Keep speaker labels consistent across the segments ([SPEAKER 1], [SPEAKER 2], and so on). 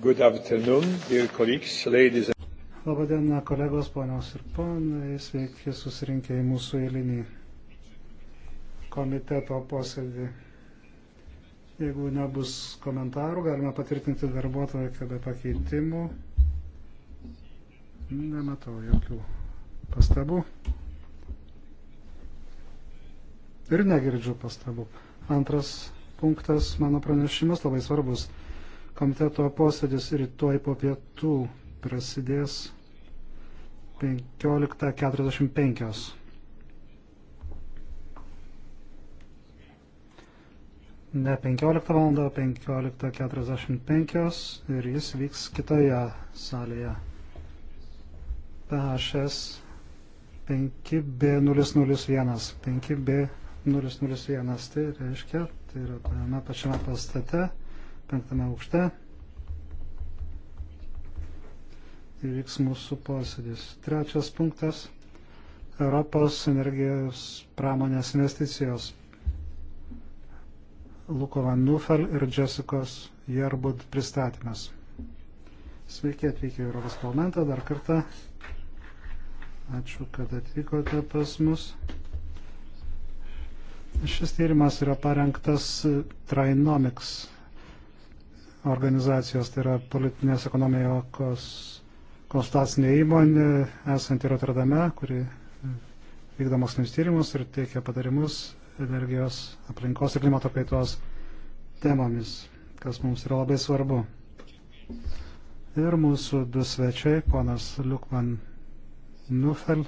[SPEAKER 1] Good afternoon, dear colleagues, ladies and...
[SPEAKER 2] Labadiena, kolegos, ponios ir ponai, sveiki susirinkę į mūsų eilinį komiteto posėdį. Jeigu nebus komentarų, galime patvirtinti darbuotoją be pakeitimų. Nematau jokių pastabų. Ir negirdžiu pastabų. Antras punktas mano pranešimas labai svarbus. Komiteto posėdis rytoj po pietų prasidės 15.45. Ne 15 val. 15.45 ir jis vyks kitoje salėje. PHS 5B001. 5B001 tai reiškia, tai yra tame pačiame pastate penktame aukšte ir vyks mūsų posėdis. Trečias punktas – Europos energijos pramonės investicijos. Luko Van Nufel ir Jessicos Jerbud pristatymas. Sveiki atvykę į Europos parlamentą dar kartą. Ačiū, kad atvykote pas mus. Šis tyrimas yra parengtas Trinomics organizacijos, tai yra politinės ekonomijos konstatacinė įmonė, esanti Rotterdame, kuri vykdo mokslinius tyrimus ir teikia patarimus energijos, aplinkos ir klimato kaitos temomis, kas mums yra labai svarbu. Ir mūsų du svečiai, ponas Liukman Nufel,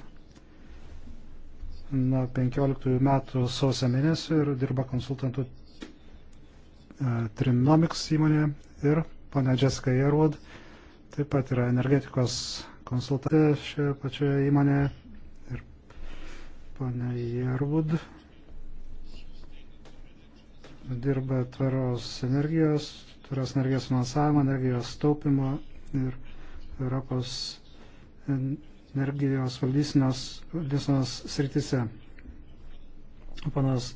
[SPEAKER 2] nuo 15 metų sausio mėnesio ir dirba konsultantų E, Trinomics įmonė ir ponia Jessica Yerwood taip pat yra energetikos konsultantė šioje pačioje įmonėje ir ponia Yerwood dirba tvaros energijos, tvaros energijos finansavimo, energijos taupimo ir Europos energijos valdysenos srityse. Panas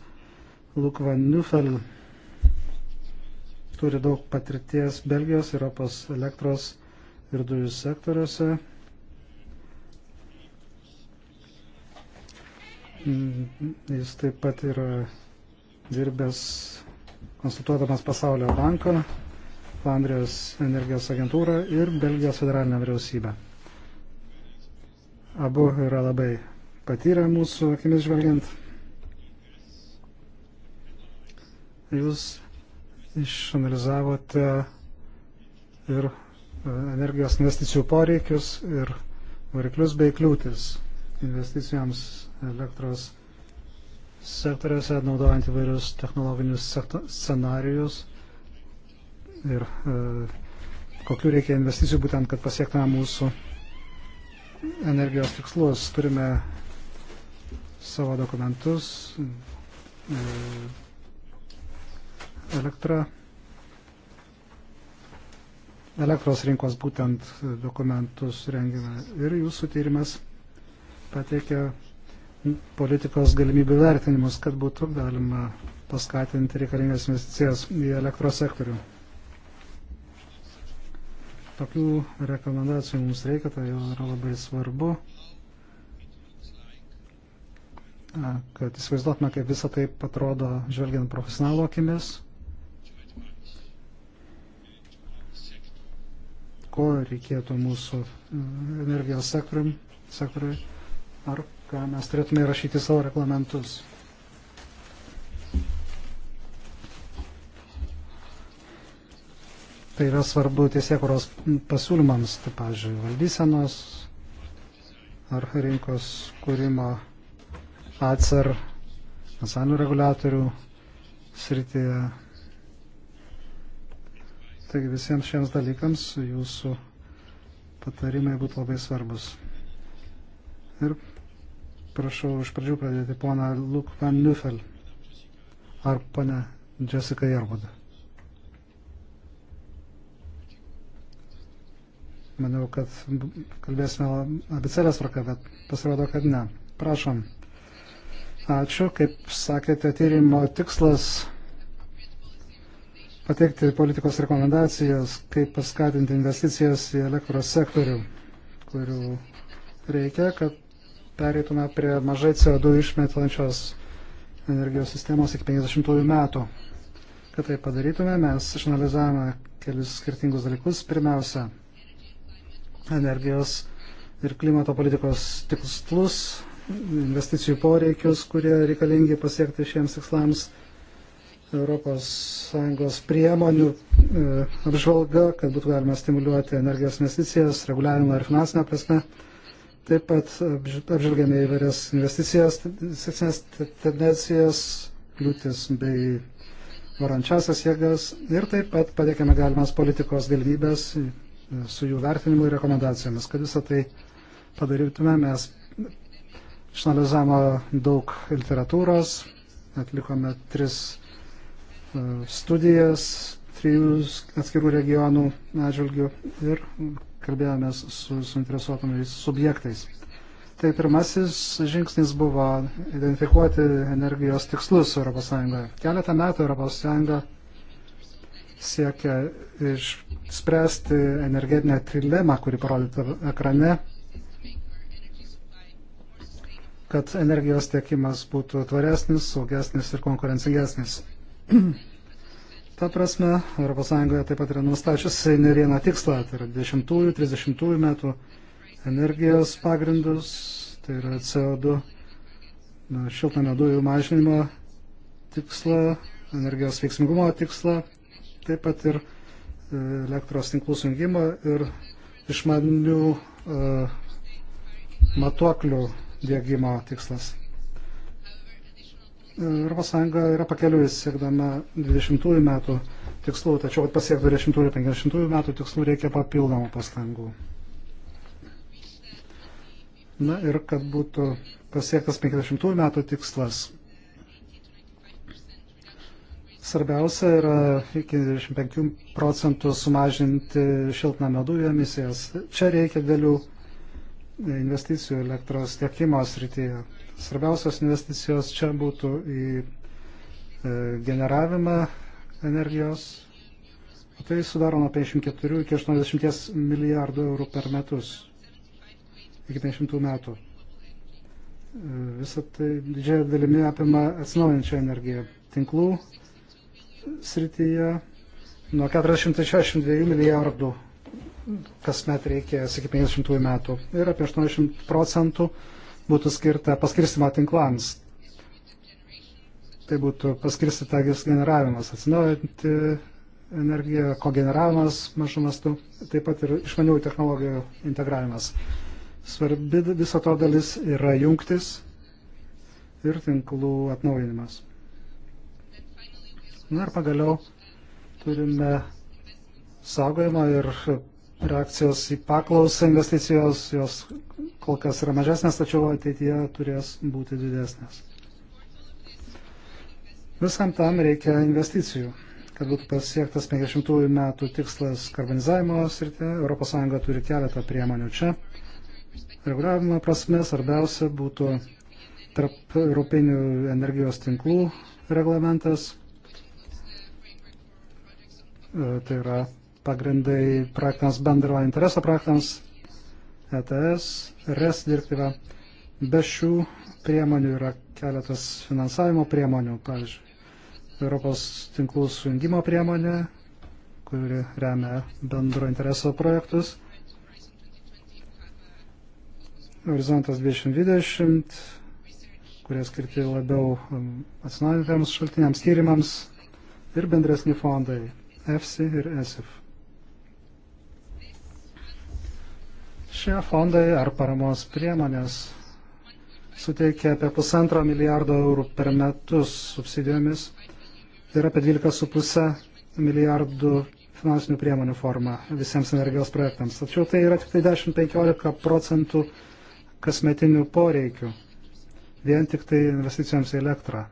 [SPEAKER 2] Lukva Nufel turi daug patirties Belgijos, Europos elektros ir dujų sektoriuose. Mm, jis taip pat yra dirbęs konsultuodamas Pasaulio banką, Flandrijos energijos agentūrą ir Belgijos federalinę vyriausybę. Abu yra labai patyrę mūsų akimis žvelgiant. Jūs išanalizavote ir e, energijos investicijų poreikius ir variklius bei kliūtis investicijoms elektros sektoriuose, naudojant įvairius technologinius scenarius ir e, kokiu reikia investicijų būtent, kad pasiektume mūsų energijos tikslus. Turime savo dokumentus. E, elektra, elektros rinkos būtent dokumentus rengiame. Ir jūsų tyrimas pateikia politikos galimybių vertinimus, kad būtų galima paskatinti reikalingas investicijas į elektros sektorių. Tokių rekomendacijų mums reikia, tai jau yra labai svarbu, kad įsivaizduotume, kaip visą tai atrodo žvelgiant profesionalo akimis. ko reikėtų mūsų e, energijos sektoriui, sektoriui ar ką mes turėtume įrašyti savo reglamentus. Tai yra svarbu tiesiekuros pasiūlymams, tai pavyzdžiui, valdysenos ar rinkos kūrimo atsar nacionalinių reguliatorių srityje Taigi visiems šiems dalykams jūsų patarimai būtų labai svarbus. Ir prašau iš pradžių pradėti poną Luk van Liufel ar ponę Jessica Jarvodą. Maniau, kad kalbėsime abicelės varka, bet pasirodo, kad ne. Prašom. Ačiū. Kaip sakėte, tyrimo tikslas pateikti politikos rekomendacijas, kaip paskatinti investicijas į elektros sektorių, kurių reikia, kad pereitume prie mažai CO2 išmetančios energijos sistemos iki 50 metų. Kad tai padarytume, mes išanalizavome kelius skirtingus dalykus. Pirmiausia, energijos ir klimato politikos tikslus, investicijų poreikius, kurie reikalingi pasiekti šiems tikslams ES priemonių e, apžvalga, kad būtų galima stimuliuoti energijos investicijas, reguliavimą ir finansinę prasme. Taip pat apžvelgėme įvairias investicijas, seksines tendencijas, kliūtis bei varančiasias jėgas ir taip pat padėkėme galimas politikos galimybės e, su jų vertinimu ir rekomendacijomis. Kad visą tai padarytume, mes išanalizavome daug literatūros, atlikome tris studijas trijų atskirų regionų atžvilgių ir kalbėjomės su suinteresuotomis subjektais. Tai pirmasis žingsnis buvo identifikuoti energijos tikslus ES. Keletą metų ES siekia išspręsti energetinę trilemą, kuri parodyta ekrane, kad energijos tiekimas būtų tvaresnis, saugesnis ir konkurencingesnis. Ta prasme, ES taip pat yra nustačiusi ne vieną tikslą, tai yra 20-30 metų energijos pagrindus, tai yra CO2 šiltnamio dujų mažinimo tikslą, energijos veiksmingumo tikslą, taip pat ir e, elektros tinklų sujungimo ir išmanių uh, matuoklių dėgymo tikslas. ES yra pakeliui siekdama 20 metų tikslų, tačiau kad pasiektų 20-50 metų tikslų reikia papildomų pastangų. Na ir kad būtų pasiektas 50 metų tikslas. Svarbiausia yra iki 25 procentų sumažinti šiltnamio dujų emisijas. Čia reikia dėlių investicijų elektros tiekimo srityje. Svarbiausios investicijos čia būtų į e, generavimą energijos. Tai sudaro nuo 54 iki 80 milijardų eurų per metus iki 50 metų. E, Visą tai didžiąją dalimi apima atsinaujančią energiją. Tinklų srityje nuo 462 milijardų kasmet reikės iki 50 metų ir apie 80 procentų būtų skirta paskirstimo tinklams. Tai būtų paskirstyta generavimas, atsinaujinti energija, kogeneravimas mažu mastu, taip pat ir išmaniųjų technologijų integravimas. Svarbi viso to dalis yra jungtis ir tinklų atnaujinimas. Na ir pagaliau turime saugojimą ir reakcijos į paklausą investicijos, jos kol kas yra mažesnės, tačiau ateityje turės būti didesnės. Visam tam reikia investicijų, kad būtų pasiektas 50 metų tikslas karbonizavimo srityje. ES turi keletą priemonių čia. Reguliavimo prasme svarbiausia būtų tarp europinių energijos tinklų reglamentas. E, tai yra pagrindai projektams bendro intereso projektams ETS, RES direktyva. Be šių priemonių yra keletas finansavimo priemonių, pavyzdžiui, Europos tinklų sujungimo priemonė, kuri remia bendro intereso projektus. Horizontas 2020, kurie skirti labiau um, atsinaujantiems šaltiniams tyrimams ir bendresni fondai EFSI ir ESIF. Šie fondai ar paramos priemonės suteikia apie pusantro milijardo eurų per metus subsidijomis ir apie 12,5 milijardų finansinių priemonių forma visiems energijos projektams. Tačiau tai yra tik tai 10-15 procentų kasmetinių poreikių vien tik tai investicijoms į elektrą,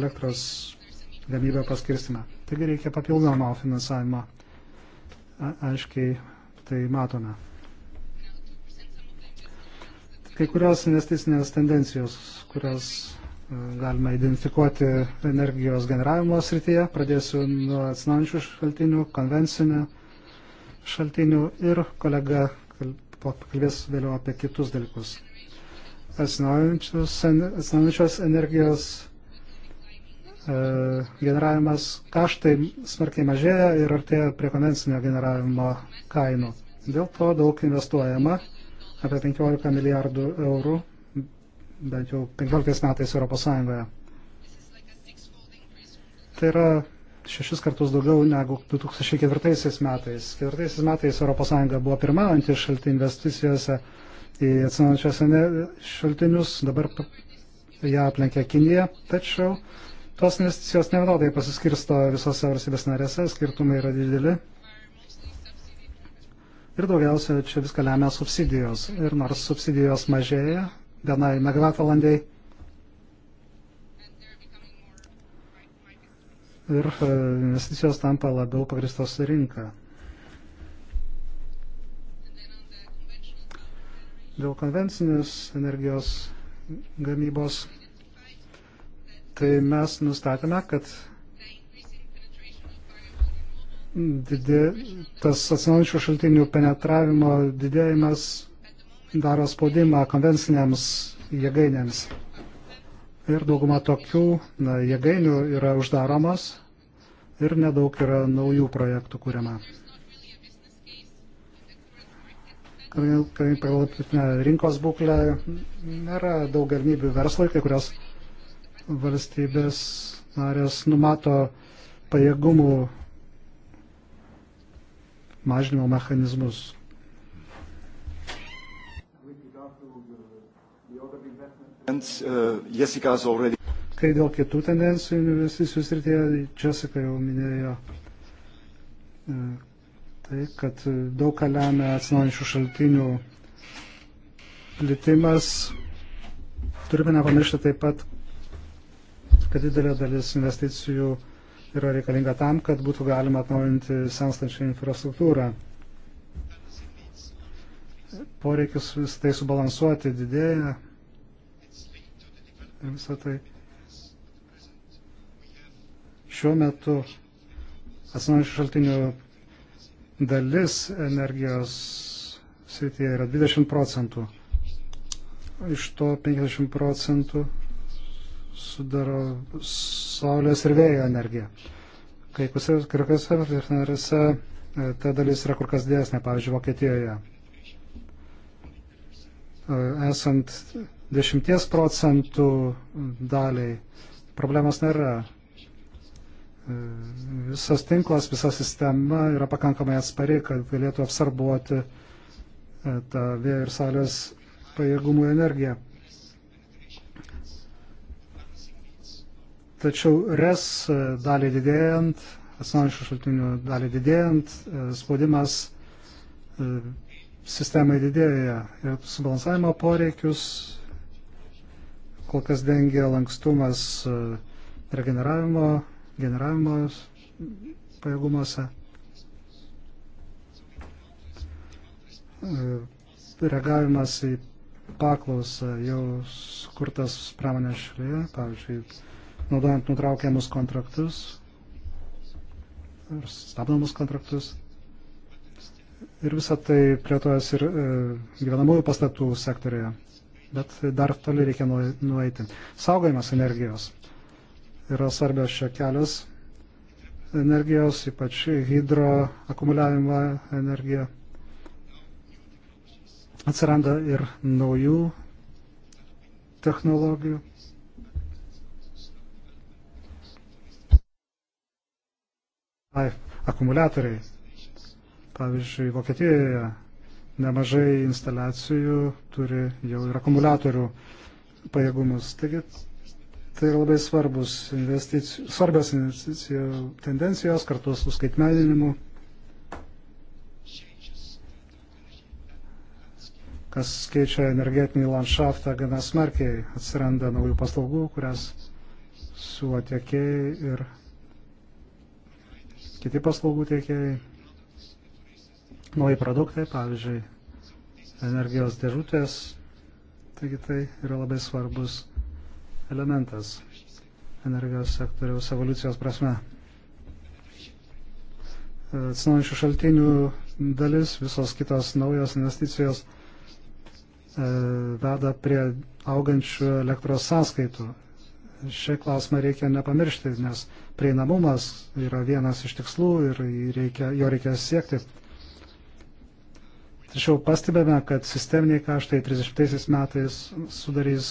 [SPEAKER 2] elektros gamybę paskirstimą. Taigi reikia papildomo finansavimo. Aiškiai tai matome. Kai kurios investicinės tendencijos, kurias e, galima identifikuoti energijos generavimo srityje, pradėsiu nuo atsinaujančių šaltinių, konvencinių šaltinių ir kolega pakalbės vėliau apie kitus dalykus. Atsinaujančios energijos e, generavimas kaštai smarkiai mažėja ir artėja prie konvencinio generavimo kainų. Dėl to daug investuojama apie 15 milijardų eurų, bent jau 15 metais Europos Sąjungoje. Tai yra šešis kartus daugiau negu 2004 metais. 2004 metais Europos Sąjunga buvo pirmaujanti šalti investicijose į atsinaujančios šaltinius, dabar ją aplenkė Kinija, tačiau tos investicijos nevienodai pasiskirsto visose valstybės narėse, skirtumai yra dideli. Ir daugiausia čia viską lemia subsidijos. Ir nors subsidijos mažėja vienai megavatvalandai, ir e, investicijos tampa labiau pagristos rinka. Dėl konvencinės energijos gamybos, tai mes nustatėme, kad didė, tas atsinaujančių šaltinių penetravimo didėjimas daro spaudimą konvenciniams jėgainėms. Ir dauguma tokių na, jėgainių yra uždaromos ir nedaug yra naujų projektų kuriama. Kadangi pagal rinkos būklę nėra daug galimybių verslui, kai kurios valstybės narės numato pajėgumų mažinimo mechanizmus. Uh, Kai dėl kitų tendencijų investicijų srityje, Jessica jau minėjo uh, tai, kad daug ką lemia atsinaujančių šaltinių plitimas. Turime nepamiršti taip pat, kad didelė dalis investicijų yra reikalinga tam, kad būtų galima atnaujinti senstančią infrastruktūrą. Poreikis vis tai subalansuoti didėja. Visą tai. Šiuo metu atsinaujančių šaltinių dalis energijos srityje yra 20 procentų. Iš to 50 procentų sudaro saulės ir vėjo energiją. Kai kuriuose narėse e, ta dalis yra kur kas didesnė, pavyzdžiui, Vokietijoje. E, esant 10 procentų daliai problemos nėra. E, visas tinklas, visa sistema yra pakankamai atspari, kad galėtų apsarbuoti tą vėjo ir salės pajėgumų energiją. Tačiau res e, dalį didėjant, atsinaujinčių šaltinių dalį didėjant, e, spaudimas e, sistemai didėja ir subalansavimo poreikius kol kas dengia lankstumas regeneravimo, generavimo pajėgumuose. Reagavimas į paklausą jau skurtas pramonės šalyje, pavyzdžiui, naudojant nutraukiamus kontraktus ir stabdomus kontraktus. Ir visą tai plėtojas ir e, gyvenamųjų pastatų sektorėje. Bet dar toli reikia nueiti. Saugojimas energijos yra svarbios šio kelias energijos, ypač hidro akumuliavimo energija. Atsiranda ir naujų technologijų akumuliatoriai. Pavyzdžiui, Vokietijoje nemažai instaliacijų turi jau ir akumuliatorių pajėgumus. Taigi tai yra labai svarbus investicijų, svarbios investicijų tendencijos kartu su skaitmeninimu, kas keičia energetinį landšaftą gana smarkiai, atsiranda naujų paslaugų, kurias siūlo tiekėjai ir kiti paslaugų teikėjai, nauji produktai, pavyzdžiui, energijos dėžutės. Taigi tai yra labai svarbus elementas energijos sektoriaus evoliucijos prasme. Atsinaujančių šaltinių dalis, visos kitos naujos investicijos e, veda prie augančių elektros sąskaitų. Šį klausimą reikia nepamiršti, nes prieinamumas yra vienas iš tikslų ir reikia, jo reikia siekti. Tačiau pastebėme, kad sisteminiai kaštai 30 metais sudarys,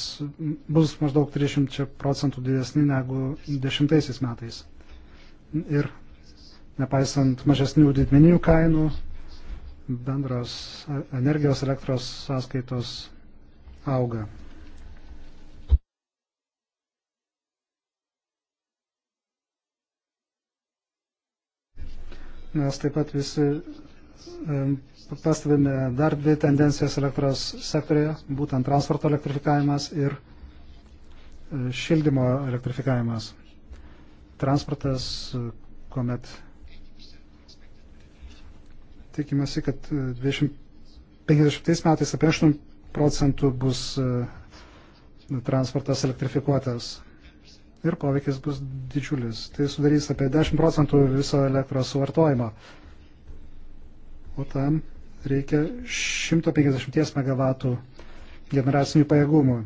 [SPEAKER 2] bus maždaug 30 procentų didesni negu 10 metais. Ir nepaisant mažesnių didmeninių kainų, bendros energijos elektros sąskaitos auga. mes taip pat visi pastebime dar dvi tendencijas elektros sektorėje, būtent transporto elektrifikavimas ir e, šildymo elektrifikavimas. Transportas, e, kuomet tikimasi, kad 20, e, 50 metais apie 8 procentų bus transportas elektrifikuotas ir poveikis bus didžiulis. Tai sudarys apie 10 procentų viso elektros suvartojimo. O tam reikia 150 MW generacinių pajėgumų.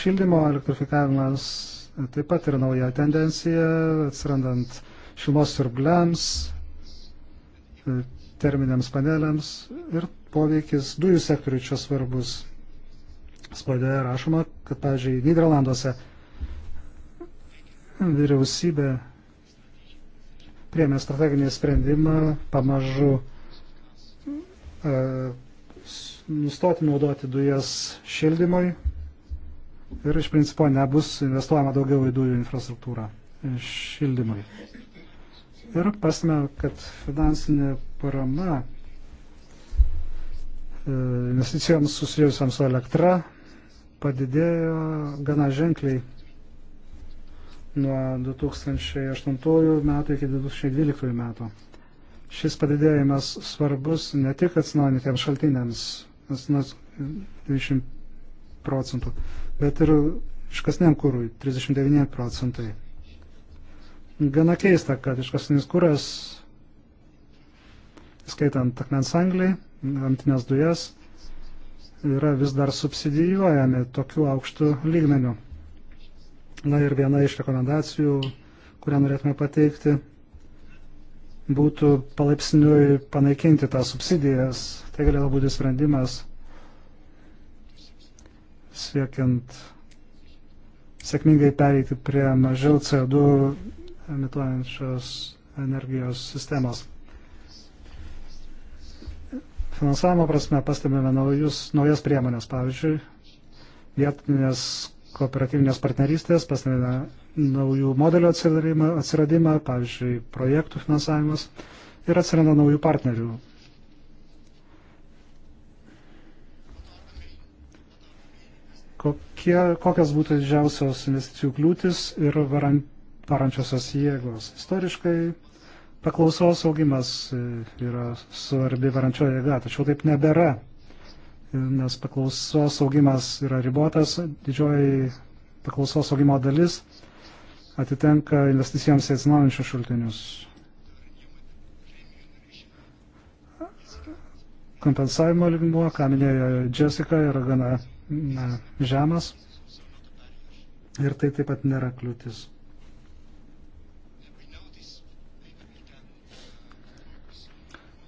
[SPEAKER 2] Šildymo elektrifikavimas taip pat yra nauja tendencija, atsirandant šilmos siurbliams, terminiams panelėms ir poveikis dujų sektoriui čia svarbus. Spaudoje rašoma, kad, pavyzdžiui, Niderlanduose vyriausybė priemė strateginį sprendimą pamažu e, nustoti naudoti dujas šildymui ir iš principo nebus investuojama daugiau į dujų infrastruktūrą šildymui. Ir pasime, kad finansinė parama e, investicijoms susijusiams su elektra padidėjo gana ženkliai nuo 2008 metų iki 2012 metų. Šis padidėjimas svarbus ne tik atsinaujinantiems šaltiniams, nes 20 procentų, bet ir iškasniam kūrui 39 procentai. Gana keista, kad iškasnis kūras, skaitant akmens anglį, antinės dujas, yra vis dar subsidijuojami tokiu aukštu lygmeniu. Na ir viena iš rekomendacijų, kurią norėtume pateikti, būtų palaipsniui panaikinti tą subsidijas. Tai galėtų būti sprendimas siekiant sėkmingai pereiti prie mažiau CO2 emituojančios energijos sistemos. Finansavimo prasme pastebime naujus, naujas priemonės, pavyzdžiui, vietinės kooperatyvinės partnerystės, pastebina naujų modelių atsiradimą, atsiradimą, pavyzdžiui, projektų finansavimas ir atsiranda naujų partnerių. Kokie, kokios būtų didžiausios investicijų kliūtis ir varančiosios jėgos? Istoriškai paklausos augimas yra svarbi varančioji jėga, tačiau taip nebėra nes paklausos augimas yra ribotas, didžioji paklausos augimo dalis atitenka investicijoms į atsinaujančius šaltinius. Kompensavimo lygmuo, ką minėjo Jessica, yra gana na, žemas ir tai taip pat nėra kliūtis.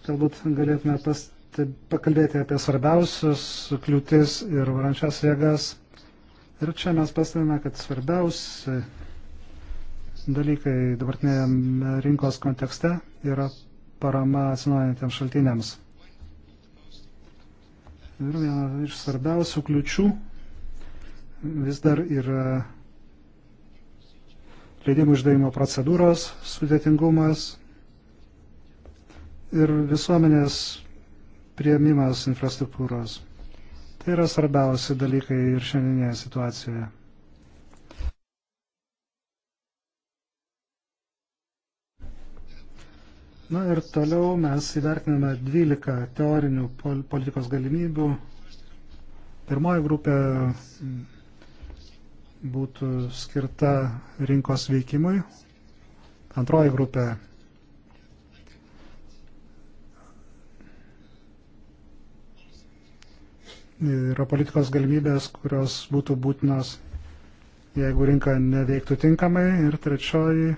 [SPEAKER 2] Galbūt galėtume pas, kalbėti, pakalbėti apie svarbiausius kliūtis ir varančias jėgas. Ir čia mes pastebime, kad svarbiausi dalykai dabartinėje rinkos kontekste yra parama atsinaujantiems šaltiniams. Ir viena iš svarbiausių kliučių vis dar yra leidimų išdavimo procedūros sudėtingumas ir visuomenės prieimimas infrastruktūros. Tai yra svarbiausi dalykai ir šiandieninėje situacijoje. Na ir toliau mes įvertiname 12 teorinių pol politikos galimybių. Pirmoji grupė būtų skirta rinkos veikimui. Antroji grupė yra politikos galimybės, kurios būtų būtinos, jeigu rinka neveiktų tinkamai. Ir trečioji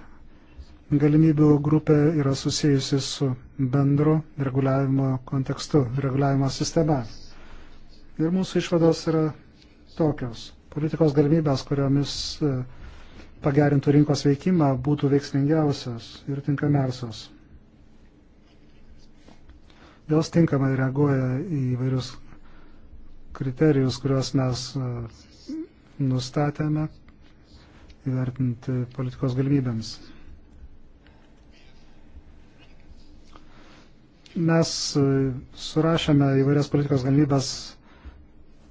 [SPEAKER 2] galimybių grupė yra susijusi su bendru reguliavimo kontekstu, reguliavimo sistema. Ir mūsų išvados yra tokios. Politikos galimybės, kuriomis e, pagerintų rinkos veikimą, būtų veiksmingiausios ir tinkamiausios jos tinkamai reaguoja į vairius kriterijus, kuriuos mes e, nustatėme įvertinti politikos galimybėms. Mes e, surašėme įvairias politikos galimybės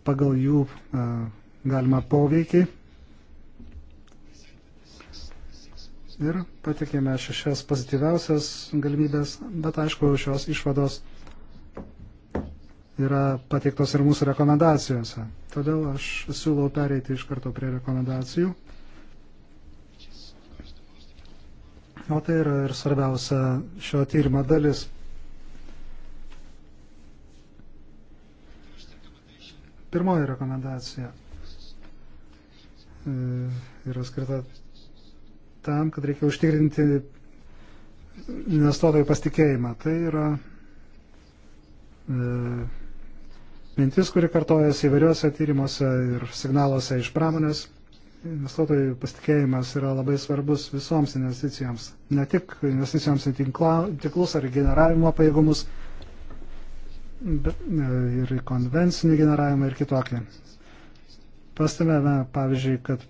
[SPEAKER 2] pagal jų e, galima poveikį ir patikėme šešias pozityviausias galimybės, bet aišku, šios išvados yra pateiktos ir mūsų rekomendacijose. Todėl aš siūlau pereiti iš karto prie rekomendacijų. O tai yra ir svarbiausia šio tyrimo dalis. Pirmoji rekomendacija e, yra skirta tam, kad reikia užtikrinti investuotojų pasitikėjimą. Tai yra e, Mintis, kuri kartojasi įvairiuose tyrimuose ir signaluose iš pramonės, investuotojų pasitikėjimas yra labai svarbus visoms investicijoms, ne tik investicijoms į tinkla, tinklus ar generavimo pajėgumus, bet e, ir į konvencinį generavimą ir kitokį. Pastebėjome, pavyzdžiui, kad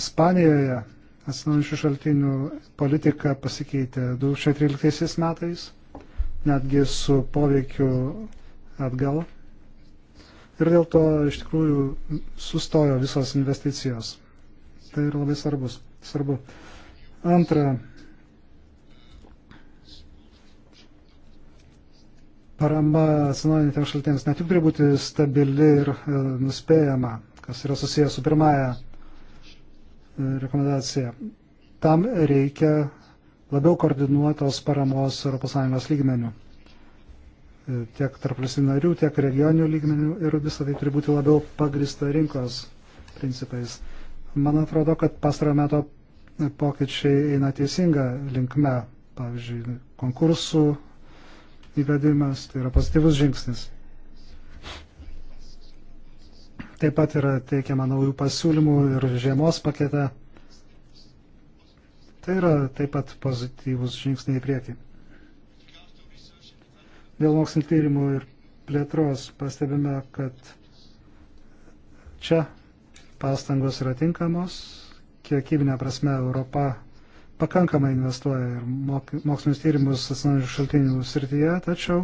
[SPEAKER 2] Ispanijoje atsinaujančių šaltinių politika pasikeitė 2013 metais, netgi su poveikiu atgal Ir dėl to iš tikrųjų sustojo visos investicijos. Tai yra labai svarbus, svarbu. Antra, parama atsinaujinantiems šaltiems ne tik turi būti stabili ir e, nuspėjama, kas yra susijęs su pirmąją e, rekomendaciją. Tam reikia labiau koordinuotos paramos ES lygmenių tiek tarp narių, tiek regioninių lygmenių ir visą tai turi būti labiau pagrista rinkos principais. Man atrodo, kad pastarojo meto pokyčiai eina teisinga linkme, pavyzdžiui, konkursų įvedimas, tai yra pozityvus žingsnis. Taip pat yra teikiama naujų pasiūlymų ir žiemos pakete. Tai yra taip pat pozityvus žingsniai į priekį. Dėl mokslinio tyrimų ir plėtros pastebime, kad čia pastangos yra tinkamos, kiekybinė prasme Europa pakankamai investuoja ir mokslinius tyrimus atsinaujančių šaltinių srityje, tačiau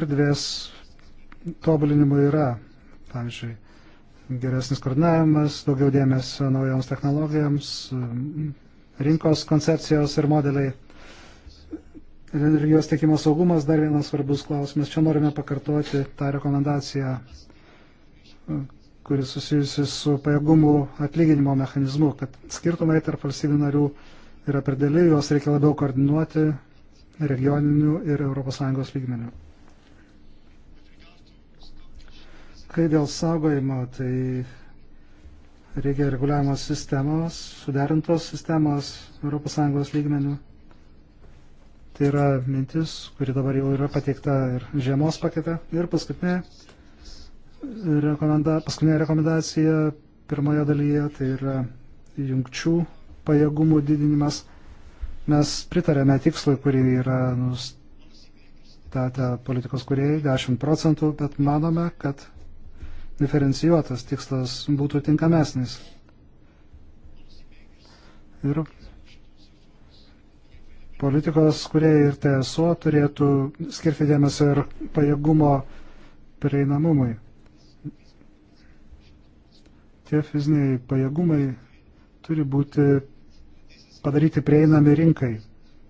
[SPEAKER 2] erdvės tobulinimui yra. Pavyzdžiui, geresnis koordinavimas, daugiau dėmesio naujoms technologijoms, rinkos koncepcijos ir modeliai energijos tiekimo saugumas dar vienas svarbus klausimas. Čia norime pakartoti tą rekomendaciją, kuris susijusi su pajėgumų atlyginimo mechanizmu, kad skirtumai tarp valstybių narių yra per dėlį, juos reikia labiau koordinuoti regioninių ir ES lygmenių. Kai dėl saugojimo, tai reikia reguliavimo sistemos, suderintos sistemos ES lygmenių Tai yra mintis, kuri dabar jau yra pateikta ir žiemos pakete. Ir paskutinė, rekomenda, paskutinė rekomendacija pirmoje dalyje, tai yra jungčių pajėgumų didinimas. Mes pritarėme tikslui, kurį yra nustatę politikos kuriejai 10 procentų, bet manome, kad diferencijuotas tikslas būtų tinkamesnis. Ir Politikos, kurie ir TSO turėtų skirti dėmesio ir pajėgumo prieinamumui. Tie fiziniai pajėgumai turi būti padaryti prieinami rinkai.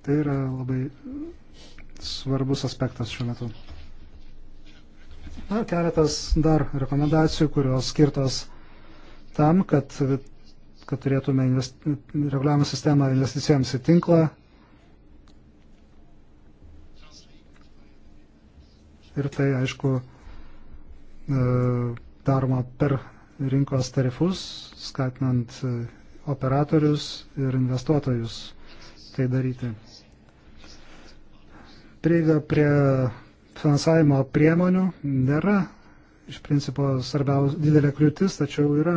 [SPEAKER 2] Tai yra labai svarbus aspektas šiuo metu. Na, keletas dar rekomendacijų, kurios skirtos tam, kad, kad turėtume invest... reguliavimo sistemą investicijoms į tinklą, ir tai, aišku, e, daroma per rinkos tarifus, skatinant e, operatorius ir investuotojus tai daryti. Prieiga prie finansavimo priemonių nėra iš principo svarbiausia didelė kliūtis, tačiau yra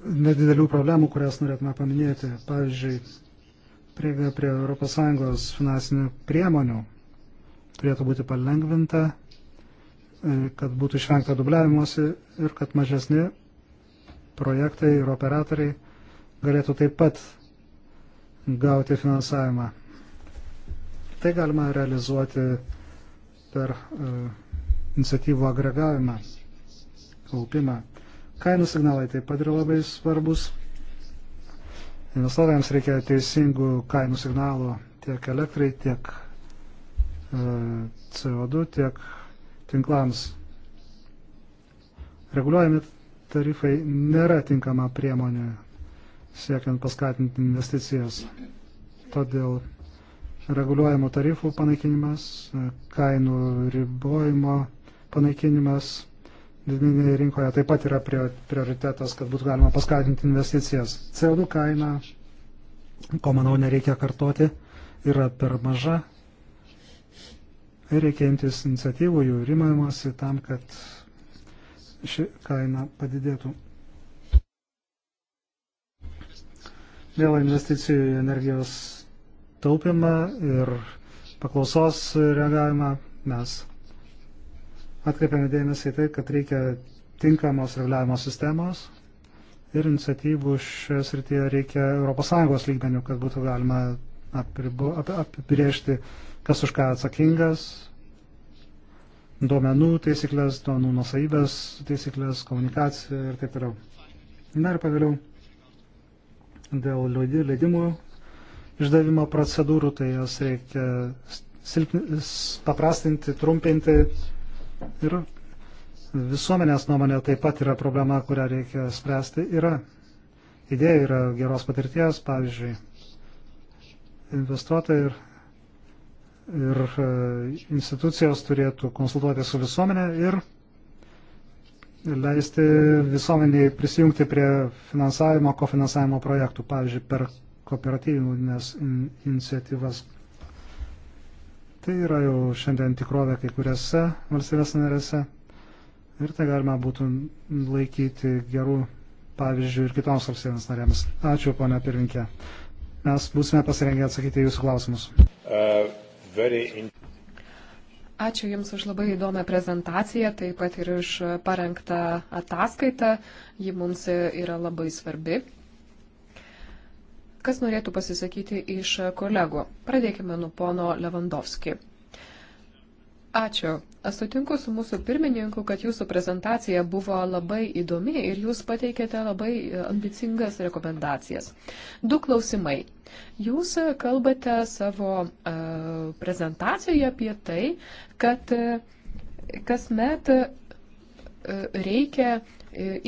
[SPEAKER 2] nedidelių problemų, kurias norėtume paminėti. Pavyzdžiui, prieiga prie ES finansinių priemonių turėtų būti palengvinta, e, kad būtų išvengta dubliavimuose ir kad mažesni projektai ir operatoriai galėtų taip pat gauti finansavimą. Tai galima realizuoti per uh, iniciatyvų agregavimą, kaupimą. Kainų signalai taip pat yra labai svarbus. Investuotojams reikia teisingų kainų signalų tiek elektrai, tiek CO2, tiek tinklams. Reguliuojami tarifai nėra tinkama priemonė siekiant paskatinti investicijas. Todėl reguliuojamų tarifų panaikinimas, kainų ribojimo panaikinimas didmeninėje rinkoje taip pat yra prioritetas, kad būtų galima paskatinti investicijas. CO2 kaina, ko manau nereikia kartoti, yra per maža Ir reikia imtis iniciatyvų, jų rimamosi tam, kad ši kaina padidėtų. Dėl investicijų į energijos taupimą ir paklausos reagavimą mes atkreipiame dėmesį į tai, kad reikia tinkamos reguliavimo sistemos ir iniciatyvų šioje srityje reikia ES lygmenių, kad būtų galima apribo, ap, apibriežti ap, kas už ką atsakingas, duomenų taisyklės, duomenų nusaibės taisyklės, komunikacija ir taip toliau. Na ir pagaliau dėl leidimų išdavimo procedūrų, tai jas reikia silpni, paprastinti, trumpinti ir visuomenės nuomonė taip pat yra problema, kurią reikia spręsti. Yra idėja, yra geros patirties, pavyzdžiui, investuotojai ir ir e, institucijos turėtų konsultuoti su visuomenė ir leisti visuomeniai prisijungti prie finansavimo, kofinansavimo projektų, pavyzdžiui, per kooperatyvinės iniciatyvas. Tai yra jau šiandien tikrovė kai kuriuose valstybės narėse ir tai galima būtų laikyti gerų pavyzdžių ir kitoms valstybės narėms. Ačiū, ponia pirminkė. Mes būsime pasirengę atsakyti jūsų klausimus.
[SPEAKER 3] Uh. Ačiū Jums už labai įdomią prezentaciją, taip pat ir už parengtą ataskaitą. Ji mums yra labai svarbi. Kas norėtų pasisakyti iš kolegų? Pradėkime nuo pono Levandovski. Ačiū. Aš sutinku su mūsų pirmininku, kad jūsų prezentacija buvo labai įdomi ir jūs pateikėte labai e, ambicingas rekomendacijas. Du klausimai. Jūs kalbate savo uh, prezentacijoje apie tai, kad uh, kasmet uh, reikia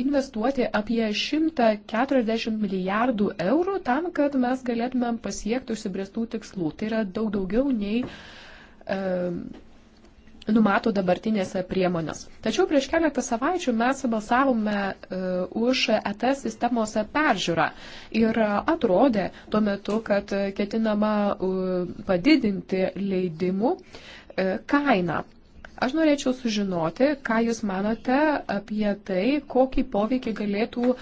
[SPEAKER 3] investuoti apie 140 milijardų eurų tam, kad mes galėtumėm pasiekti užsibriestų tikslų. Tai yra daug daugiau nei uh, numato dabartinės priemonės. Tačiau prieš keletą savaičių mes balsavome e, už ET sistemos peržiūrą ir atrodė tuo metu, kad ketinama padidinti leidimų e, kainą. Aš norėčiau sužinoti, ką Jūs manote apie tai, kokį poveikį galėtų e,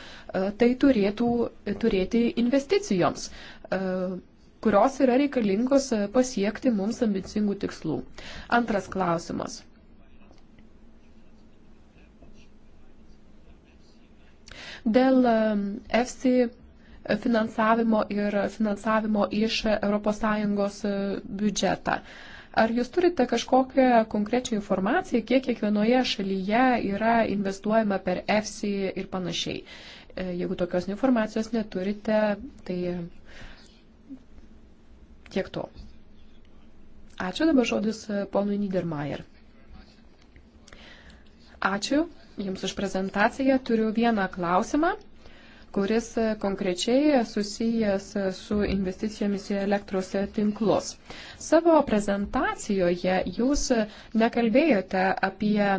[SPEAKER 3] tai turėtų turėti investicijoms kurios yra reikalingos e, pasiekti mums ambicingų tikslų. Antras klausimas. Dėl EFSI finansavimo ir finansavimo iš ES e, biudžetą. Ar jūs turite kažkokią konkrečią informaciją, kiek kiekvienoje šalyje yra investuojama per EFSI ir panašiai? E, jeigu tokios informacijos neturite, tai Tiek to. Ačiū dabar žodis e, ponui Niedermayer. Ačiū Jums už prezentaciją. Turiu vieną klausimą, kuris e, konkrečiai susijęs e, su investicijomis į elektros tinklus. Savo prezentacijoje Jūs nekalbėjote apie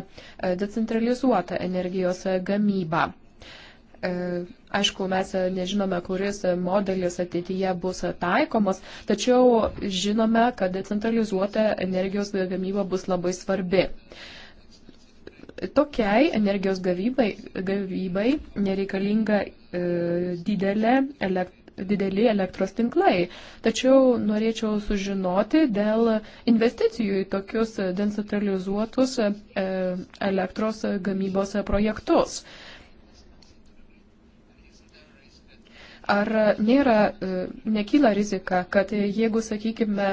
[SPEAKER 3] decentralizuotą energijos gamybą Aišku, mes nežinome, kuris modelis ateityje bus taikomas, tačiau žinome, kad decentralizuota energijos gamyba bus labai svarbi. Tokiai energijos gavybai, gavybai nereikalinga e, didelė elektronika dideli elektros tinklai. Tačiau norėčiau sužinoti dėl investicijų į tokius decentralizuotus e, elektros gamybos projektus. Ar nėra, e, nekyla rizika, kad jeigu, sakykime,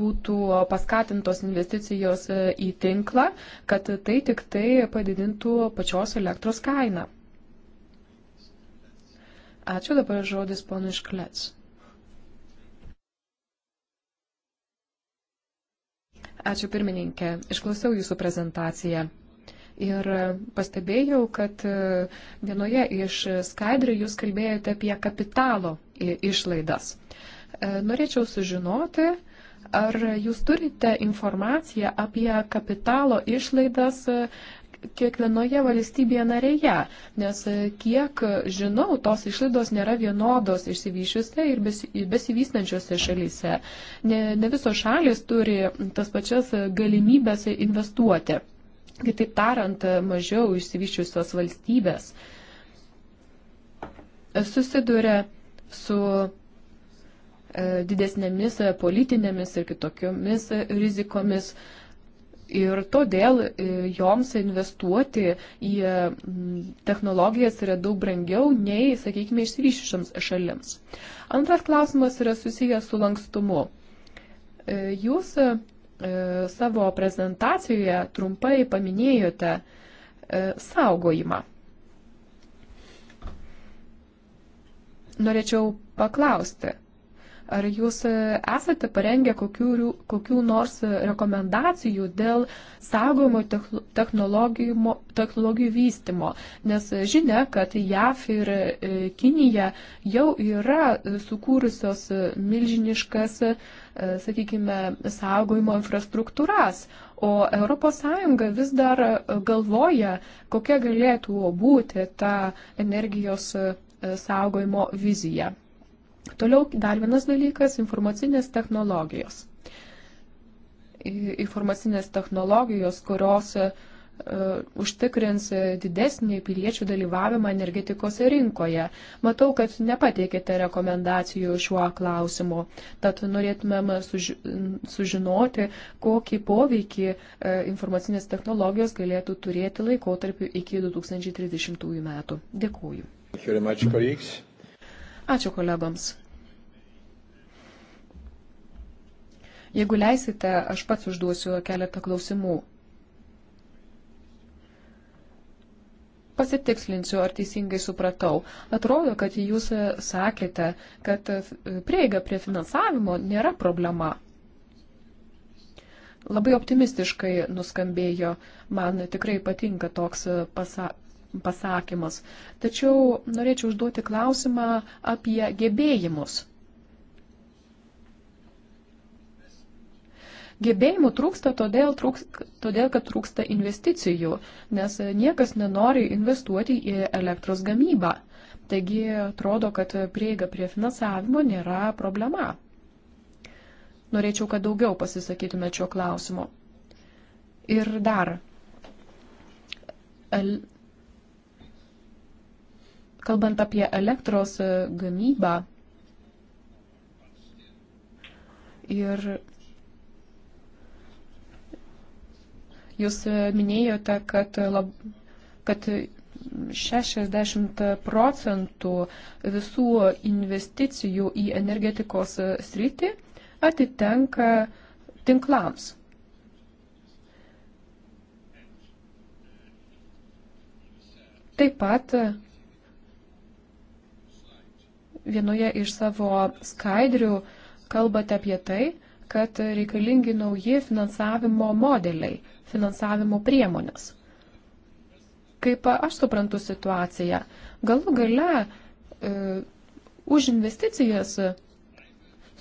[SPEAKER 3] būtų paskatintos investicijos e, į tinklą, kad tai tik tai padidintų pačios elektros kainą? Ačiū dabar žodis ponui Šklets. Ačiū pirmininkė, išklausiau jūsų prezentaciją. Ir pastebėjau, kad e, vienoje iš skaidrių jūs kalbėjote apie kapitalo išlaidas. E, norėčiau sužinoti, ar jūs turite informaciją apie kapitalo išlaidas e, kiekvienoje valstybėje narėje, nes kiek žinau, tos išlaidos nėra vienodos išsivyšiuose ir besivystančiose šalyse. Ne, ne visos šalis turi tas pačias galimybės investuoti. Kitaip tariant, mažiau išsivyščiusios valstybės susiduria su e, didesnėmis e, politinėmis ir kitokiomis e, rizikomis. Ir todėl joms investuoti į technologijas yra daug brangiau nei, sakykime, išsivyščiams šalims. Antras klausimas yra susijęs su lankstumu. Jūs E, savo prezentacijoje trumpai paminėjote e, saugojimą. Norėčiau paklausti, Ar jūs e, esate parengę kokių, kokių nors rekomendacijų dėl saugojimo technologijų, technologijų vystimo? Nes e, žinia, kad JAF ir e, Kinija jau yra sukūrusios milžiniškas, sakykime, saugojimo infrastruktūras, o ES vis dar galvoja, kokia galėtų būti ta energijos saugojimo vizija. Toliau dar vienas dalykas - informacinės technologijos. Informacinės technologijos, kurios uh, užtikrins didesnį piliečių dalyvavimą energetikos rinkoje. Matau, kad nepateikėte rekomendacijų šiuo klausimu, tad norėtumėm sužinoti, kokį poveikį e, informacinės technologijos galėtų turėti laikotarpiu iki 2030 metų. Dėkuoju. Much, Ačiū kolegoms. Jeigu leisite, aš pats užduosiu keletą klausimų. Pasitikslinsiu, ar teisingai supratau. Atrodo, kad jūs sakėte, kad prieiga prie finansavimo nėra problema. Labai optimistiškai nuskambėjo, man tikrai patinka toks pasa pasakymas. Tačiau norėčiau užduoti klausimą apie gebėjimus. Gebėjimų trūksta todėl, trūks, todėl, kad trūksta investicijų, nes niekas nenori investuoti į elektros gamybą. Taigi atrodo, kad prieiga prie finansavimo nėra problema. Norėčiau, kad daugiau pasisakytume šio klausimo. Ir dar. Kalbant apie elektros e, gamybą ir jūs e, minėjote, kad, e, lab, kad 60 procentų visų investicijų į energetikos sritį atitenka tinklams. Taip pat vienoje iš savo skaidrių kalbate apie tai, kad reikalingi nauji finansavimo modeliai, finansavimo priemonės. Kaip aš suprantu situaciją, galų gale e, už investicijas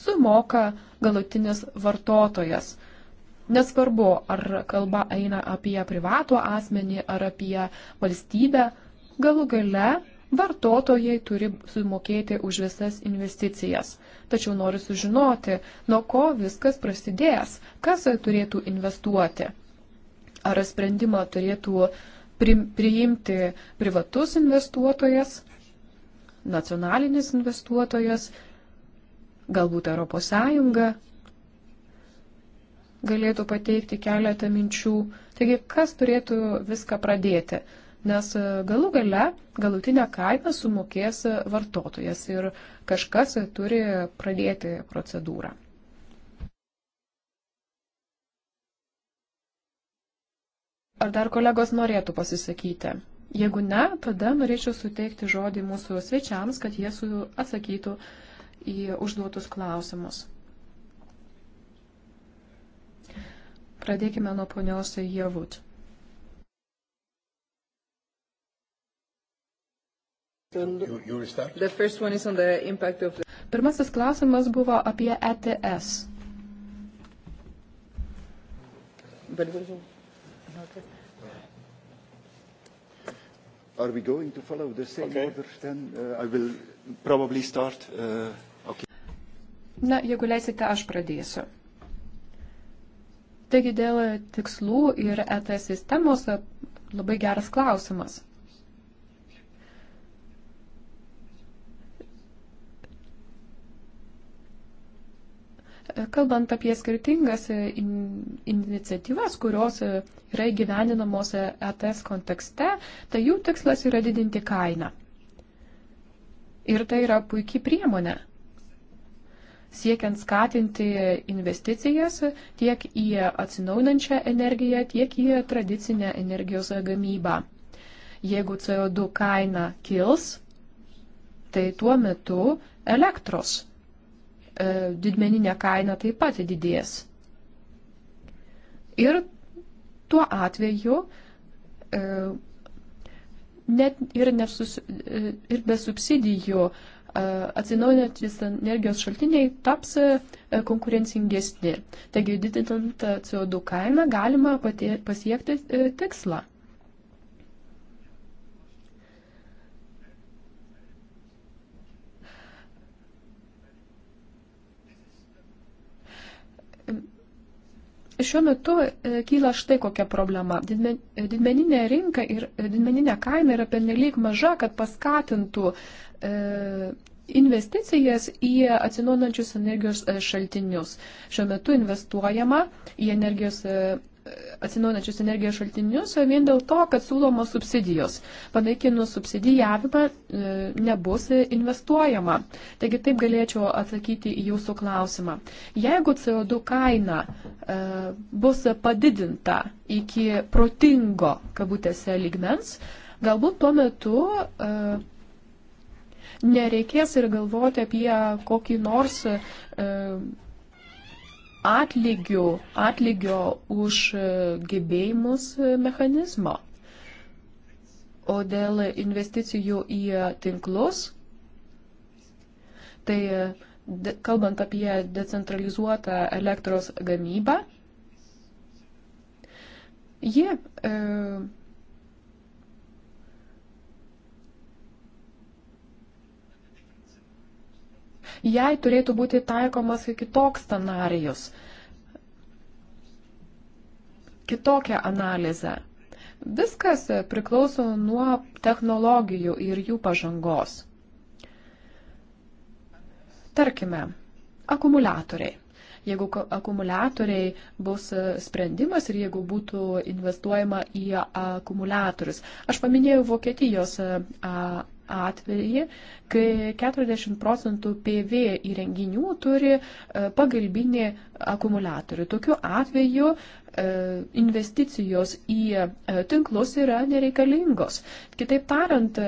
[SPEAKER 3] sumoka galutinis vartotojas. Nesvarbu, ar kalba eina apie privatų asmenį ar apie valstybę, galų gale vartotojai turi sumokėti už visas investicijas. Tačiau noriu sužinoti, nuo ko viskas prasidės, kas turėtų investuoti. Ar sprendimą turėtų priimti privatus investuotojas, nacionalinis investuotojas, galbūt ES galėtų pateikti keletą minčių. Taigi, kas turėtų viską pradėti? nes e, galų gale galutinę kainą sumokės e, vartotojas ir kažkas turi pradėti procedūrą. Ar dar kolegos norėtų pasisakyti? Jeigu ne, tada norėčiau suteikti žodį mūsų svečiams, kad jie atsakytų į užduotus klausimus. Pradėkime nuo ponios Javut. Pirmasis klausimas buvo apie ETS.
[SPEAKER 2] Are we going to follow the same okay. order then? Uh, I will probably start. Uh, okay.
[SPEAKER 3] Na, jeigu leisite, aš pradėsiu. Taigi dėl tikslų ir ETS sistemos labai geras klausimas. kalbant apie skirtingas e, in, iniciatyvas, kurios e, yra įgyvendinamos ETS e kontekste, tai jų tikslas yra didinti kainą. Ir tai yra puikiai priemonė. Siekiant skatinti investicijas tiek į atsinaujinančią energiją, tiek į tradicinę energijos gamybą. Jeigu CO2 kaina kils, tai tuo metu elektros E, didmeninė kaina taip pat didės. Ir tuo atveju e, net ir, nesus, e, ir be subsidijų atsinaujinantis energijos šaltiniai taps konkurencingesni. Taigi, didinant CO2 kainą galima pasiekti tikslą. Šiuo metu e, kyla štai kokia problema. Didmeninė rinka ir e, didmeninė kaina yra pernelyg maža, kad paskatintų e, investicijas į atsinaujinančius energijos šaltinius. Šiuo metu investuojama į energijos atsinaujinančius energijos šaltinius vien dėl to, kad siūlomos subsidijos. Panaikinus subsidijavimą e, nebus investuojama. Taigi taip galėčiau atsakyti į jūsų klausimą. Jeigu CO2 kaina e, bus padidinta iki protingo, kabutėse, ligmens, galbūt tuo metu e, nereikės ir galvoti apie kokį nors atlygių, atlygio už e, gebėjimus e, mechanizmo. O dėl investicijų į e, tinklus, tai de, kalbant apie decentralizuotą elektros gamybą, ji e, jai turėtų būti taikomas kitoks scenarijus, kitokia analizė. Viskas priklauso nuo technologijų ir jų pažangos. Tarkime, akumuliatoriai. Jeigu akumuliatoriai bus sprendimas ir jeigu būtų investuojama į akumuliatorius. Aš paminėjau Vokietijos atvejį, kai 40 procentų PV įrenginių turi e, pagalbinį akumuliatorių. Tokiu atveju e, investicijos į e, tinklus yra nereikalingos. Kitaip tariant,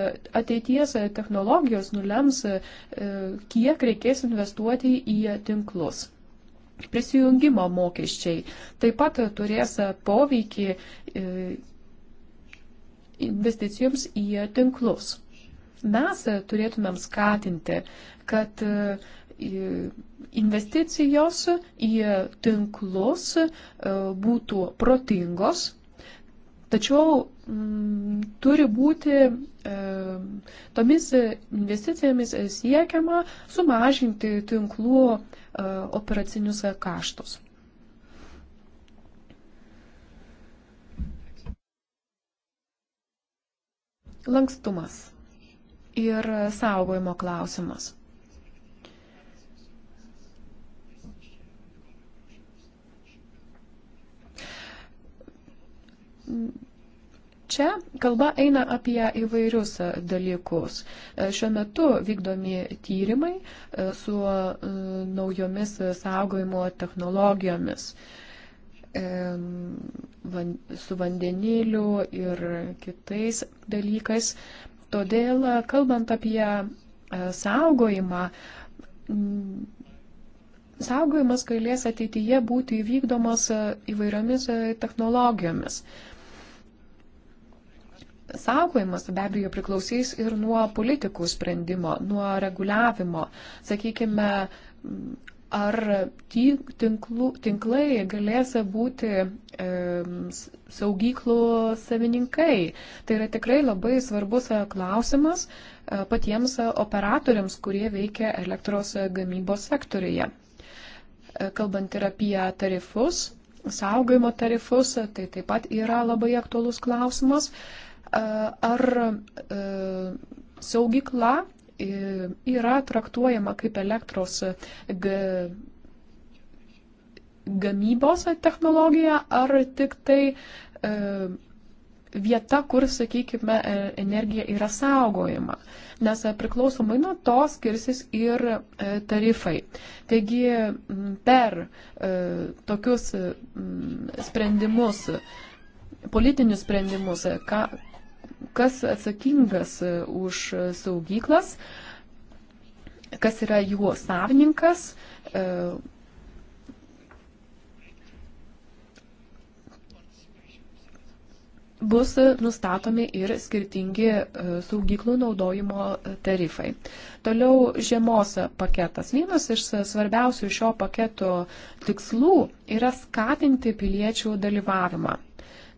[SPEAKER 3] ateities technologijos nulems, kiek reikės investuoti į tinklus. Prisijungimo mokesčiai taip pat turės poveikį investicijoms į tinklus. Mes turėtumėm skatinti, kad e, investicijos į tinklus e, būtų protingos, tačiau m, mm, turi būti e, tomis investicijomis siekiama sumažinti tinklų e, operacinius kaštus. Lankstumas ir saugojimo klausimas. Čia kalba eina apie įvairius dalykus. Šiuo metu vykdomi tyrimai e, su e, naujomis saugojimo technologijomis e, su vandeniliu ir kitais dalykais. Todėl, kalbant apie saugojimą, saugojimas galės ateityje būti įvykdomas įvairiomis technologijomis. Saugojimas be abejo priklausys ir nuo politikų sprendimo, nuo reguliavimo. Sakykime, ar tinklų, tinklai galės būti e, saugyklų savininkai. Tai yra tikrai labai svarbus e, klausimas e, patiems e, operatoriams, kurie veikia elektros gamybos sektoriuje. Kalbant ir apie tarifus, saugojimo tarifus, tai taip pat yra labai aktuolus klausimas. Ar e, saugykla yra traktuojama kaip elektros gamybos technologija ar tik tai e, vieta, kur, sakykime, e, energija yra saugojama, nes e, priklausomai nuo to skirsis ir tarifai. Taigi per tokius sprendimus, politinius sprendimus, ką, kas atsakingas e, už e, saugyklas, kas yra jų savininkas. E, bus nustatomi ir skirtingi saugyklų naudojimo tarifai. Toliau žiemos paketas. Vienas iš svarbiausių šio paketo tikslų yra skatinti piliečių dalyvavimą.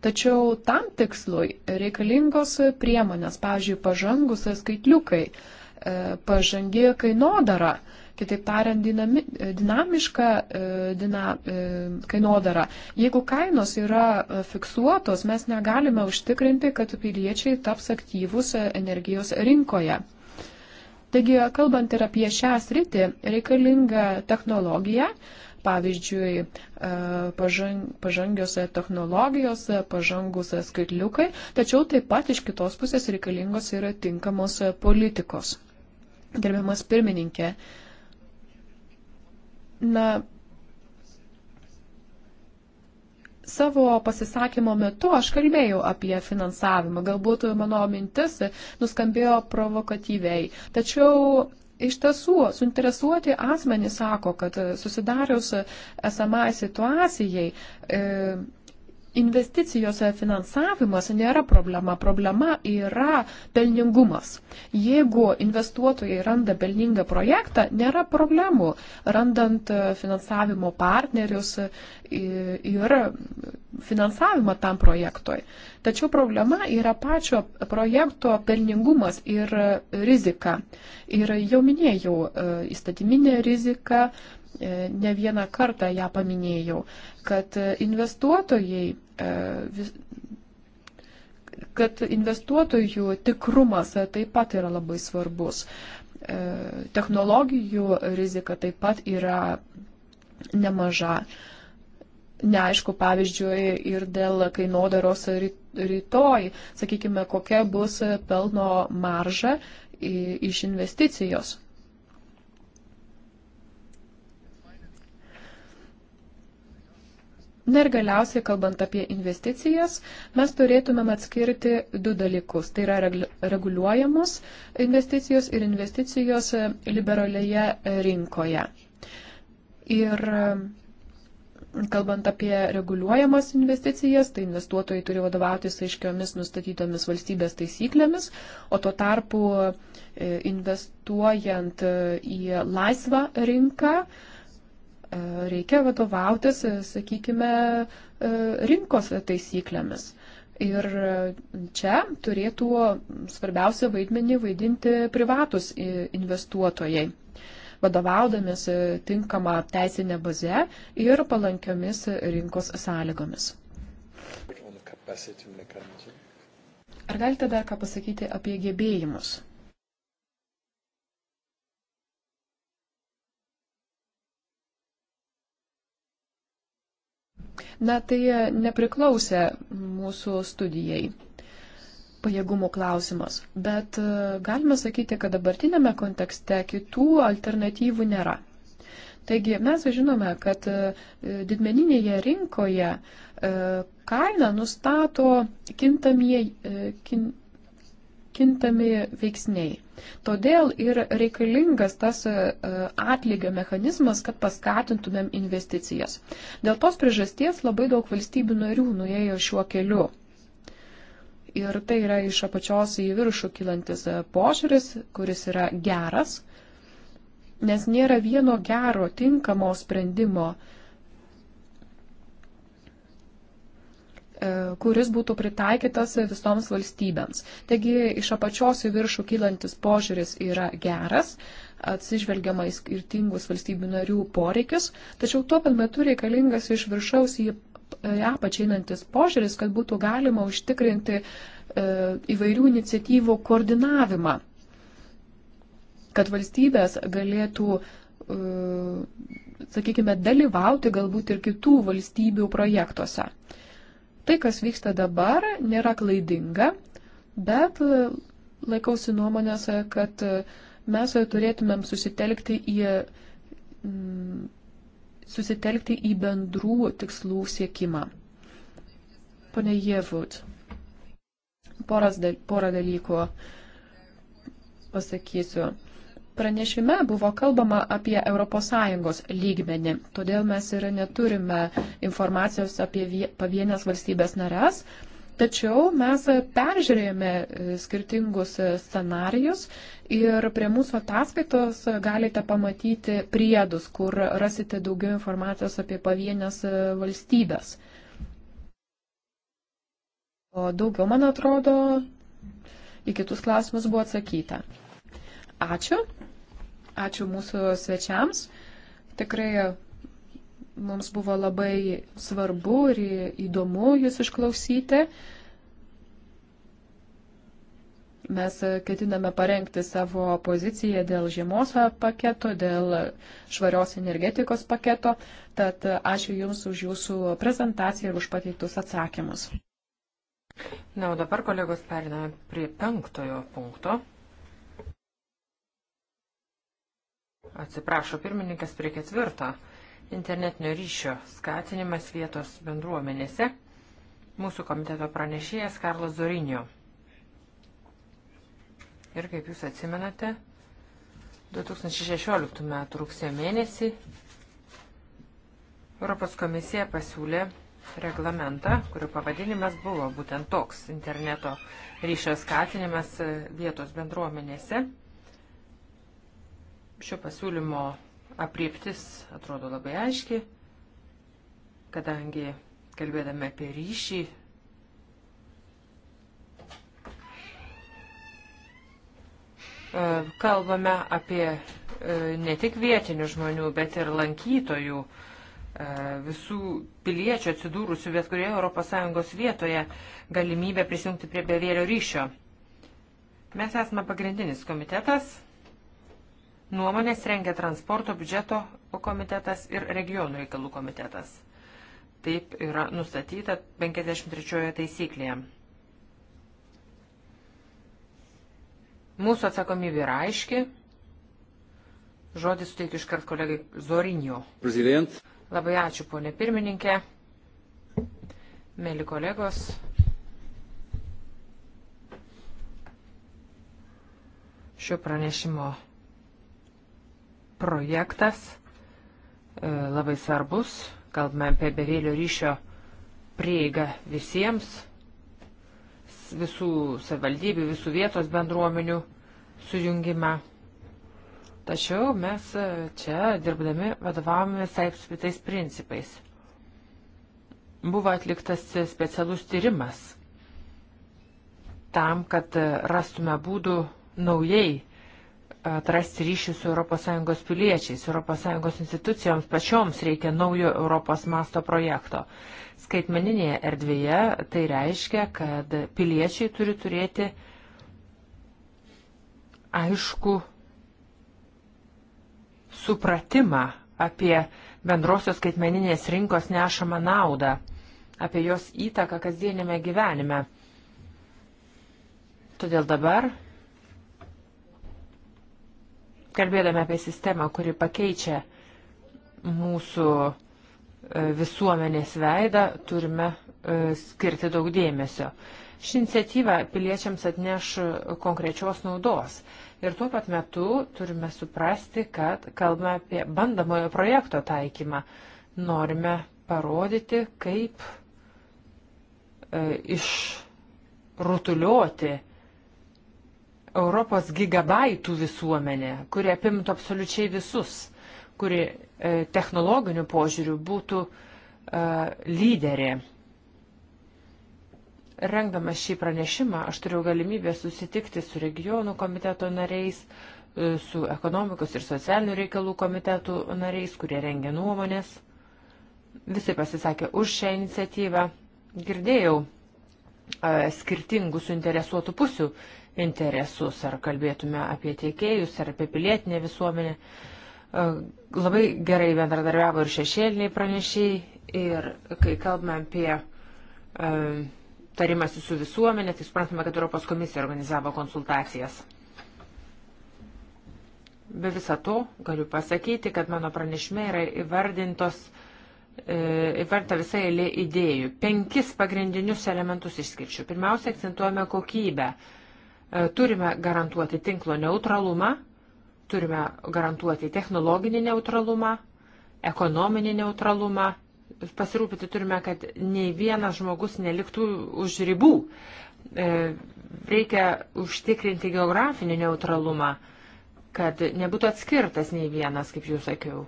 [SPEAKER 3] Tačiau tam tikslui reikalingos priemonės, pavyzdžiui, pažangus skaitliukai, e, pažangi kainodara, kitaip tariant, dinami, e, dinamiška e, dina, kainodara. Jeigu kainos yra fiksuotos, mes negalime užtikrinti, kad piliečiai taps aktyvus energijos rinkoje. Taigi, kalbant ir apie šią sritį, reikalinga technologija, pavyzdžiui, e, pažangios technologijos, pažangus skaitliukai, tačiau taip pat iš kitos pusės reikalingos yra tinkamos politikos. Gerbiamas pirmininkė, na, savo pasisakymo metu aš kalbėjau apie finansavimą. Galbūt mano mintis nuskambėjo provokatyviai. Tačiau Iš tiesų, suinteresuoti asmenys sako, kad susidarius esamai situacijai, e, Investicijos finansavimas nėra problema. Problema yra pelningumas. Jeigu investuotojai randa pelningą projektą, nėra problemų randant e, finansavimo partnerius ir finansavimą tam projektui. Tačiau problema yra pačio projekto pelningumas ir rizika. Ir jau minėjau e, įstatyminė rizika, E, ne vieną kartą ją paminėjau, kad investuotojai e, vis, kad investuotojų tikrumas taip pat yra labai svarbus. E, technologijų rizika taip pat yra nemaža. Neaišku, pavyzdžiui, ir dėl kainodaros rytoj, sakykime, kokia bus pelno marža iš investicijos. Na ir galiausiai, kalbant apie investicijas, mes turėtumėm atskirti du dalykus. Tai yra reguliuojamos investicijos ir investicijos e, liberalioje e, rinkoje. Ir e, kalbant apie reguliuojamas investicijas, tai investuotojai turi vadovautis aiškiomis nustatytomis valstybės taisyklėmis, o tuo tarpu investuojant į laisvą rinką, E, reikia vadovautis, e, sakykime, e, rinkos taisyklėmis. Ir čia turėtų svarbiausią vaidmenį vaidinti privatus investuotojai, vadovaudamis tinkamą teisinę bazę ir palankiomis rinkos sąlygomis. Ar galite dar ką pasakyti apie gebėjimus? Na, tai e, nepriklausė mūsų studijai pajėgumų klausimas, bet e, galime sakyti, kad dabartinėme kontekste kitų alternatyvų nėra. Taigi mes žinome, kad e, didmeninėje rinkoje kainą nustato kintamieji, kin, kintami veiksniai. Todėl ir reikalingas tas e, atlygio mechanizmas, kad paskatintumėm investicijas. Dėl tos priežasties labai daug valstybių narių nuėjo šiuo keliu. Ir tai yra iš apačios į viršų kilantis e, požiūris, kuris yra geras, nes nėra vieno gero, tinkamo sprendimo, uh, E, kuris būtų pritaikytas visoms valstybėms. Taigi iš apačios į viršų kylantis požiūris yra geras, atsižvelgiama į skirtingus valstybių narių poreikius, tačiau tuo pat metu reikalingas iš viršaus į apačią einantis požiūris, kad būtų galima užtikrinti e, įvairių iniciatyvų koordinavimą, kad valstybės galėtų e, sakykime, dalyvauti galbūt ir kitų valstybių projektuose. Tai, kas vyksta dabar, nėra klaidinga, bet e, laikausi nuomonės, kad e, mes turėtumėm susitelkti į, mm, susitelkti į bendrų tikslų siekimą. Pone Jevut, porą dalykų pasakysiu pranešime buvo kalbama apie ES lygmenį, todėl mes ir neturime informacijos apie pavienės valstybės nares, tačiau mes peržiūrėjome e, skirtingus e, scenarius ir prie mūsų ataskaitos galite pamatyti priedus, kur rasite daugiau informacijos apie pavienės e, valstybės. O daugiau, man atrodo, į kitus klausimus buvo atsakyta. Ačiū. Ačiū mūsų svečiams. Tikrai mums buvo labai svarbu ir įdomu jūs išklausyti. Mes ketiname parengti savo poziciją dėl žiemos paketo, dėl švarios energetikos paketo. Tad ačiū Jums už Jūsų prezentaciją ir už pateiktus atsakymus.
[SPEAKER 1] Na, o dabar, kolegos, periname prie penktojo punkto. atsiprašo pirmininkas prie ketvirto, internetinio ryšio skatinimas vietos bendruomenėse, mūsų komiteto pranešėjas Karlas Zorinio. Ir kaip jūs atsimenate, 2016 m. rugsėjo mėnesį Europos komisija pasiūlė reglamentą, kurio pavadinimas buvo būtent toks interneto ryšio skatinimas vietos bendruomenėse. Šio pasiūlymo apriektis atrodo labai aiški, kadangi kalbėdami apie ryšį, e, kalbame apie e, ne tik vietinių žmonių, bet ir lankytojų, e, visų piliečių atsidūrusių bet kurioje ES vietoje galimybę prisijungti prie bevėlio ryšio. Mes esame pagrindinis komitetas Nuomonės rengia transporto biudžeto komitetas ir regionų reikalų komitetas. Taip yra nustatyta 53 taisyklėje. Mūsų atsakomybė yra aiški. Žodį suteikiu iškart kolegai Zorinio. Prezident. Labai ačiū, ponė pirmininkė. Mėly kolegos. Šio pranešimo projektas e, labai svarbus, kalbame apie bevėlio ryšio prieigą visiems, visų savivaldybių, visų vietos bendruomenių sujungimą. Tačiau mes e, čia dirbdami vadovavomės apskritais principais. Buvo atliktas specialus tyrimas tam, kad e, rastume būdų naujai atrasti ryšių su ES piliečiais, ES institucijoms pačioms reikia naujo Europos masto projekto. Skaitmeninėje erdvėje tai reiškia, kad piliečiai turi turėti aišku supratimą apie bendrosios skaitmeninės rinkos nešamą naudą, apie jos įtaką kasdienėme gyvenime. Todėl dabar kalbėdami apie sistemą, kuri pakeičia mūsų e, visuomenės veidą, turime e, skirti daug dėmesio. Ši iniciatyva piliečiams atneš konkrečios naudos. Ir tuo pat metu turime suprasti, kad kalbame apie bandamojo projekto taikymą. Norime parodyti, kaip e, išrutuliuoti e, Europos gigabaitų visuomenė, kuri apimtų absoliučiai visus, kuri e, technologiniu požiūriu būtų e, lyderė. Rengdamas šį pranešimą, aš turėjau galimybę susitikti su regionų komiteto nariais, e, su ekonomikos ir socialinių reikalų komitetų nariais, kurie rengia nuomonės. Visi pasisakė už šią iniciatyvą. Girdėjau skirtingų suinteresuotų pusių interesus, ar kalbėtume apie tiekėjus, ar apie pilietinę visuomenę. E, labai gerai bendradarbiavo ir šešėliniai pranešiai, ir kai kalbame apie um, e, tarimasi su visuomenė, tai suprantame, kad Europos komisija organizavo konsultacijas. Be viso to galiu pasakyti, kad mano pranešime yra įvardintos e, įvarta visą eilę idėjų. Penkis pagrindinius elementus išskirčiu. Pirmiausia, akcentuojame kokybę. E, turime garantuoti tinklo neutralumą, turime garantuoti technologinį neutralumą, ekonominį neutralumą. Pasirūpyti turime, kad nei vienas žmogus neliktų už ribų. E, reikia užtikrinti geografinį neutralumą, kad nebūtų atskirtas nei vienas, kaip jau sakiau.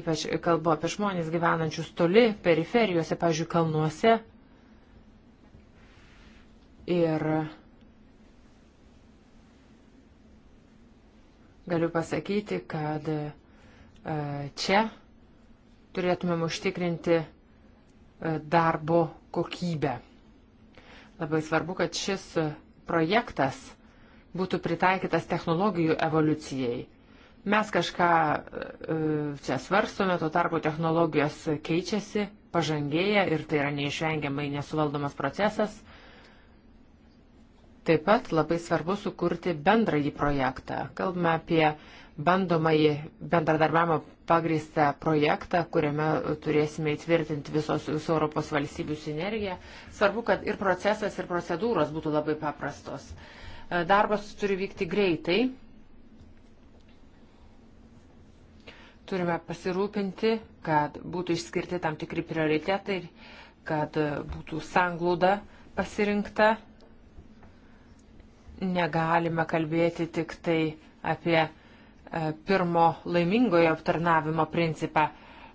[SPEAKER 1] Ypač kalbu apie žmonės gyvenančius toli, periferijose, pažiūrėjau, kalnuose. Ir Galiu pasakyti, kad e, čia turėtumėm užtikrinti e, darbo kokybę. Labai svarbu, kad šis projektas būtų pritaikytas technologijų evoliucijai. Mes kažką e, čia svarstome, tuo tarpu technologijos keičiasi, pažangėja ir tai yra neišvengiamai nesuvaldomas procesas. Taip pat labai svarbu sukurti bendrąjį projektą. Kalbame apie bandomąjį bendradarbiavimo pagrįstą projektą, kuriame turėsime įtvirtinti visos, visos Europos valstybių sinergiją. Svarbu, kad ir procesas, ir procedūros būtų labai paprastos. E, darbas turi vykti greitai. Turime pasirūpinti, kad būtų išskirti tam tikri prioritetai, kad būtų sanglauda pasirinkta Negalime kalbėti tik tai apie e, pirmo laimingojo aptarnavimo principą.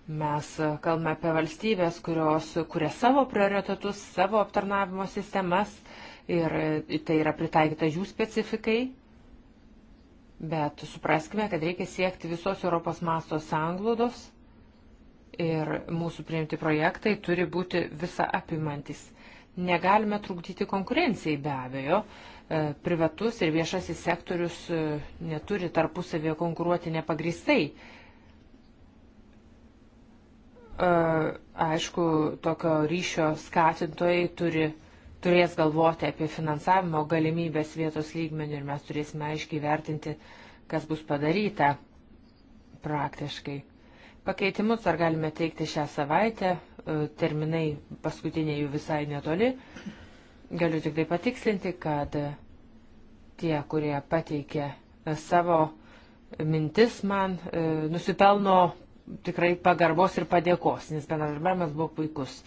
[SPEAKER 1] Mes e, kalbame apie valstybės, kurios kuria savo prioritetus, savo aptarnavimo sistemas ir e, tai yra pritaikyta jų specifikai. Bet supraskime, kad reikia siekti visos Europos masto sanglaudos ir mūsų priimti projektai turi būti visa apimantis. Negalime trukdyti konkurencijai be abejo, E, privatus ir viešasis sektorius e, neturi tarpusavėje konkuruoti nepagristai. E, aišku, tokio ryšio skatintojai turi, turės galvoti apie finansavimo galimybės vietos lygmenių ir mes turėsime aiškiai vertinti, kas bus padaryta praktiškai. Pakeitimus ar galime teikti šią savaitę, terminai paskutiniai jų visai netoli. Galiu tik tai patikslinti, kad tie, kurie pateikė e, savo mintis, man e, nusipelno tikrai pagarbos ir padėkos, nes bendradarbiavimas buvo puikus.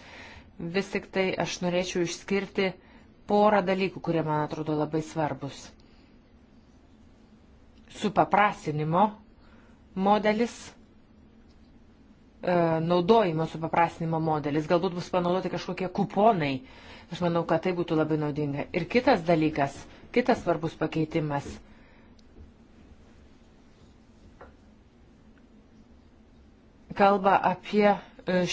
[SPEAKER 1] Vis tik tai aš norėčiau išskirti porą dalykų, kurie man atrodo labai svarbus. Supaprasinimo modelis, e, naudojimo supaprasinimo modelis, galbūt bus panaudoti kažkokie kuponai, e, Aš manau, kad tai būtų labai naudinga. Ir kitas dalykas, kitas svarbus pakeitimas. Kalba apie e,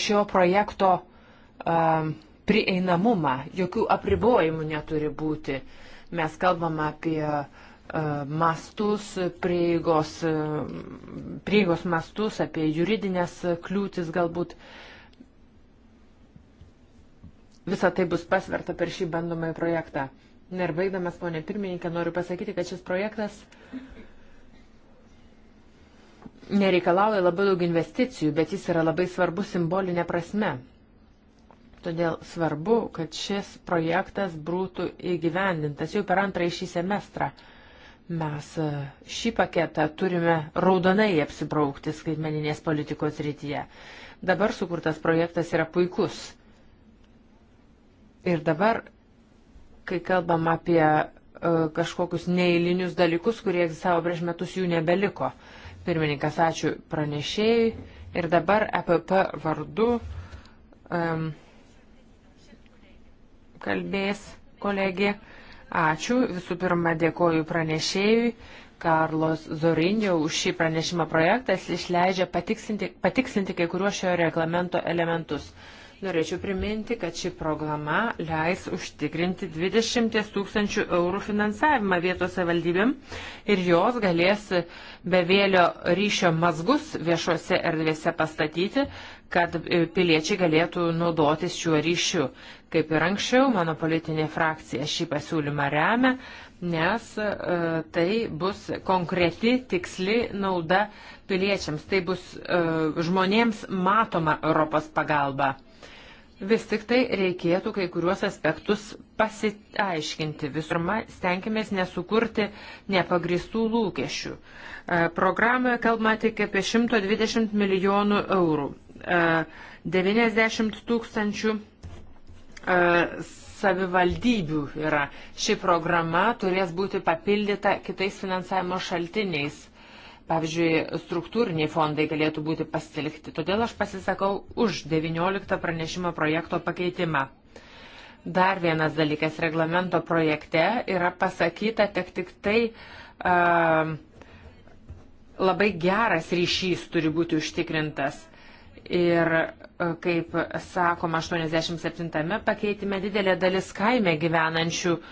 [SPEAKER 1] šio projekto um, prieinamumą. Jokių apribojimų neturi būti. Mes kalbam apie uh, mastus, prieigos, prieigos mastus, apie juridinės kliūtis galbūt. Uh, Visa tai bus pasverta per šį bandomąjį projektą. Ir baigdamas, ponė pirmininkė, noriu pasakyti, kad šis projektas nereikalauja labai daug investicijų, bet jis yra labai svarbus simbolinė prasme. Todėl svarbu, kad šis projektas būtų įgyvendintas jau per antrąjį šį semestrą. Mes e, šį paketą turime raudonai apsibraukti skaitmeninės politikos rytyje. Dabar sukurtas projektas yra puikus Ir dabar, kai kalbam apie e, kažkokius neįlinius dalykus, kurie egzistavo prieš metus, jų nebeliko. Pirmininkas, ačiū pranešėjai. Ir dabar EPP vardu um, kalbės kolegė. Ačiū. Visų pirma, dėkoju pranešėjui. Karlos Zorindė už šį pranešimą projektas išleidžia patikslinti, patikslinti kai kuriuos šio reglamento elementus. Uh, Norėčiau priminti, kad ši programa leis užtikrinti 20 tūkstančių eurų finansavimą vietos savivaldybėm ir jos galės bevėlio ryšio mazgus viešose erdvėse pastatyti, kad piliečiai galėtų naudotis šiuo ryšiu. Kaip ir anksčiau, mano politinė frakcija šį pasiūlymą remia, nes e, tai bus konkreti, tiksli nauda piliečiams, tai bus e, žmonėms matoma Europos pagalba. Vis tik tai reikėtų kai kuriuos aspektus pasiaiškinti. Visuma stenkimės nesukurti nepagristų lūkesčių. E, programoje kalbama tik apie 120 milijonų eurų. 90 e, tūkstančių e, savivaldybių yra. Ši programa turės būti papildyta kitais finansavimo šaltiniais pavyzdžiui, struktūriniai fondai galėtų būti pasitelkti. Todėl aš pasisakau už 19 pranešimo projekto pakeitimą. Dar vienas dalykas reglamento projekte yra pasakyta tik, tik tai uh, labai geras ryšys turi būti užtikrintas. Ir kaip sakoma 87 pakeitime, didelė dalis kaime gyvenančių uh,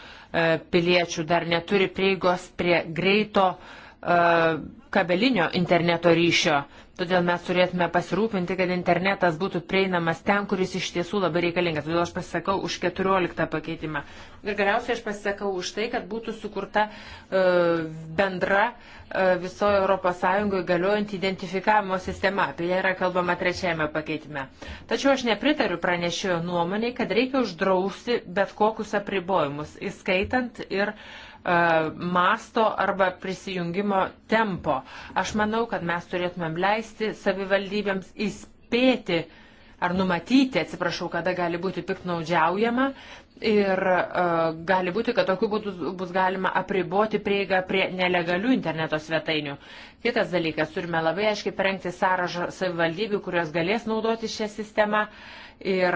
[SPEAKER 1] piliečių dar neturi prieigos prie greito uh, E, kabelinio interneto ryšio. Todėl mes turėtume pasirūpinti, kad internetas būtų prieinamas ten, kuris iš tiesų labai reikalingas. Todėl aš pasisakau už 14 pakeitimą. Ir galiausiai aš pasisakau už tai, kad būtų sukurta uh, bendra uh, e, visoje ES galiojanti identifikavimo sistema. Apie ją yra kalbama trečiajame pakeitime. Tačiau aš nepritariu pranešėjo nuomonėj, kad reikia uždrausti bet kokius apribojimus, įskaitant ir uh, E, masto arba prisijungimo tempo. Aš manau, kad mes turėtumėm leisti savivaldybėms įspėti ar numatyti, atsiprašau, kada gali būti piknaudžiaujama ir uh, gali būti, kad tokiu būdu bus galima apriboti prieigą prie nelegalių interneto svetainių. Kitas dalykas, turime labai aiškiai parengti sąrašą savivaldybių, kurios galės naudoti šią sistemą. Uh, ir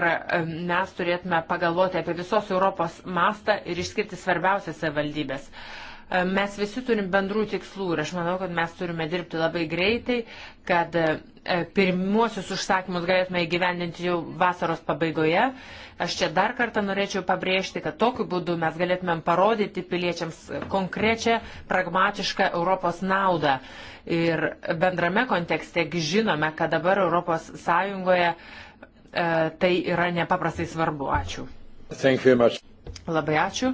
[SPEAKER 1] mes turėtume pagalvoti apie visos Europos mastą ir išskirti svarbiausias savivaldybės. Mes visi turim bendrų tikslų ir aš manau, kad mes turime dirbti labai greitai, kad e, pirmuosius užsakymus galėtume įgyvendinti jau vasaros pabaigoje. Aš čia dar kartą norėčiau pabrėžti, kad tokiu būdu mes galėtumėm parodyti piliečiams konkrečią, pragmatišką Europos naudą. Ir bendrame kontekste žinome, kad dabar Europos Sąjungoje uh, E, tai yra nepaprastai svarbu. Ačiū. Labai ačiū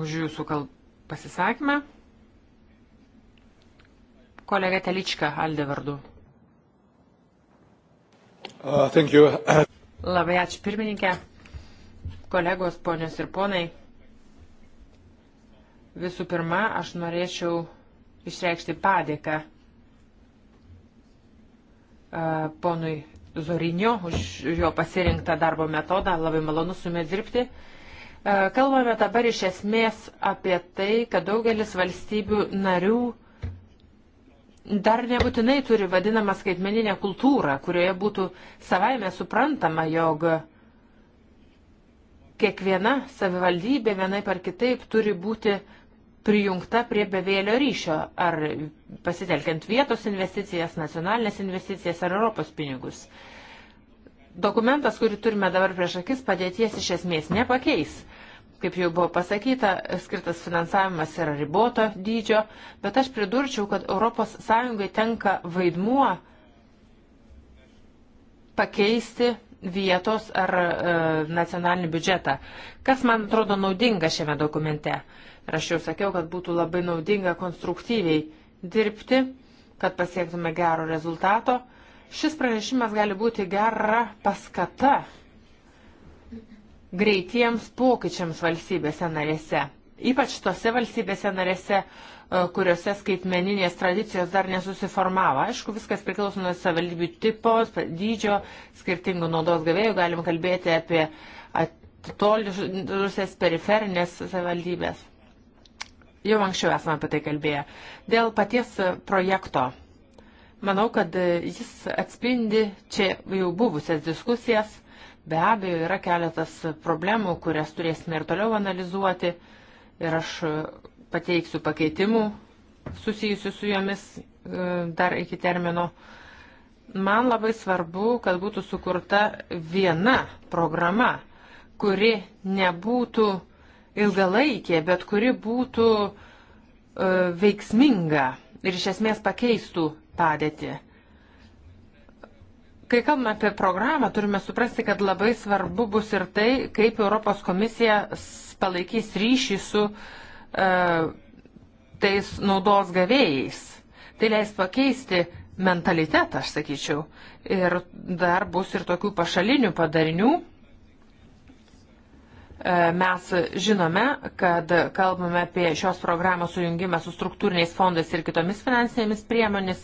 [SPEAKER 1] už jūsų kalb... pasisakymą. Kolega Telička, Alde vardu.
[SPEAKER 2] Uh,
[SPEAKER 1] Labai ačiū pirmininkė, kolegos, ponios ir ponai. Visų pirma, aš norėčiau išreikšti padėką uh, ponui Zorinio už jo pasirinktą darbo metodą. Labai malonu su jumis dirbti. E, kalbame dabar iš esmės apie tai, kad daugelis valstybių narių dar nebūtinai turi vadinamą skaitmeninę kultūrą, kurioje būtų savaime suprantama, jog kiekviena savivaldybė vienaip ar kitaip turi būti prijungta prie bevėlio ryšio, ar pasitelkiant vietos investicijas, nacionalinės investicijas ar Europos pinigus dokumentas, kurį turime dabar prieš akis, padėties iš esmės nepakeis. Kaip jau buvo pasakyta, skirtas finansavimas yra riboto dydžio, bet aš pridurčiau, kad ES tenka vaidmuo pakeisti vietos ar e, nacionalinį biudžetą. Kas man atrodo naudinga šiame dokumente? Ir aš jau sakiau, kad būtų labai naudinga konstruktyviai dirbti, kad pasiektume gero rezultato Šis pranešimas gali būti gera paskata greitiems pokyčiams valstybėse narėse. Ypač tose valstybėse narėse, e, kuriuose skaitmeninės tradicijos dar nesusiformavo. Aišku, viskas priklauso nuo savivaldybių tipo, dydžio, skirtingų naudos gavėjų. Galim kalbėti apie toliusias periferinės savivaldybės. Jau anksčiau esame apie tai kalbėję. Dėl paties projekto Manau, kad jis atspindi čia jau buvusias diskusijas. Be abejo, yra keletas problemų, kurias turėsime ir toliau analizuoti. Ir aš pateiksiu pakeitimų susijusių su jomis e, dar iki termino. Man labai svarbu, kad būtų sukurta viena programa, kuri nebūtų ilgalaikė, bet kuri būtų e, veiksminga ir iš esmės pakeistų padėtį. Kai kalbame apie programą, turime suprasti, kad labai svarbu bus ir tai, kaip Europos komisija palaikys ryšį su uh, tais naudos gavėjais. Tai leis pakeisti mentalitetą, aš sakyčiau. Ir dar bus ir tokių pašalinių padarinių, E, mes žinome, kad kalbame apie šios programos sujungimą su struktūriniais fondais ir kitomis finansinėmis priemonės.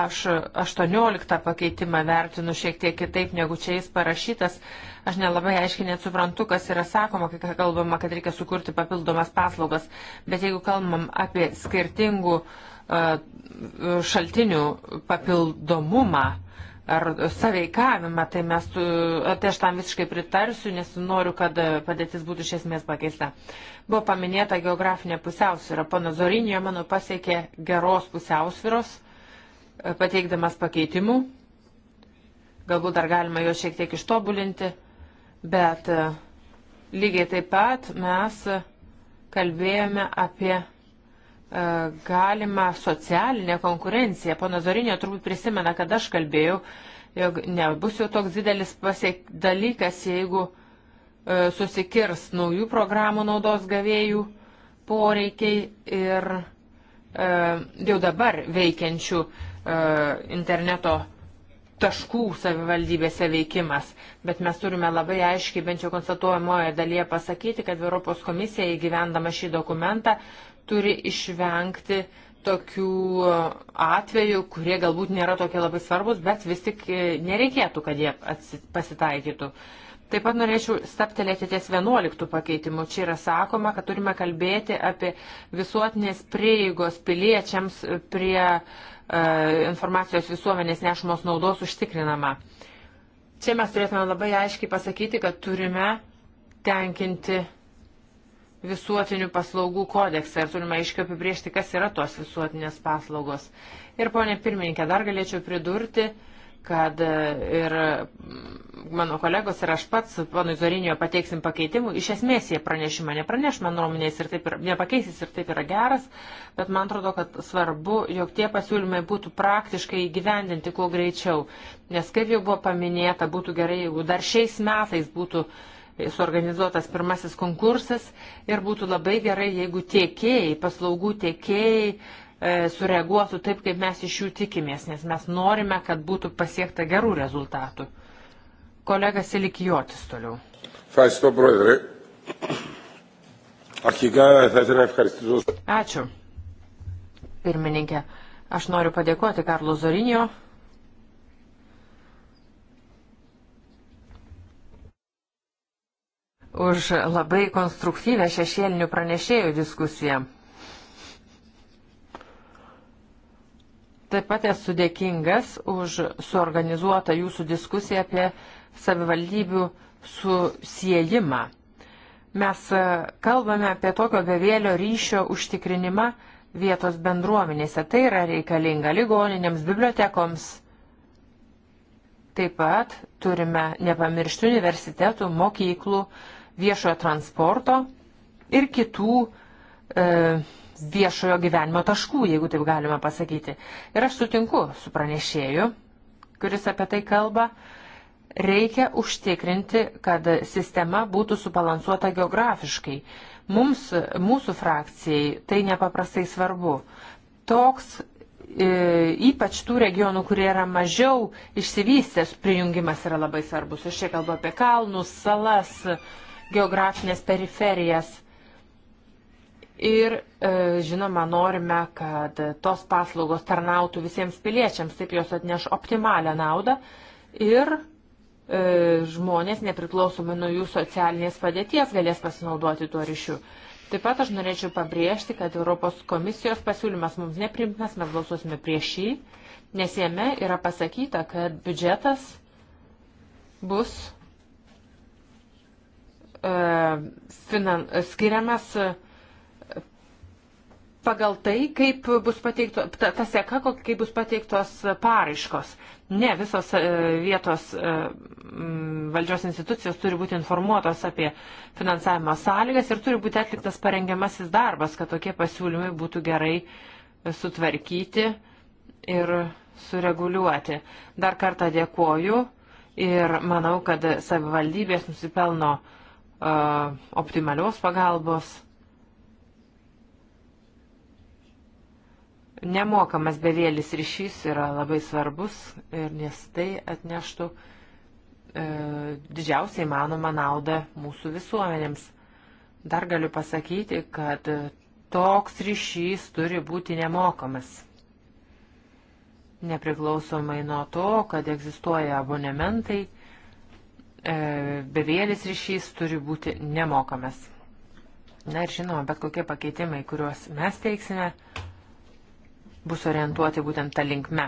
[SPEAKER 1] Aš 18 pakeitimą vertinu šiek tiek kitaip, negu čia jis parašytas. Aš nelabai aiškiai net suprantu, kas yra sakoma, kai kalbama, kad reikia sukurti papildomas paslaugas. Bet jeigu kalbam apie skirtingų e, šaltinių papildomumą, ar saveikavimą, tai mes, e, tai aš tam visiškai pritarsiu, nes noriu, kad e, padėtis būtų iš esmės pakeista. Buvo paminėta geografinė pusiausvyrą. Pana Zorinio, manau, pasiekė geros pusiausvyros, e, pateikdamas pakeitimų. Galbūt dar galima jo šiek tiek ištobulinti, bet lygiai taip pat mes kalbėjome apie galima socialinę konkurenciją. Pono Zorinio turbūt prisimena, kad aš kalbėjau, jog nebus jau toks didelis pasiek dalykas, jeigu e, susikirs naujų programų naudos gavėjų poreikiai ir e, jau dabar veikiančių e, interneto taškų savivaldybėse veikimas. Bet mes turime labai aiškiai, bent jau konstatuojamoje dalyje pasakyti, kad Europos komisija įgyvendama šį dokumentą turi išvengti tokių e, atvejų, kurie galbūt nėra tokie labai svarbus, bet vis tik e, nereikėtų, kad jie pasitaikytų. Taip pat norėčiau staptelėti ties 11 pakeitimu. Čia yra sakoma, kad turime kalbėti apie visuotinės prieigos piliečiams prie e, informacijos visuomenės nešumos naudos užtikrinama. Čia mes turėtume labai aiškiai pasakyti, kad turime tenkinti visuotinių paslaugų kodeksą ir turime aiškiai apibriežti, kas yra tos visuotinės paslaugos. Ir ponė pirmininkė, dar galėčiau pridurti, kad e, ir mm, mano kolegos ir aš pats, ponui Zorinijo, pateiksim pakeitimų. Iš esmės jie pranešimą nepraneš, man nuomonės ir taip yra, nepakeisis ir taip yra geras, bet man atrodo, kad svarbu, jog tie pasiūlymai būtų praktiškai įgyvendinti kuo greičiau. Nes kaip jau buvo paminėta, būtų gerai, jeigu dar šiais metais būtų uh, suorganizuotas pirmasis konkursas ir būtų labai gerai, jeigu tiekėjai, paslaugų tiekėjai e, sureaguotų taip, kaip mes iš jų tikimės, nes mes norime, kad būtų pasiekta gerų rezultatų. Kolega Silikijotis toliau. Ačiū. Pirmininkė, aš noriu padėkoti Karlo Zorinio už labai konstruktyvę šešėlinių pranešėjų diskusiją. Taip pat esu dėkingas už suorganizuotą jūsų diskusiją apie savivaldybių susijimą. Mes e, kalbame apie tokio bevėlio ryšio užtikrinimą vietos bendruomenėse. Tai yra reikalinga ligoninėms, bibliotekoms. Taip pat turime nepamiršti universitetų, mokyklų, uh, viešojo transporto ir kitų e, viešojo gyvenimo taškų, jeigu taip galima pasakyti. Ir aš sutinku su pranešėju, kuris apie tai kalba. Reikia užtikrinti, kad sistema būtų subalansuota geografiškai. Mums, mūsų frakcijai, tai nepaprastai svarbu. Toks e, ypač tų regionų, kurie yra mažiau išsivystęs, prijungimas yra labai svarbus. Aš čia kalbu apie kalnus, salas, geografinės periferijas. Ir e, žinoma, norime, kad tos paslaugos tarnautų visiems piliečiams, taip jos atneš optimalią naudą ir e, žmonės, nepriklausomai nuo jų socialinės padėties, galės pasinaudoti tuo ryšiu. Taip pat aš norėčiau pabrėžti, kad Europos komisijos pasiūlymas mums neprimtinas, mes balsuosime prieš jį, nes jame yra pasakyta, kad biudžetas bus finan, skiriamas e, pagal tai, kaip bus pateikto, ta, ta seka, kaip bus pateiktos paraiškos. Ne visos e, vietos e, valdžios institucijos turi būti informuotos apie finansavimo sąlygas ir turi būti atliktas parengiamasis darbas, kad tokie pasiūlymai būtų gerai sutvarkyti ir sureguliuoti. Dar kartą dėkoju ir manau, kad savivaldybės nusipelno uh, optimalios pagalbos. Nemokamas bevėlis ryšys yra labai svarbus, nes tai atneštų e, didžiausiai manoma naudą mūsų visuomenėms. Dar galiu pasakyti, kad toks ryšys turi būti nemokamas. Nepriklausomai nuo to, kad egzistuoja abonementai, E, bevėlis ryšys turi būti nemokamas. Na ir žinoma, bet kokie pakeitimai, kuriuos mes teiksime, bus orientuoti būtent tą linkme.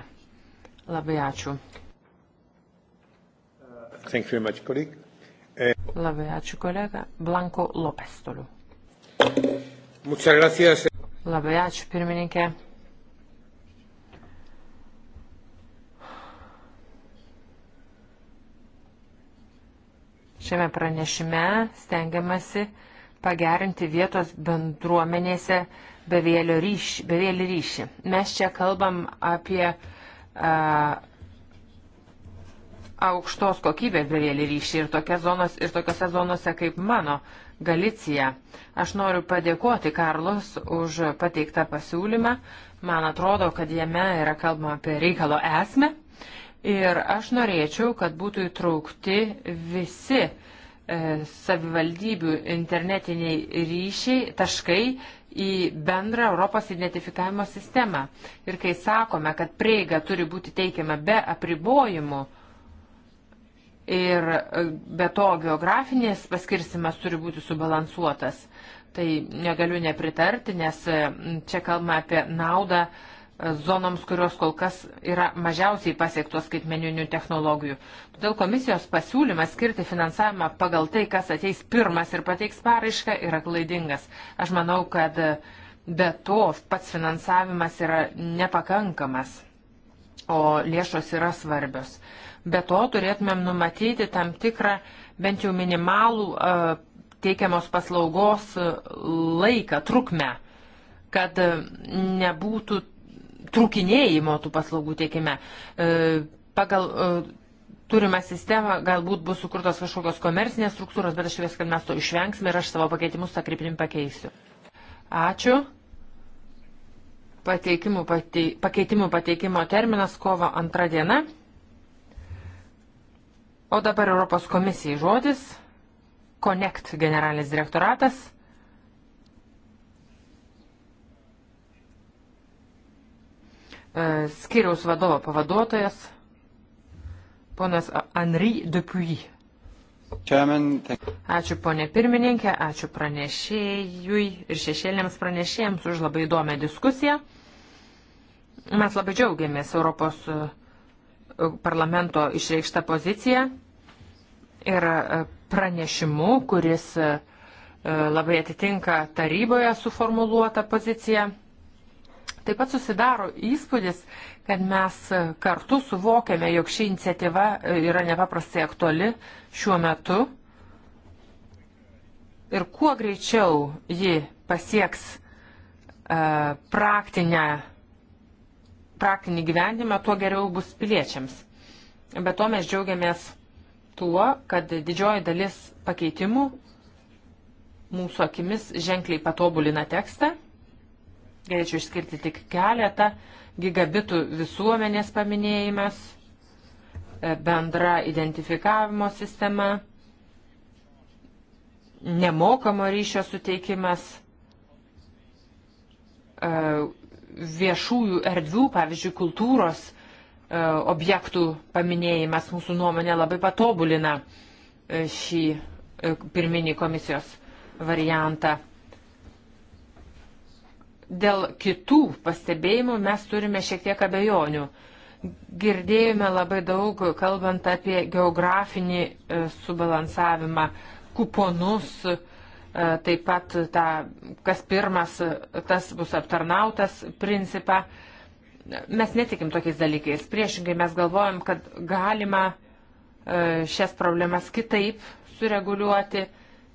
[SPEAKER 1] Labai ačiū. Much, e- Labai ačiū, kolega. Blanko Lopes toliau. Labai ačiū, pirmininkė. Šiame pranešime stengiamasi pagerinti vietos bendruomenėse bevėlį ryšį, bevėlį ryšį. Mes čia kalbam apie a, aukštos kokybės bevėlį ryšį ir, zonos, ir tokiose zonose kaip mano Galicija. Aš noriu padėkoti Karlos už pateiktą pasiūlymą. Man atrodo, kad jame yra kalbama apie reikalo esmę. Ir aš norėčiau, kad būtų įtraukti visi e, savivaldybių internetiniai ryšiai, taškai į bendrą Europos identifikavimo sistemą. Ir kai sakome, kad prieiga turi būti teikiama be apribojimų, ir e, be to geografinės paskirsimas turi būti subalansuotas. Tai negaliu nepritarti, nes e, čia kalbame apie naudą uh, zonoms, kurios kol kas yra mažiausiai pasiektos skaitmeninių technologijų. Todėl komisijos pasiūlymas skirti finansavimą pagal tai, kas ateis pirmas ir pateiks paraišką, yra klaidingas. Aš manau, kad be to pats finansavimas yra nepakankamas, o lėšos yra svarbios. Be to turėtumėm numatyti tam tikrą bent jau minimalų e, teikiamos paslaugos laiką, trukmę, kad nebūtų trūkinėjimo tų paslaugų tiekime. E, pagal e, turimą sistemą galbūt bus sukurtos kažkokios komercinės struktūros, bet aš vis, kad mes to išvengsime ir aš savo pakeitimus tą kryptimį pakeisiu. Ačiū. Pateikimų, patei, pakeitimų pateikimo terminas kovo antrą dieną. O dabar Europos komisijai žodis. Connect generalinis direktoratas. E, skiriaus vadovo pavaduotojas, ponas Henri Dupuy.
[SPEAKER 2] Ačiū
[SPEAKER 1] ponė pirmininkė, ačiū pranešėjui ir šešėlėms pranešėjams už labai įdomią diskusiją. Mes labai džiaugiamės Europos e, parlamento išreikštą poziciją ir e, pranešimu, kuris labai atitinka taryboje suformuluotą poziciją. Taip pat susidaro įspūdis, kad mes kartu suvokiame, jog ši iniciatyva e, yra nepaprastai aktuali šiuo metu ir kuo greičiau ji pasieks uh, praktinę, praktinį gyvendimą, tuo geriau bus piliečiams. Be to mes džiaugiamės tuo, kad didžioji dalis pakeitimų mūsų akimis ženkliai patobulina tekstą Galėčiau išskirti tik keletą. Gigabitų visuomenės paminėjimas, e, bendra identifikavimo sistema, nemokamo ryšio suteikimas, e, viešųjų erdvių, pavyzdžiui, kultūros e, objektų paminėjimas mūsų nuomonė labai patobulina šį pirminį komisijos variantą dėl kitų pastebėjimų mes turime šiek tiek abejonių. Girdėjome labai daug, kalbant apie geografinį e, subalansavimą, kuponus, e, taip pat tą, kas pirmas, tas bus aptarnautas principą. Mes netikim tokiais dalykais. Priešingai mes galvojam, kad galima e, šias problemas kitaip sureguliuoti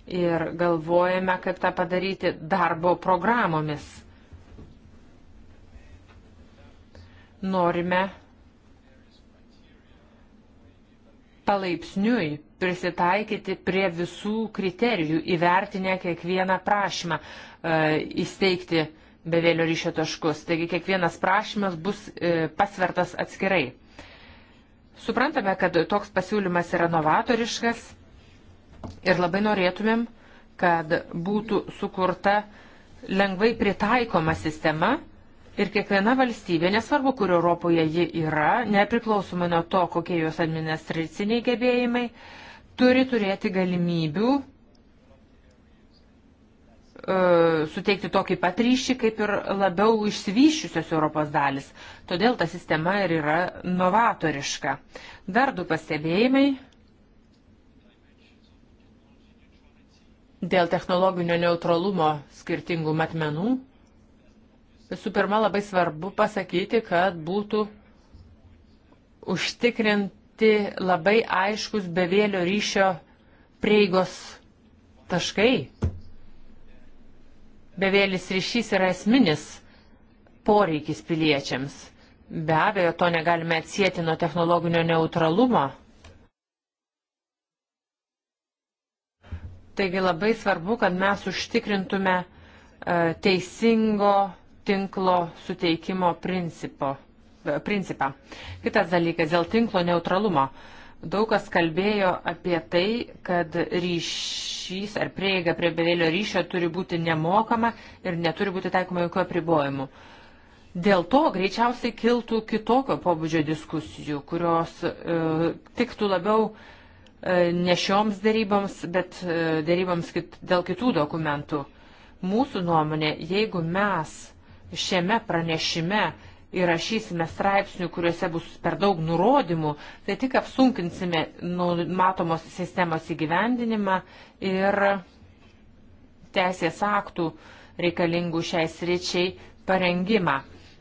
[SPEAKER 1] ir galvojame, kaip tą padaryti darbo programomis norime palaipsniui prisitaikyti prie visų kriterijų, įvertinę kiekvieną prašymą e, įsteigti bevėlio ryšio taškus. Taigi kiekvienas prašymas bus e, pasvertas atskirai. Suprantame, kad toks pasiūlymas yra novatoriškas ir labai norėtumėm, kad būtų sukurta lengvai pritaikoma sistema, Ir kiekviena valstybė, nesvarbu, kur Europoje ji yra, nepriklausomai nuo to, kokie jos administraciniai gebėjimai, turi turėti galimybių e, suteikti tokį pat ryšį, kaip ir labiau išsivyščiusios Europos dalis. Todėl ta sistema ir yra novatoriška. Dar du pastebėjimai dėl technologinio neutralumo skirtingų matmenų. Visų pirma, labai svarbu pasakyti, kad būtų užtikrinti labai aiškus bevėlio ryšio prieigos taškai. Bevėlis ryšys yra esminis poreikis piliečiams. Be abejo, to negalime atsijėti nuo technologinio neutralumo. Taigi labai svarbu, kad mes užtikrintume e, teisingo tinklo suteikimo principo, e, principą. Kitas dalykas - dėl tinklo neutralumo. Daug kas kalbėjo apie tai, kad ryšys ar prieiga prie bevėlio ryšio turi būti nemokama ir neturi būti taikoma jokių apribojimų. Dėl to greičiausiai kiltų kitokio pobūdžio diskusijų, kurios e, tiktų labiau e, ne šioms daryboms, bet e, daryboms kit, dėl kitų dokumentų. Mūsų nuomonė, jeigu mes šiame pranešime įrašysime straipsnių, kuriuose bus per daug nurodymų, tai tik apsunkinsime nu, matomos sistemos įgyvendinimą ir teisės aktų reikalingų šiai sričiai parengimą,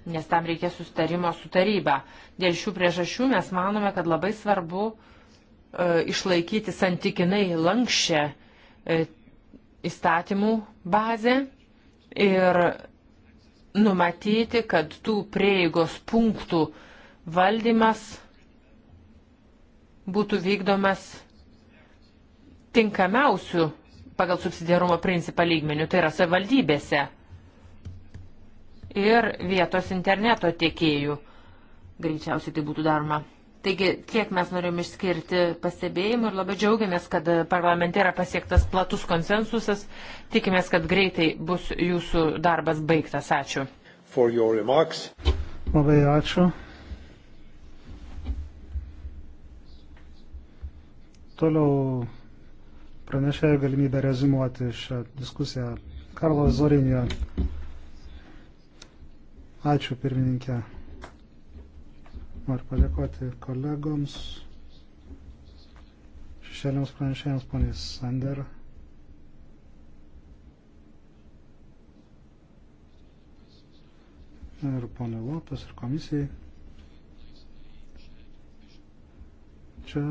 [SPEAKER 1] nes tam reikia sustarimo su taryba. Dėl šių priežasčių mes manome, kad labai svarbu e, išlaikyti santykinai lankščią e, įstatymų bazę ir numatyti, kad tų prieigos punktų valdymas būtų vykdomas tinkamiausių pagal subsidiarumo principą lygmenių, tai yra savivaldybėse ir vietos interneto tiekėjų. Greičiausiai tai būtų daroma. Taigi tiek mes norim išskirti pastebėjimų ir labai džiaugiamės, kad parlamente yra pasiektas platus konsensusas. Tikimės, kad greitai bus jūsų darbas baigtas. Ačiū.
[SPEAKER 2] Labai ačiū. Toliau pranešėjo galimybę rezimuoti šią diskusiją. Karlo Zorinio. Ačiū pirmininkė. Noriu padėkoti kolegoms, šešėliams pranešėjams, poniai Sander. Ir ponio Lopes, ir komisijai. Čia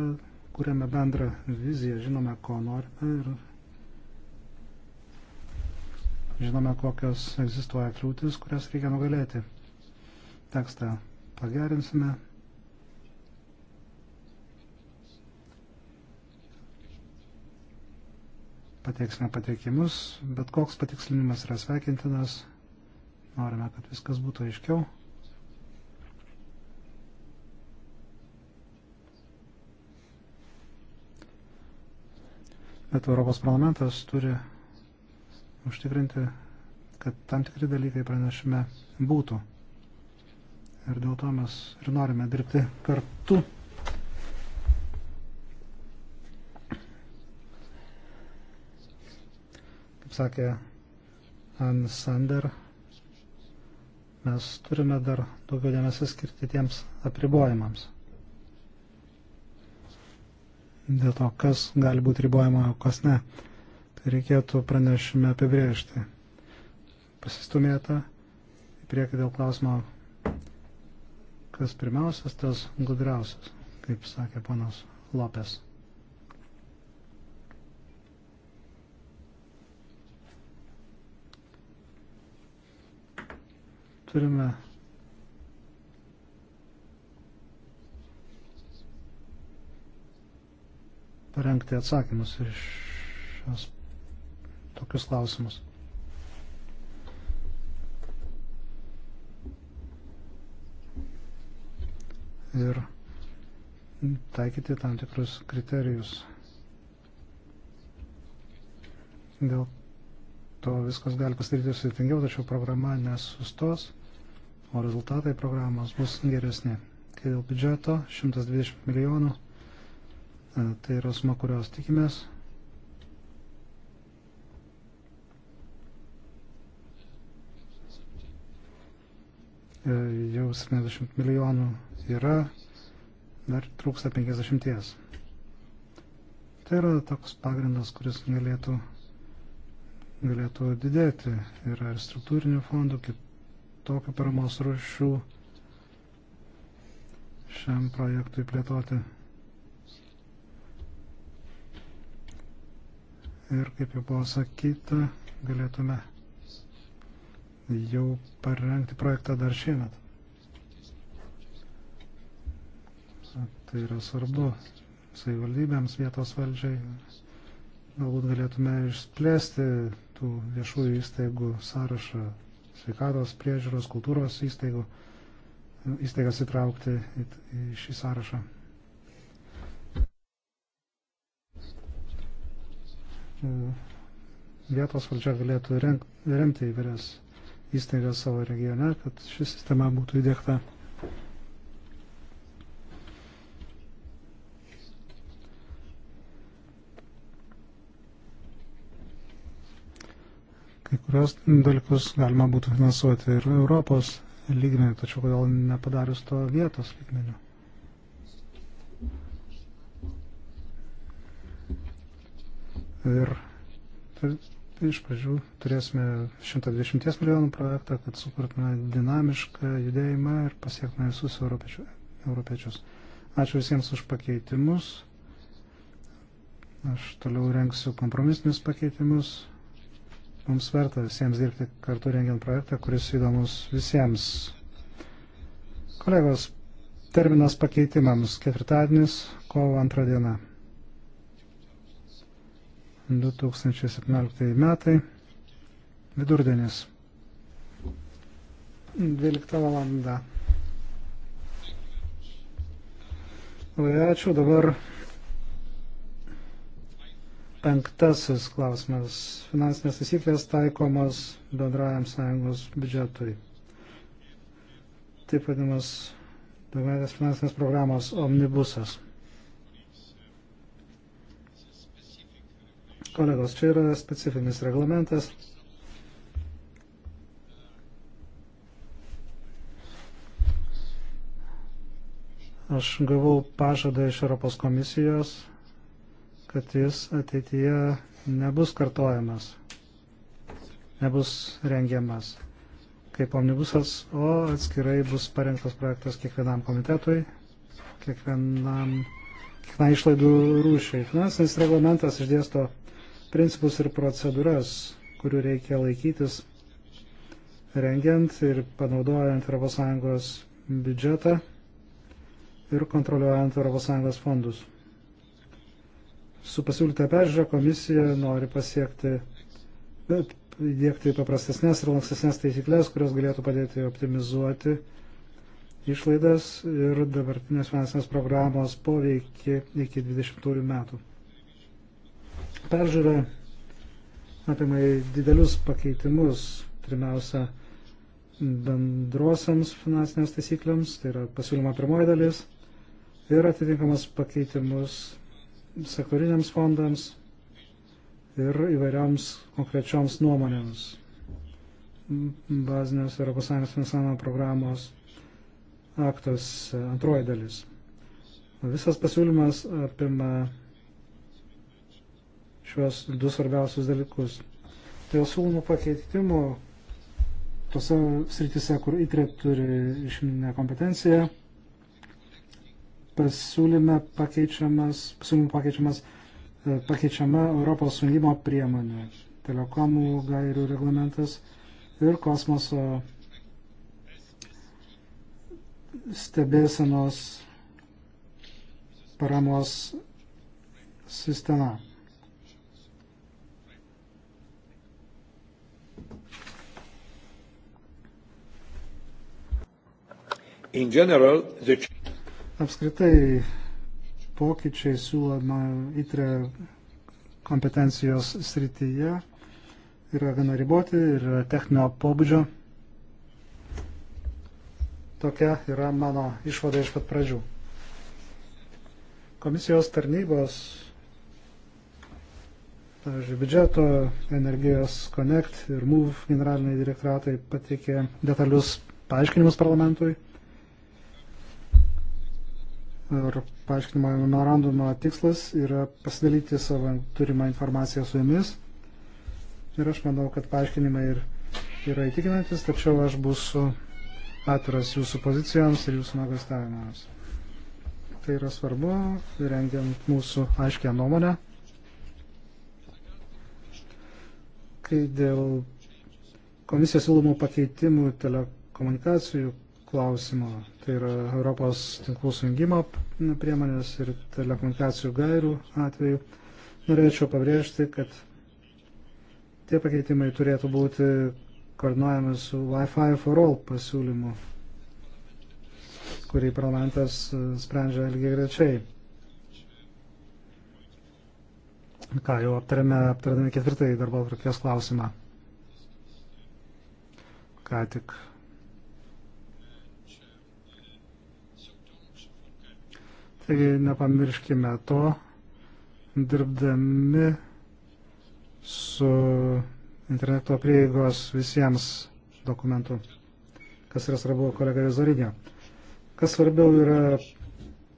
[SPEAKER 2] kuriame bendrą viziją, žinome, ko norime ir žinome, kokios egzistuoja kliūtis, kurias reikia nugalėti. Tekstą pagerinsime. pateiksime pateikimus, bet koks patikslinimas yra sveikintinas. Norime, kad viskas būtų aiškiau. Bet Europos parlamentas turi užtikrinti, kad tam tikri dalykai pranešime būtų. Ir dėl to mes ir norime dirbti kartu. kaip sakė Ann Sander, mes turime dar daugiau dėmesio skirti tiems apribojimams. Dėl to, kas gali būti ribojama, o kas ne, tai reikėtų pranešime apibrėžti. Pasistumėta į priekį dėl klausimo, kas pirmiausias, tas gudriausias, kaip sakė panas Lopes. turime parengti atsakymus ir šios tokius klausimus. Ir taikyti tam tikrus kriterijus. Dėl to viskas gali pasidaryti sudėtingiau, tačiau programa nesustos o rezultatai programos bus geresni. Kai dėl biudžeto 120 milijonų, e, tai yra suma, kurios tikimės. E, jau 70 milijonų yra, dar trūksta 50. Tai yra toks pagrindas, kuris galėtų, galėtų didėti. Yra ir struktūrinių fondų, kitų tokių paramos rušių šiam projektui plėtoti. Ir kaip jau buvo sakyta, galėtume jau parengti projektą dar šiemet. Tai yra svarbu savivaldybėms, vietos valdžiai. Galbūt galėtume išplėsti tų viešųjų įstaigų sąrašą sveikatos priežiūros, kultūros įstaigų, įstaigas įtraukti į šį sąrašą. E, vietos valdžia galėtų remti įvairias įstaigas savo regione, kad ši sistema būtų įdėkta. tokios dalykus galima būtų finansuoti ir Europos lygmenių, tačiau kodėl nepadarius to vietos lygmenių. Ir tai iš pradžių turėsime 120 milijonų projektą, kad sukurtume dinamišką judėjimą ir pasiektume visus europiečius. Ačiū visiems už pakeitimus. Aš toliau renksiu kompromisinius pakeitimus. Mums verta visiems dirbti kartu rengiant projektą, kuris įdomus visiems. Kolegos, terminas pakeitimams ketvirtadienis, kovo antrą dieną. 2017 metai, vidurdienis, 12 valanda. Labai ačiū, dabar Penktasis klausimas. Finansinės taisyklės taikomos bendrajam sąjungos biudžetui. Taip vadinamas daugiametės finansinės programos omnibusas. Kolegos, čia yra specifinis reglamentas. Aš gavau pažadą iš Europos komisijos kad jis ateityje nebus kartojamas, nebus rengiamas kaip omnibusas, o atskirai bus parengtas projektas kiekvienam komitetui, kiekvienam, kiekvienai išlaidų rūšiai. Finansinis reglamentas išdėsto principus ir procedūras, kurių reikia laikytis rengiant ir panaudojant ES biudžetą ir kontroliuojant ES fondus. Su pasiūlyta peržiūra komisija nori pasiekti, e, įdėkti paprastesnės ir lankstesnės taisyklės, kurios galėtų padėti optimizuoti išlaidas ir dabartinės finansinės programos poveikį iki 20 metų. Peržiūra apima didelius pakeitimus, pirmiausia, bendrosiams finansinėms taisyklėms, tai yra pasiūlymo pirmoji dalis, ir atitinkamas pakeitimus sektoriniams fondams ir įvairioms konkrečioms nuomonėms. Bazinės ES finansavimo programos aktas antroji dalis. Visas pasiūlymas apima šiuos du svarbiausius dalykus. Dėl siūlomų pakeitimų tose sritise, kur ITRE turi išminę kompetenciją, pasiūlyme pakeičiamas, pasiūlyme pakeičiamas, e, pakeičiama Europos sujungimo priemonė, telekomų gairių reglamentas ir kosmoso stebėsenos paramos sistema. In general, the Apskritai pokyčiai siūloma įtrė kompetencijos srityje yra gana riboti ir techninio pobūdžio. Tokia yra mano išvada iš pat pradžių. Komisijos tarnybos, pavyzdžiui, biudžeto, energijos Connect ir MOVE generaliniai direktoratai patikė detalius paaiškinimus parlamentui ir paaiškinimo memorandumo tikslas yra pasidalyti savo turimą informaciją su jumis. Ir aš manau, kad paaiškinimai ir yra įtikinantis, tačiau aš būsiu atviras jūsų pozicijoms ir jūsų nuogastavimams. Tai yra svarbu, rengiant mūsų aiškę nuomonę. Kai dėl komisijos siūlomų pakeitimų telekomunikacijų klausimo. Tai yra Europos tinklų sujungimo priemonės ir telekomunikacijų gairių atveju. Norėčiau pabrėžti, kad tie pakeitimai turėtų būti koordinuojami su Wi-Fi for All pasiūlymu, kurį parlamentas sprendžia ilgiai grečiai. Ką jau aptarėme, aptarėme ketvirtąjį darbo atvarkės klausimą. Ką tik Taigi nepamirškime to, dirbdami su interneto prieigos visiems dokumentų, kas yra svarbu kolega Vizorinio. Kas svarbiau yra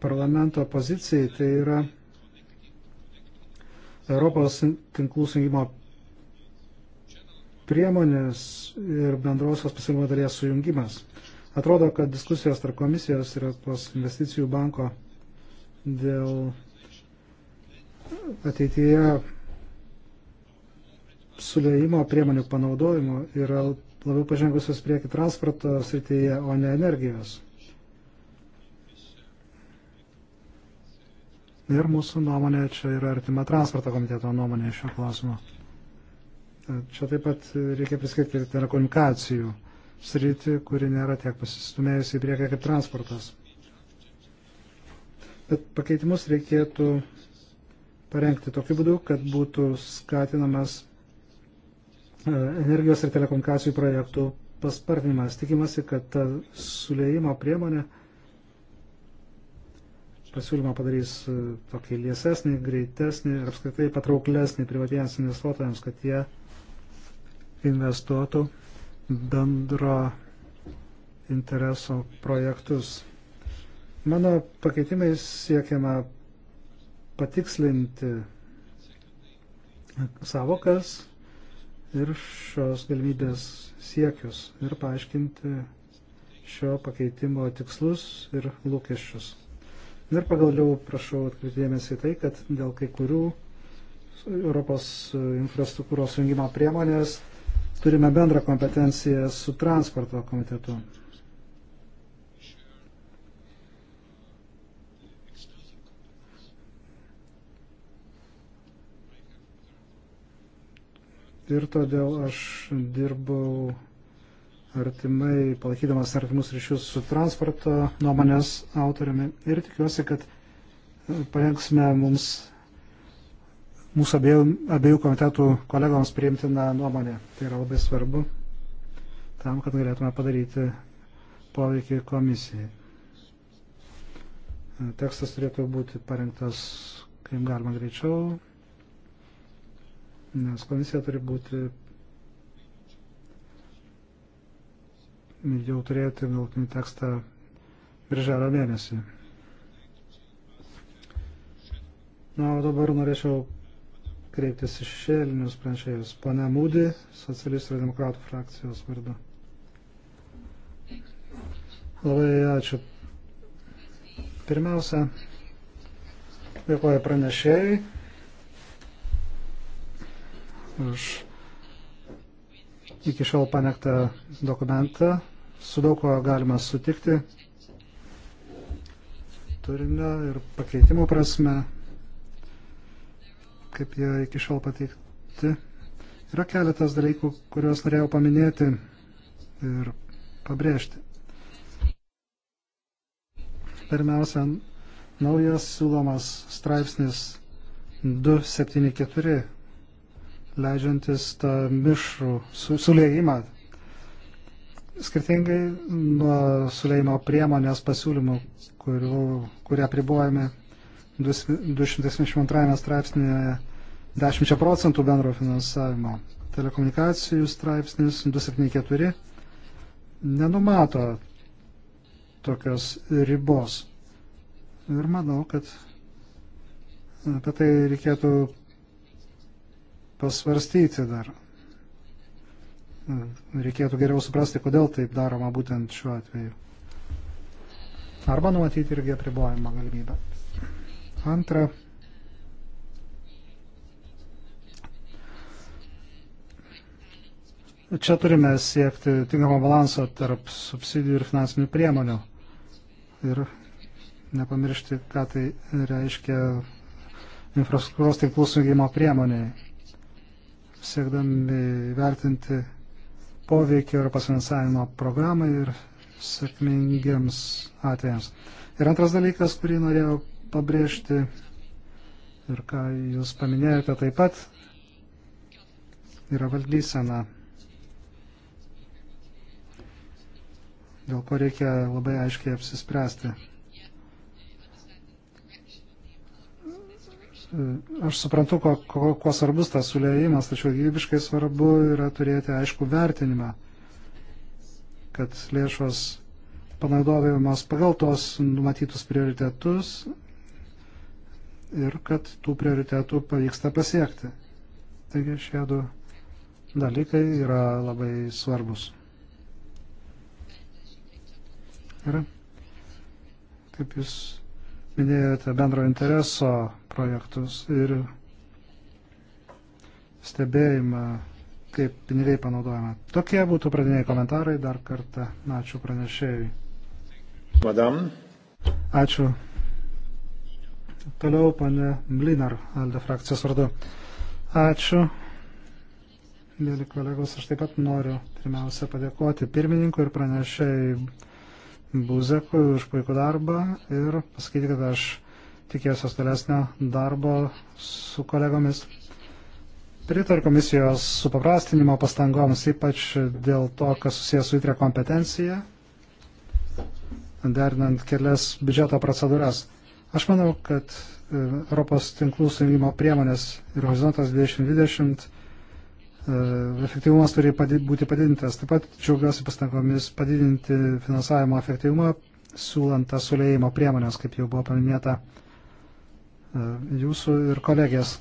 [SPEAKER 2] parlamento pozicijai, tai yra Europos tinklų sujungimo priemonės ir bendrosios pasirinkimo dalies sujungimas. Atrodo, kad diskusijos tarp komisijos ir tos investicijų banko dėl ateityje sulėjimo priemonių panaudojimo yra labiau pažengusios prieki transporto srityje, o ne energijos. Ir mūsų nuomonė čia yra artima transporto komiteto nuomonė šio klausimo. Čia taip pat reikia priskirti telekomunikacijų sritį, kuri nėra tiek pasistumėjusi į priekį kaip transportas. Bet pakeitimus reikėtų parengti tokiu būdu, kad būtų skatinamas e, energijos ir telekomunikacijų projektų paspartinimas. Tikimasi, kad ta sulėjimo priemonė pasiūlymą padarys e, tokį liesesnį, greitesnį ir apskritai patrauklesnį privatiems investuotojams, kad jie investuotų bendro intereso projektus. Mano pakeitimais siekiama patikslinti savokas ir šios galimybės siekius ir paaiškinti šio pakeitimo tikslus ir lūkesčius. Ir pagaliau prašau atkreipdėmėsi tai, kad dėl kai kurių Europos infrastruktūros jungimo priemonės turime bendrą kompetenciją su transporto komitetu. ir todėl aš dirbau artimai, palaikydamas artimus ryšius su transporto nuomonės autoriumi ir tikiuosi, kad e, parengsime mums, mūsų abiejų, abiejų komitetų kolegoms priimtiną nuomonę. Tai yra labai svarbu tam, kad galėtume padaryti poveikį komisijai. E, tekstas turėtų būti parengtas kaip galima greičiau, nes komisija turi būti jau turėti galutinį tekstą birželio mėnesį. Na, o dabar norėčiau kreiptis iš šėlinius pranešėjus. Pane Mūdi, socialistų ir demokratų frakcijos vardu. Labai ačiū. Pirmiausia, dėkoju pranešėjai už iki šiol panektą dokumentą. Su daug ko galima sutikti turinio ir pakeitimų prasme, kaip jie iki šiol pateikti. Yra keletas dalykų, kuriuos norėjau paminėti ir pabrėžti. Pirmiausia, naujas siūlomas straipsnis 274 leidžiantis tą mišrų su, sulėjimą. Skirtingai nuo sulėjimo priemonės pasiūlymų, kurių, kurie pribuojami 272 straipsnėje 10 procentų bendro finansavimo. Telekomunikacijų straipsnis 274 nenumato tokios ribos. Ir manau, kad apie tai reikėtų pasvarstyti dar. Reikėtų geriau suprasti, kodėl taip daroma būtent šiuo atveju. Arba numatyti irgi apribojimą galimybę. Antra. Čia turime siekti tinkamo balanso tarp subsidijų ir finansinių priemonių. Ir nepamiršti, ką tai reiškia infrastruktūros tinklų sujungimo priemoniai siekdami vertinti poveikį Europos finansavimo programai ir sėkmingiams atvejams. Ir antras dalykas, kurį norėjau pabrėžti ir ką jūs paminėjote taip pat, yra valdysena, dėl ko reikia labai aiškiai apsispręsti. Mm, aš suprantu, ko, ko, ko svarbus tas sulėjimas, tačiau gyvybiškai svarbu yra turėti aišku vertinimą, kad lėšos panaudojimas pagal tos numatytus prioritetus ir kad tų prioritetų pavyksta pasiekti. Taigi šie du dalykai yra labai svarbus. Ir kaip jūs minėjote bendro intereso projektus ir stebėjimą, kaip pinigai panaudojama. Tokie būtų pradiniai komentarai. Dar kartą ačiū pranešėjui. Madam. Ačiū. Toliau, pane Mlinar, Alde frakcijos vardu. Ačiū. Mėly kolegos, aš taip pat noriu pirmiausia padėkoti pirmininkui ir pranešėjai Buzekui už puikų darbą ir pasakyti, kad aš tikėsiuos tolesnio darbo su kolegomis. Pritariu komisijos supaprastinimo pastangoms, ypač dėl to, kas susijęs su įtrė kompetencija, derinant kelias biudžeto procedūras. Aš manau, kad e, Europos tinklų sujungimo priemonės ir horizontas 2020 e, efektyvumas turi padid, būti padidintas. Taip pat džiaugiuosi pastangomis padidinti finansavimo efektyvumą, siūlant tą sulėjimo priemonės, kaip jau buvo paminėta. E, jūsų ir kolegės.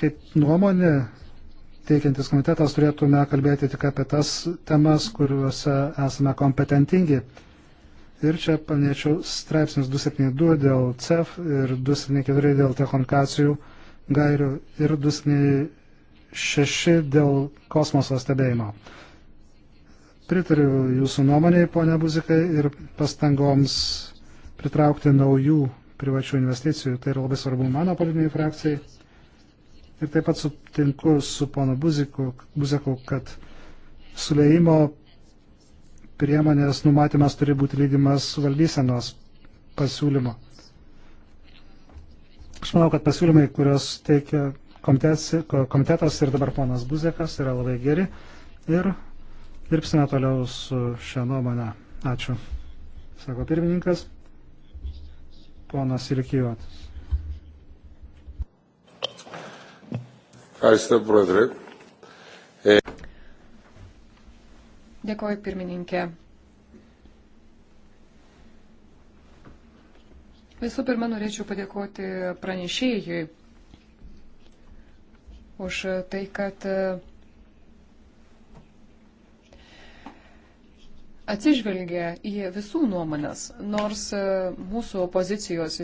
[SPEAKER 2] Kaip nuomonė, teikiantis komitetas turėtume kalbėti tik apie tas temas, kuriuose esame kompetentingi. Ir čia paminėčiau straipsnius 272 dėl CEF ir 274 dėl telekomunikacijų gairių ir 276 dėl kosmoso stebėjimo. Pritariu jūsų nuomonėje, ponia Buzikai, ir pastangoms pritraukti naujų privačių investicijų. Tai yra labai svarbu mano politiniai frakcijai. Ir taip pat sutinku su pono Buziku, Buzeku, kad sulėjimo priemonės numatymas turi būti lydimas valdysenos pasiūlymo. Aš manau, kad pasiūlymai, kurios teikia komitetas ir dabar ponas Buzekas, yra labai geri. Ir dirbsime toliau su šią nuomonę. Ačiū, sako pirmininkas ponas Ilikijotas.
[SPEAKER 1] Ačiū, prodrė. E-
[SPEAKER 3] Dėkoju, pirmininkė. Visų pirma, norėčiau padėkoti pranešėjui už tai, kad atsižvelgia į visų nuomonės, nors e, mūsų opozicijos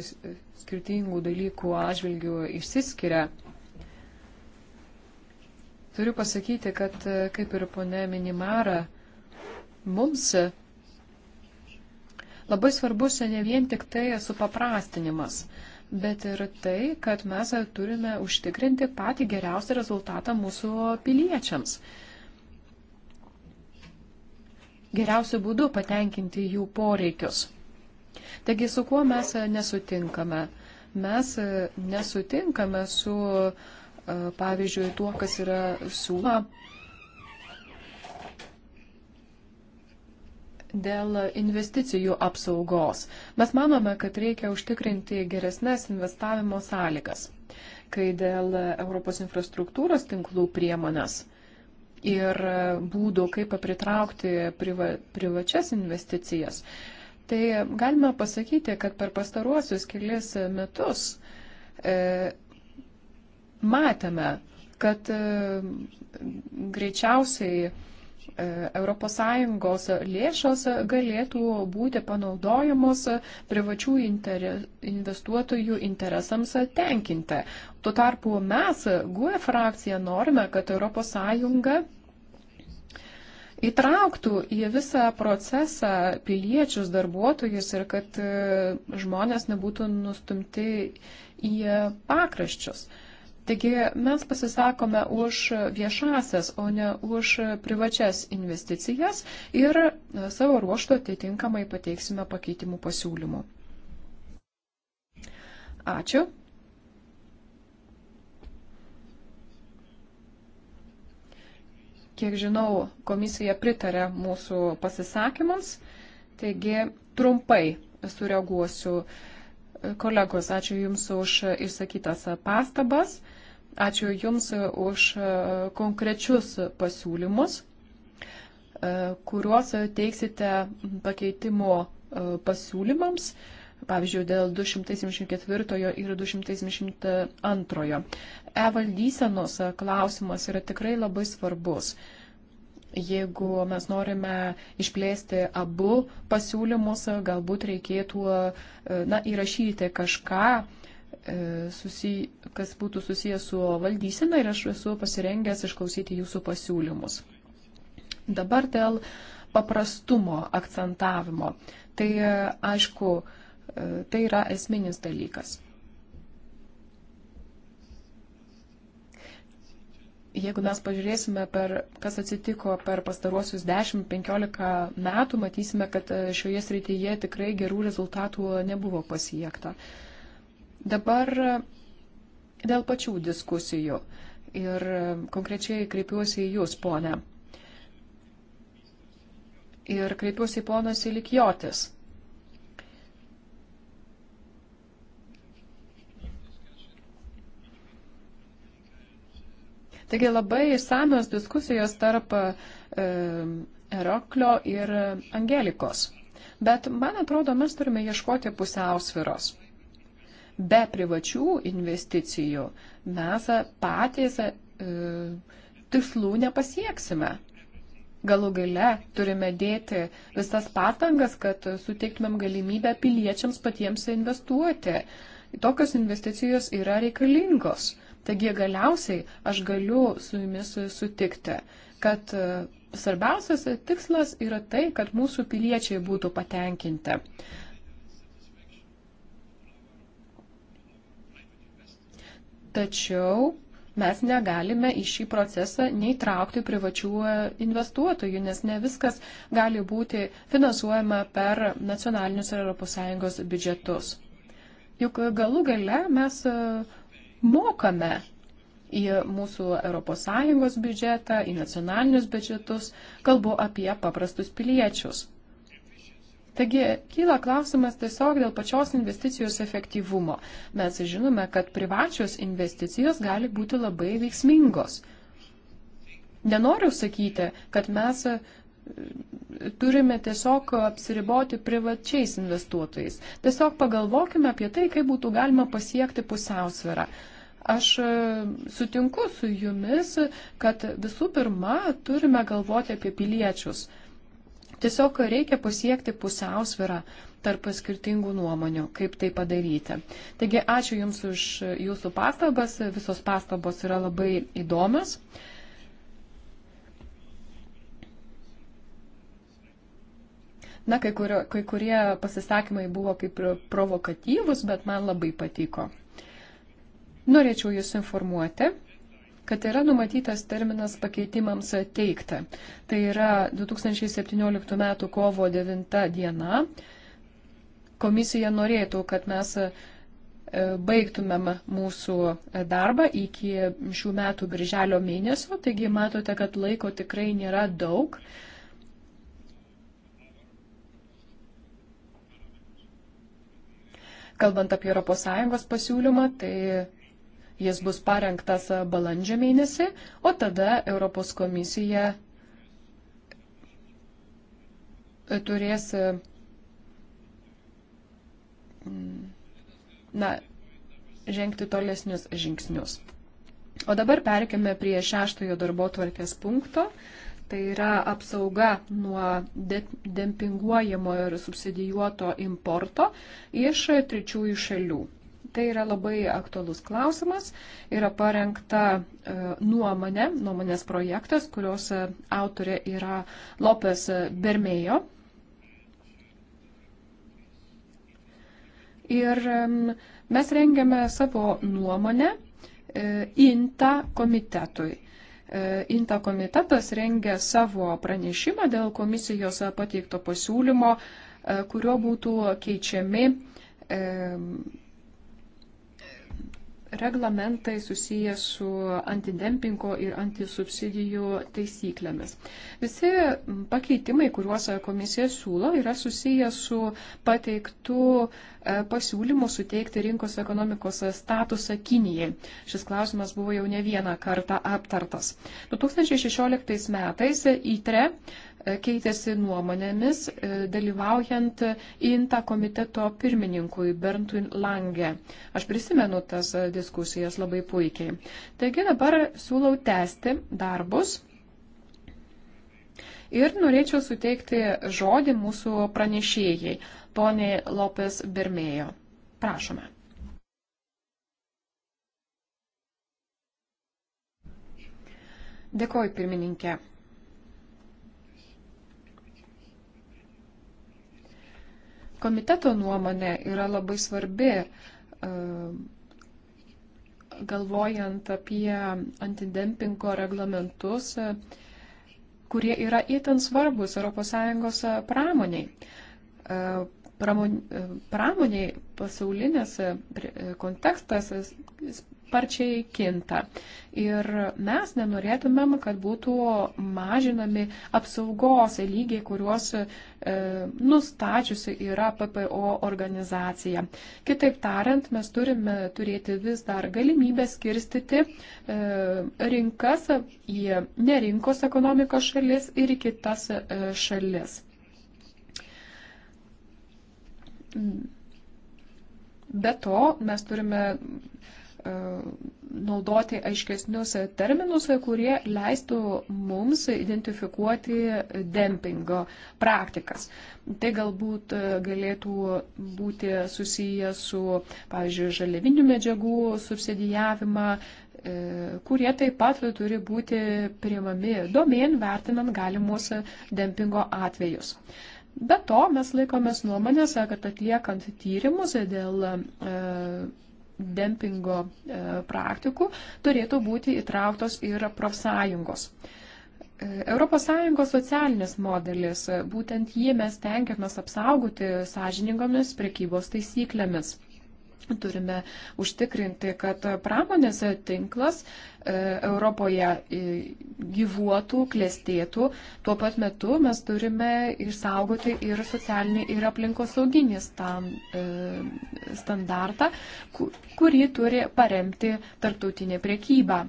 [SPEAKER 3] skirtingų dalykų atžvilgių išsiskiria. Turiu pasakyti, kad e, kaip ir ponė Minimara, mums labai svarbus ne vien tik tai supaprastinimas, bet ir tai, kad mes turime užtikrinti patį geriausią rezultatą mūsų piliečiams. Uh, geriausių būdų patenkinti jų poreikius. Taigi su kuo mes e, nesutinkame? Mes e, nesutinkame su, e, pavyzdžiui, tuo, kas yra siūla dėl investicijų apsaugos. Mes manome, kad reikia užtikrinti geresnės investavimo sąlygas, kai dėl Europos infrastruktūros tinklų priemonės ir būdų, kaip pritraukti priva, privačias investicijas, tai galima pasakyti, kad per pastaruosius kelias metus e, matėme, kad e, greičiausiai ES lėšos galėtų būti panaudojamos privačių inter... investuotojų interesams tenkinti. Tuo tarpu mes, GUE frakcija, norime, kad ES įtrauktų į visą procesą piliečius, darbuotojus ir kad e, žmonės nebūtų nustumti į pakraščius. Uh, Taigi mes pasisakome už viešasias, o ne už privačias investicijas ir e, savo ruoštų atitinkamai pateiksime pakeitimų pasiūlymų. Ačiū. Kiek žinau, komisija pritarė mūsų pasisakymams, taigi trumpai sureaguosiu kolegos, ačiū Jums už išsakytas pastabas. Ačiū Jums už e, konkrečius pasiūlymus, e, kuriuos teiksite pakeitimo e, pasiūlymams, pavyzdžiui, dėl 274 ir 272. E-valdysenos klausimas yra tikrai labai svarbus jeigu mes norime išplėsti abu pasiūlymus, galbūt reikėtų na, įrašyti kažką E, susi, kas būtų susijęs su valdysena ir aš esu pasirengęs išklausyti jūsų pasiūlymus. Dabar dėl paprastumo akcentavimo. Tai e, aišku, e, tai yra esminis dalykas. Jeigu mes pažiūrėsime, per, kas atsitiko per pastaruosius 10-15 metų, matysime, kad šioje srityje tikrai gerų rezultatų nebuvo pasiekta. Uh, Dabar e, dėl pačių diskusijų ir e, konkrečiai kreipiuosi į Jūs, ponę. Ir kreipiuosi į ponas Ilikjotis. Taigi labai įsamios diskusijos tarp e, Roklio ir Angelikos. Bet man atrodo, mes turime ieškoti pusiausviros be privačių investicijų mes patys e, tikslų nepasieksime. Galų gale turime dėti visas pastangas, kad suteiktumėm galimybę piliečiams patiems investuoti. Tokios investicijos yra reikalingos. Taigi galiausiai aš galiu su jumis sutikti, kad e, svarbiausias tikslas yra tai, kad mūsų piliečiai būtų patenkinti. Tačiau mes negalime į šį procesą neįtraukti privačių e, investuotojų, nes ne viskas gali būti finansuojama per nacionalinius ir ES biudžetus. Juk galų gale mes e, mokame į mūsų ES biudžetą, į nacionalinius biudžetus, kalbu apie paprastus piliečius. Taigi kyla klausimas tiesiog dėl pačios investicijos efektyvumo. Mes žinome, kad privačios investicijos gali būti labai veiksmingos. Nenoriu sakyti, kad mes e, turime tiesiog apsiriboti privačiais investuotojais. Tiesiog pagalvokime apie tai, kaip būtų galima pasiekti pusiausvyrą. Aš e, sutinku su jumis, kad visų pirma turime galvoti apie piliečius. Tiesiog reikia pasiekti pusiausvirą tarp skirtingų nuomonių, kaip tai padaryti. Taigi ačiū Jums už Jūsų pastabas, visos pastabos yra labai įdomios. Na, kai, kurio, kai kurie pasisakymai buvo kaip provokatyvus, bet man labai patiko. Norėčiau Jūs informuoti, kad yra numatytas terminas pakeitimams teikti. Tai yra 2017 m. kovo 9 diena. Komisija norėtų, kad mes e, baigtumėm mūsų darbą iki šių metų birželio mėnesio, taigi matote, kad laiko tikrai nėra daug. Kalbant apie ES pasiūlymą, tai Jis bus parengtas e, balandžio mėnesį, o tada Europos komisija e, turės e, na, žengti tolesnius žingsnius. O dabar perkime prie šeštojo darbo tvarkės punkto. Tai yra apsauga nuo de dempinguojamo ir subsidijuoto importo iš trečiųjų šalių. Tai yra labai aktualus klausimas. Yra parengta e, nuomonė, nuomonės projektas, kurios e, autorė yra Lopes e, Bermėjo. Ir mes rengiame savo nuomonę INTA komitetui. INTA komitetas rengia savo pranešimą dėl komisijos pateikto pasiūlymo, kurio būtų keičiami reglamentai susiję su antidempingo ir antisubsidijų taisyklėmis. Visi pakeitimai, kuriuos komisija siūlo, yra susiję su pateiktų e, pasiūlymų suteikti rinkos ekonomikos statusą Kinijai. Šis klausimas buvo jau ne vieną kartą aptartas. 2016 metais ITRE keitėsi nuomonėmis, e, dalyvaujant INTA komiteto pirmininkui Berntui Lange. Aš prisimenu tas e, diskusijas labai puikiai. Taigi dabar siūlau tęsti darbus. Ir norėčiau suteikti žodį mūsų pranešėjai, poniai Lopes Bermėjo. Prašome. Dėkoju, pirmininkė. Komiteto nuomonė yra labai svarbi, e, galvojant apie antidempingo reglamentus, e, kurie yra itin svarbus ES e, pramoniai. Pramoniai pasaulinės kontekstas sparčiai kinta. Ir mes nenorėtumėm, kad būtų mažinami apsaugos lygiai, kuriuos e, nustačiusi yra PPO organizacija. Kitaip tariant, mes turime turėti vis dar galimybę skirstyti e, rinkas į nerinkos ekonomikos šalis ir į kitas e, šalis be to mes turime E, naudoti aiškesnius terminus, kurie leistų mums identifikuoti dempingo praktikas. Tai galbūt e, galėtų būti susiję su, pavyzdžiui, žalėvinių medžiagų subsidijavimą, e, kurie taip pat turi būti priimami domėn vertinant galimus dempingo atvejus. Be to, mes laikomės nuomonės, kad atliekant tyrimus dėl dempingo e, praktikų turėtų būti įtrauktos ir profsąjungos. ES socialinis modelis, e, būtent jį mes tenkiamės apsaugoti sąžiningomis prekybos taisyklėmis. Turime užtikrinti, kad pramonės tinklas e, Europoje e, gyvuotų, klestėtų. Tuo pat metu mes turime išsaugoti ir socialinį, ir aplinkosauginį e, standartą, kurį turi paremti tarptautinė priekyba.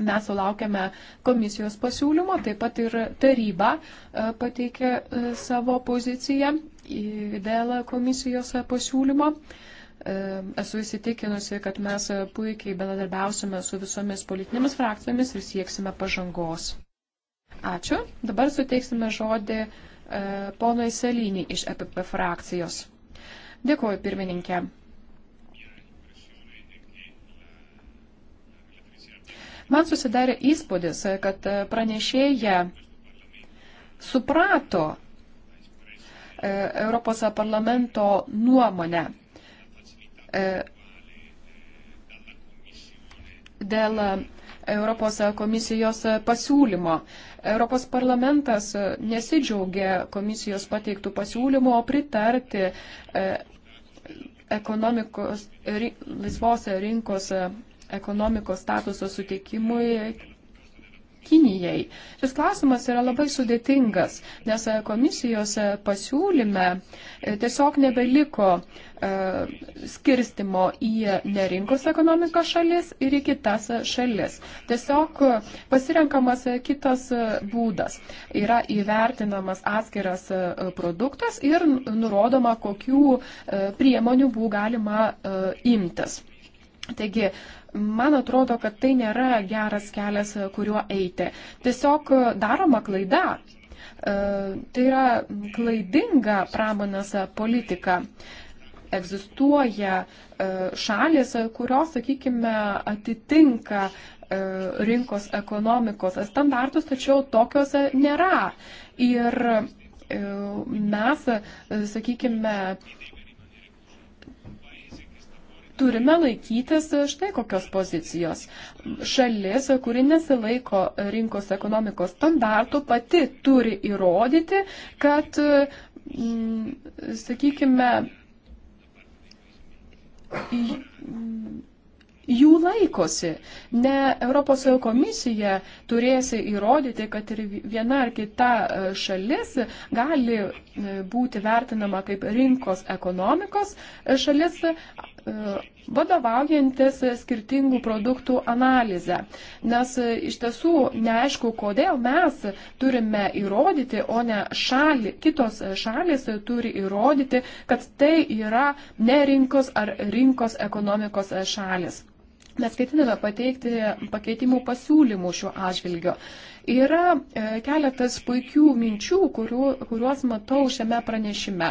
[SPEAKER 3] Mes sulaukėme komisijos pasiūlymo, taip pat ir taryba pateikė savo poziciją dėl komisijos pasiūlymo. E, esu įsitikinusi, kad mes puikiai bendradarbiausime su visomis politinėmis frakcijomis ir sieksime pažangos. Ačiū. Dabar suteiksime žodį e, ponui Selinį iš EPP frakcijos. Dėkuoju, pirmininkė. Man susidarė įspūdis, kad pranešėja suprato e, Europos parlamento nuomonę E, dėl e, Europos komisijos pasiūlymo. Europos parlamentas nesidžiaugia komisijos pateiktų pasiūlymų, o pritarti e, ekonomikos, laisvos rinkos ekonomikos statuso suteikimui Kinijai. Šis klausimas yra labai sudėtingas, nes e, komisijos e, pasiūlyme e, tiesiog nebeliko skirstimo į nerinkos ekonomikos šalis ir į kitas šalis. Tiesiog pasirenkamas kitas būdas. Yra įvertinamas atskiras produktas ir nurodoma, kokių priemonių buvo galima imtis. Taigi Man atrodo, kad tai nėra geras kelias, e, kuriuo eiti. Tiesiog e, daroma klaida. E, tai yra klaidinga pramonės politika. Egzistuoja šalis, kurios, sakykime, atitinka rinkos ekonomikos standartus, tačiau tokios nėra. Ir mes, sakykime, turime laikytis e, štai kokios pozicijos. Šalis, e, kuri nesilaiko rinkos ekonomikos standartų, pati turi įrodyti, kad, e, sakykime, jų laikosi. Ne Europos komisija turėsi įrodyti, kad ir viena ar kita šalis gali būti vertinama kaip rinkos ekonomikos šalis E, vadovaujantis skirtingų produktų analizę. Nes e, iš tiesų neaišku, kodėl mes turime įrodyti, o ne šali, kitos šalis turi įrodyti, kad tai yra ne rinkos ar rinkos ekonomikos šalis. Mes ketiname pateikti pakeitimų pasiūlymų šiuo atžvilgiu. Yra e, keletas puikių minčių, kurių, kuriuos matau šiame pranešime.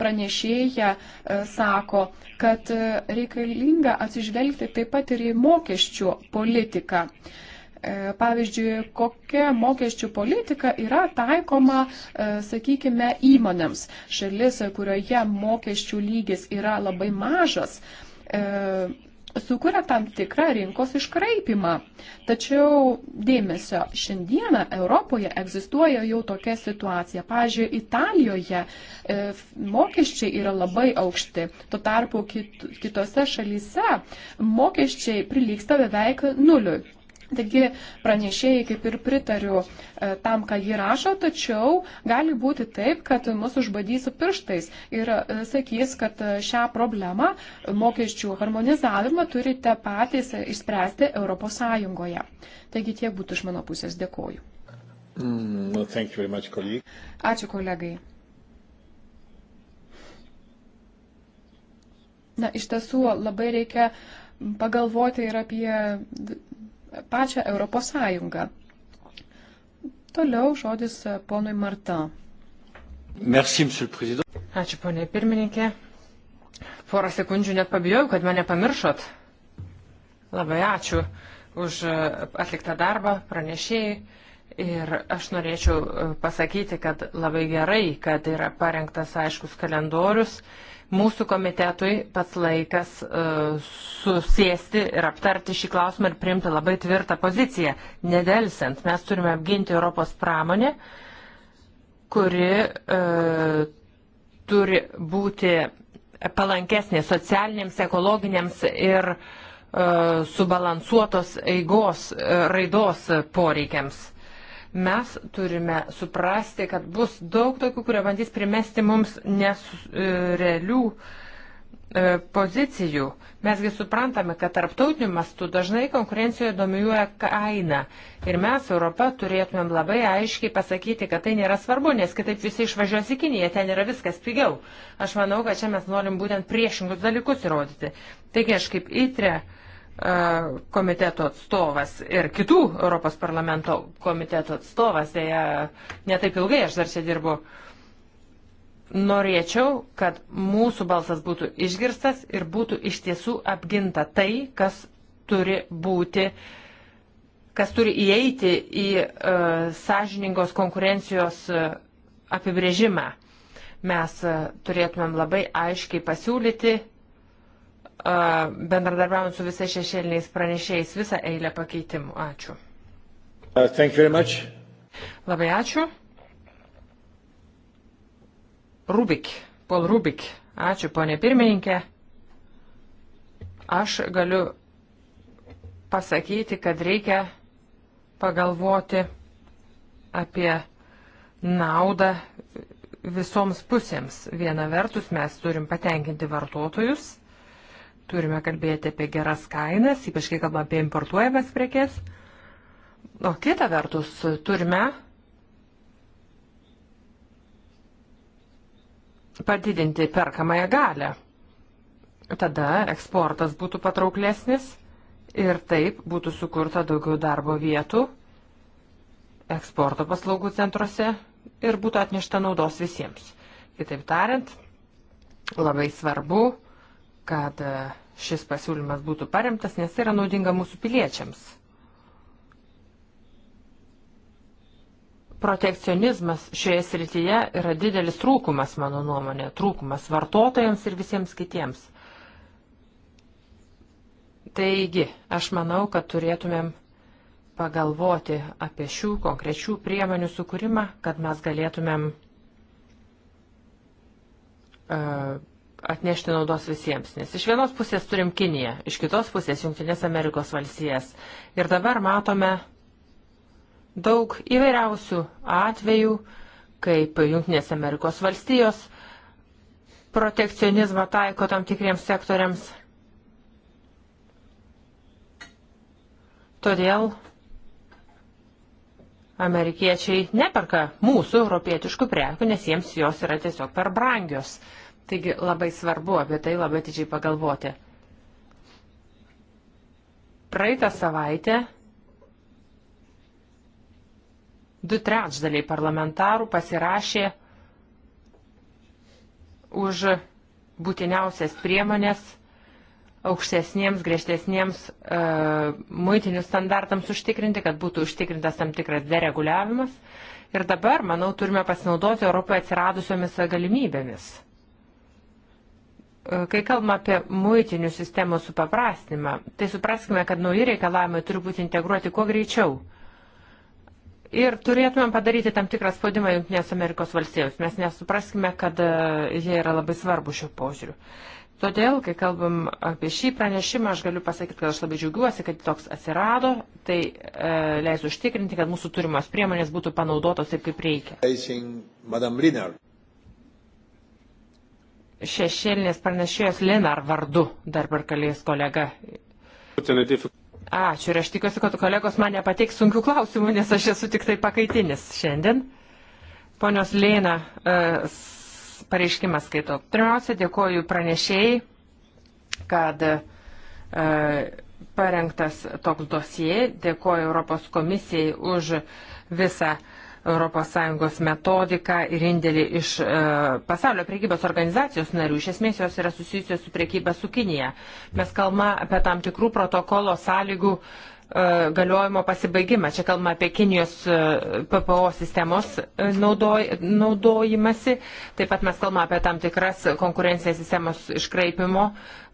[SPEAKER 3] Pranešėja e, sako, kad e, reikalinga atsižvelgti taip pat ir į mokesčių politiką. Pavyzdžiui, kokia mokesčių politika yra taikoma, sakykime, įmonėms. Šalis, kurioje mokesčių lygis yra labai mažas, sukuria tam tikrą rinkos iškraipimą. Tačiau dėmesio šiandieną Europoje egzistuoja jau tokia situacija. Pavyzdžiui, Italijoje e, mokesčiai yra labai aukšti, tuo tarpu kit, kitose šalyse mokesčiai prilyksta beveik nuliui. Taigi pranešėjai kaip ir pritariu e, tam, ką jį rašo, tačiau gali būti taip, kad mus užbadys pirštais ir e, sakys, kad e, šią problemą mokesčių harmonizavimą turite patys išspręsti ES. Taigi tiek būtų iš mano pusės. Dėkoju.
[SPEAKER 2] Mm, no, much, colleague.
[SPEAKER 3] Ačiū kolegai. Na, iš tiesų labai reikia pagalvoti ir apie pačią Europos Sąjungą. Toliau žodis ponui Marta.
[SPEAKER 1] Merci, Ačiū, ponė pirmininkė. Porą sekundžių net pabijau, kad mane pamiršot. Labai ačiū už e, atliktą darbą pranešėjai. Ir aš norėčiau e, pasakyti, kad labai gerai, kad yra parengtas aiškus kalendorius Mūsų komitetui pats laikas uh, susėsti ir aptarti šį klausimą ir priimti labai tvirtą poziciją. Nedelsiant, mes turime apginti Europos pramonę, kuri uh, turi būti palankesnė socialinėms, ekologiniams ir uh, subalansuotos eigos, uh, raidos poreikiams. Mes turime suprasti, kad bus daug tokių, kurie bandys primesti mums nesrealių e, e, pozicijų. Mesgi suprantame, kad tarptautiniu mastu dažnai konkurencijoje dominuoja kaina. Ir mes, Europa, turėtumėm labai aiškiai pasakyti, kad tai nėra svarbu, nes kitaip visi išvažiuos į Kiniją, ten yra viskas pigiau. Aš manau, kad čia mes norim būtent priešingus dalykus įrodyti. Taigi aš kaip įtrė. Uh, E, komiteto atstovas ir kitų Europos parlamento komiteto atstovas, dėja, netaip ilgai aš dar čia dirbu. Norėčiau, kad mūsų balsas būtų išgirstas ir būtų iš tiesų apginta tai, kas turi būti, kas turi įeiti į uh, sąžiningos konkurencijos uh, apibrėžimą. Mes uh, turėtumėm labai aiškiai pasiūlyti bendradarbiavant su visais šešėliniais pranešėjais visą eilę pakeitimų. Ačiū.
[SPEAKER 3] Uh,
[SPEAKER 1] Labai ačiū. Rubik, Pol Rubik, ačiū ponė pirmininkė. Aš galiu pasakyti, kad reikia pagalvoti apie naudą visoms pusėms. Viena vertus mes turim patenkinti vartotojus Turime kalbėti apie geras kainas, ypač kai kalbame apie importuojamas prekes. O kita vertus, turime padidinti perkamąją galę. Tada eksportas būtų patrauklesnis ir taip būtų sukurta daugiau darbo vietų eksporto paslaugų centruose ir būtų atnešta naudos visiems. Kitaip tariant, labai svarbu kad e, šis pasiūlymas būtų paremtas, nes tai yra naudinga mūsų piliečiams. Protekcionizmas šioje srityje yra didelis trūkumas, mano nuomonė, trūkumas vartotojams ir visiems kitiems. Taigi, aš manau, kad turėtumėm pagalvoti apie šių konkrečių priemonių sukūrimą, kad mes galėtumėm uh, atnešti naudos visiems. Nes iš vienos pusės turim Kiniją, iš kitos pusės Junktinės Amerikos valstijas. Ir dabar matome daug įvairiausių atvejų, kaip Junktinės Amerikos valstijos protekcionizmą taiko tam tikriems sektoriams. Todėl amerikiečiai neperka mūsų europietiškų prekių, nes jiems jos yra tiesiog per brangios. Uh, Taigi labai svarbu apie tai labai atidžiai pagalvoti. Praeitą savaitę du trečdaliai parlamentarų pasirašė už būtiniausias priemonės aukštesniems, griežtesniems e, muitinių standartams užtikrinti, kad būtų užtikrintas tam tikras dereguliavimas. Ir dabar, manau, turime pasinaudoti Europoje atsiradusiomis galimybėmis. E, kai kalbame apie muitinių sistemos supaprastinimą, tai supraskime, kad nauji reikalavimai turi būti integruoti kuo greičiau. Ir turėtumėm padaryti tam tikrą spaudimą Junktinės Amerikos valstijos. Mes nesupraskime, kad e, jie yra labai svarbu šiuo požiūriu. Todėl, kai kalbam apie šį pranešimą, aš galiu pasakyti, kad aš labai džiaugiuosi, kad toks atsirado. Tai e, leis užtikrinti, kad mūsų turimos priemonės būtų panaudotos taip, kaip
[SPEAKER 2] reikia
[SPEAKER 1] šešėlinės pranešėjos Linar vardu dabar kalės kolega.
[SPEAKER 2] Ačiū
[SPEAKER 1] ir aš tikiuosi, kad kolegos man nepateiks sunkių klausimų, nes aš esu tik tai pakaitinis šiandien. Ponios Lėna e, pareiškimas skaito. Pirmiausia, dėkoju pranešėjai, kad e, parengtas toks dosie, dėkoju Europos komisijai už visą ES metodiką ir indėlį iš e, pasaulio priekybos organizacijos narių. Iš esmės jos yra susijusios su priekyba su Kinija. Mes kalbame apie tam tikrų protokolo sąlygų e, E, galiojimo pasibaigimą. Čia kalbame apie Kinijos e, PPO sistemos e, naudoj, naudojimasi. Taip pat mes kalbame apie tam tikras konkurencinės sistemos iškraipimo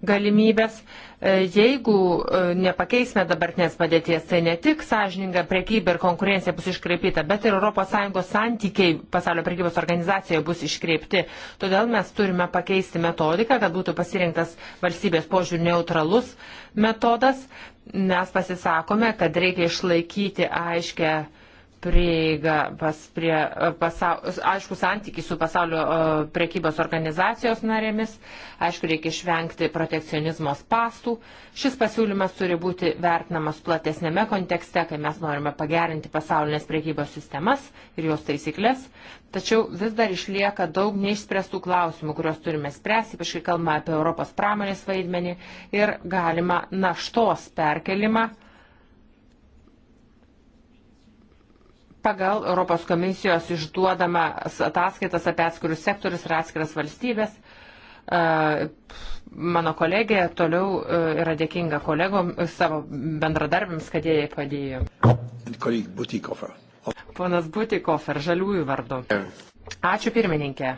[SPEAKER 1] galimybės. Jeigu nepakeisime dabartinės padėties, tai ne tik sąžininga prekyba ir konkurencija bus iškreipyta, bet ir ES santykiai pasaulio prekybos organizacijoje bus iškreipti. Todėl mes turime pakeisti metodiką, kad būtų pasirinktas valstybės požiūrį neutralus metodas mes pasisakome, kad reikia išlaikyti aiškę prieiga pas prie e, pasaulio, aišku, santykiai su pasaulio e, prekybos organizacijos narėmis, aišku, reikia išvengti protekcionizmo pastų. Šis pasiūlymas turi būti vertinamas platesnėme kontekste, kai mes norime pagerinti pasaulinės prekybos sistemas ir jos taisyklės, tačiau vis dar išlieka daug neišspręstų klausimų, kuriuos turime spręsti, ypač kai kalbame apie Europos pramonės vaidmenį ir galima naštos perkelimą pagal Europos komisijos išduodamas ataskaitas apie atskirius sektorius ir atskiras valstybės. E, mano kolegė toliau e, yra dėkinga kolegom e, savo bendradarbėms, kad jie jai padėjo. Ponas Butikofer, žaliųjų vardu. Ačiū pirmininkė.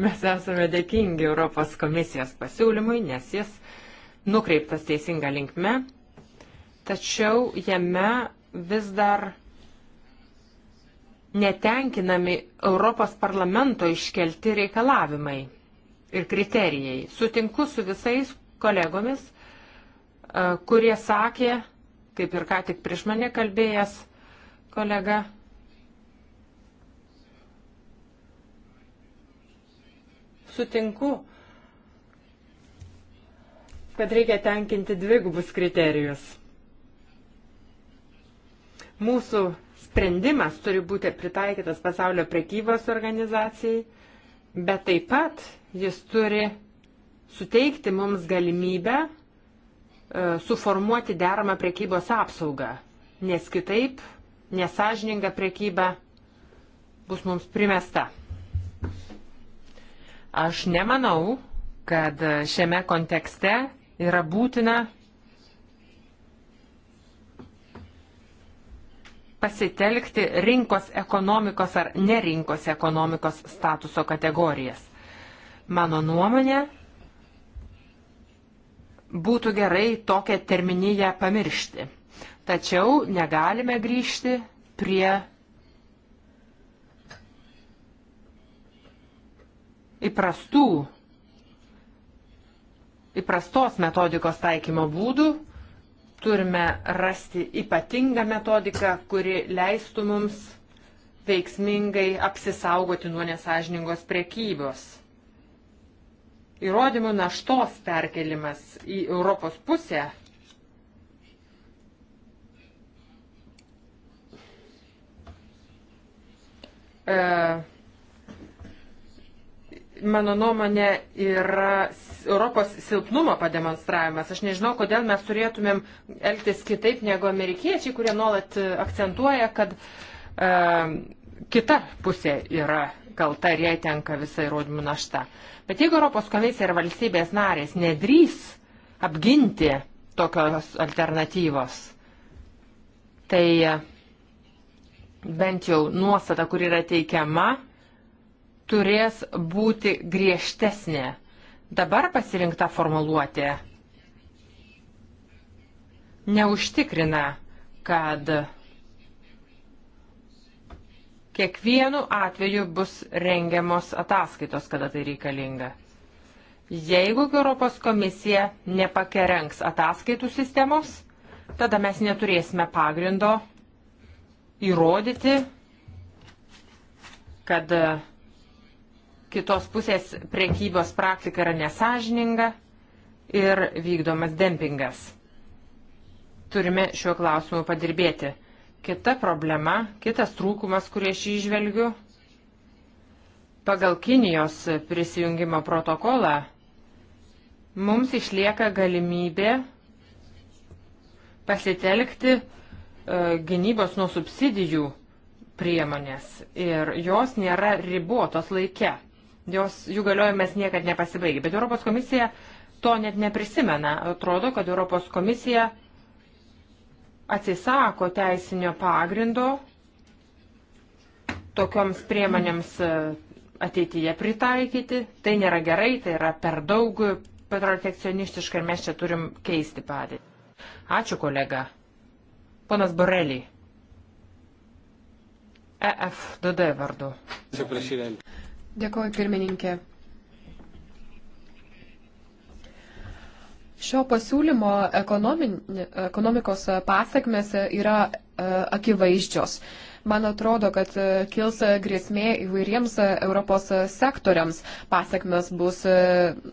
[SPEAKER 1] Mes esame dėkingi Europos komisijos pasiūlymui, nes jis nukreiptas teisinga linkme, tačiau jame vis dar netenkinami Europos parlamento iškelti reikalavimai ir kriterijai. Sutinku su visais kolegomis, e, kurie sakė, kaip ir ką tik prieš mane kalbėjęs kolega, sutinku, kad reikia tenkinti dvigubus kriterijus. Mūsų sprendimas turi būti pritaikytas pasaulio prekybos organizacijai, bet taip pat jis turi suteikti mums galimybę e, suformuoti deramą prekybos apsaugą, nes kitaip nesažininga prekyba bus mums primesta. Aš nemanau, kad šiame kontekste yra būtina pasitelkti rinkos ekonomikos ar nerinkos ekonomikos statuso kategorijas. Mano nuomonė, būtų gerai tokią terminiją pamiršti. Tačiau negalime grįžti prie įprastų, įprastos metodikos taikymo būdų, turime rasti ypatingą metodiką, kuri leistų mums veiksmingai apsisaugoti nuo nesažiningos prekybos. Įrodymų naštos perkelimas į Europos pusę e, mano nuomonė, yra Europos silpnumo pademonstravimas. Aš nežinau, kodėl mes turėtumėm elgtis kitaip negu amerikiečiai, kurie nuolat e, akcentuoja, kad e, kita pusė yra kalta ir jai tenka visa įrodymų našta. Bet jeigu Europos komisija ir valstybės narės nedrys apginti tokios alternatyvos, tai e, bent jau nuostata, kur yra teikiama turės būti griežtesnė. Dabar pasirinkta formuluotė neužtikrina, kad kiekvienu atveju bus rengiamos ataskaitos, kada tai reikalinga. Jeigu Europos komisija nepakerenks ataskaitų sistemos, tada mes neturėsime pagrindo įrodyti, kad kitos pusės priekybos praktika yra nesažininga ir vykdomas dempingas. Turime šiuo klausimu padirbėti. Kita problema, kitas trūkumas, kurį aš išvelgiu, pagal Kinijos prisijungimo protokolą mums išlieka galimybė pasitelkti e, gynybos nuo subsidijų priemonės ir jos nėra ribotos laike. Jos, jų galiojimas niekad nepasibaigė. Bet Europos komisija to net neprisimena. Atrodo, kad Europos komisija atsisako teisinio pagrindo tokioms priemonėms e, ateityje pritaikyti. Tai nėra gerai, tai yra per daug protekcionistiška ir mes čia turim keisti padėtį. Ačiū kolega. Ponas Borelį. EFDD vardu. Dėkuoju, pirmininkė.
[SPEAKER 3] Šio pasiūlymo ekonomikos pasakmes yra e, akivaizdžios. Man atrodo, kad e, kils e, grėsmė įvairiems Europos sektoriams. Pasakmes bus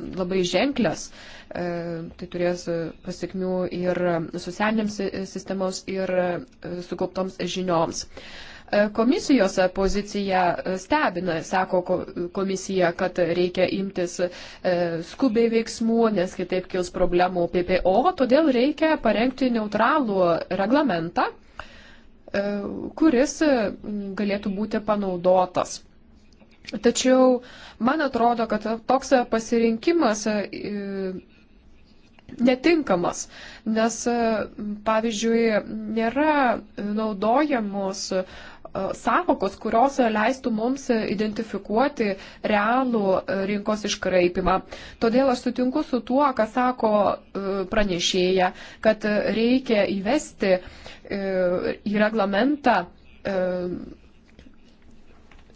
[SPEAKER 3] labai ženklios. Tai turės pasiekmių ir socialiniams sistemos, ir sukauptoms žinioms. Komisijos pozicija stebina, sako komisija, kad reikia imtis e, skubiai veiksmų, nes kitaip kils problemų PPO, todėl reikia parengti neutralų reglamentą, e, kuris e, galėtų būti panaudotas. Tačiau man atrodo, kad toks pasirinkimas netinkamas, nes, pavyzdžiui, nėra naudojamos savokos, kurios leistų mums identifikuoti realų rinkos iškraipimą. Todėl aš sutinku su tuo, ką sako pranešėja, kad reikia įvesti į reglamentą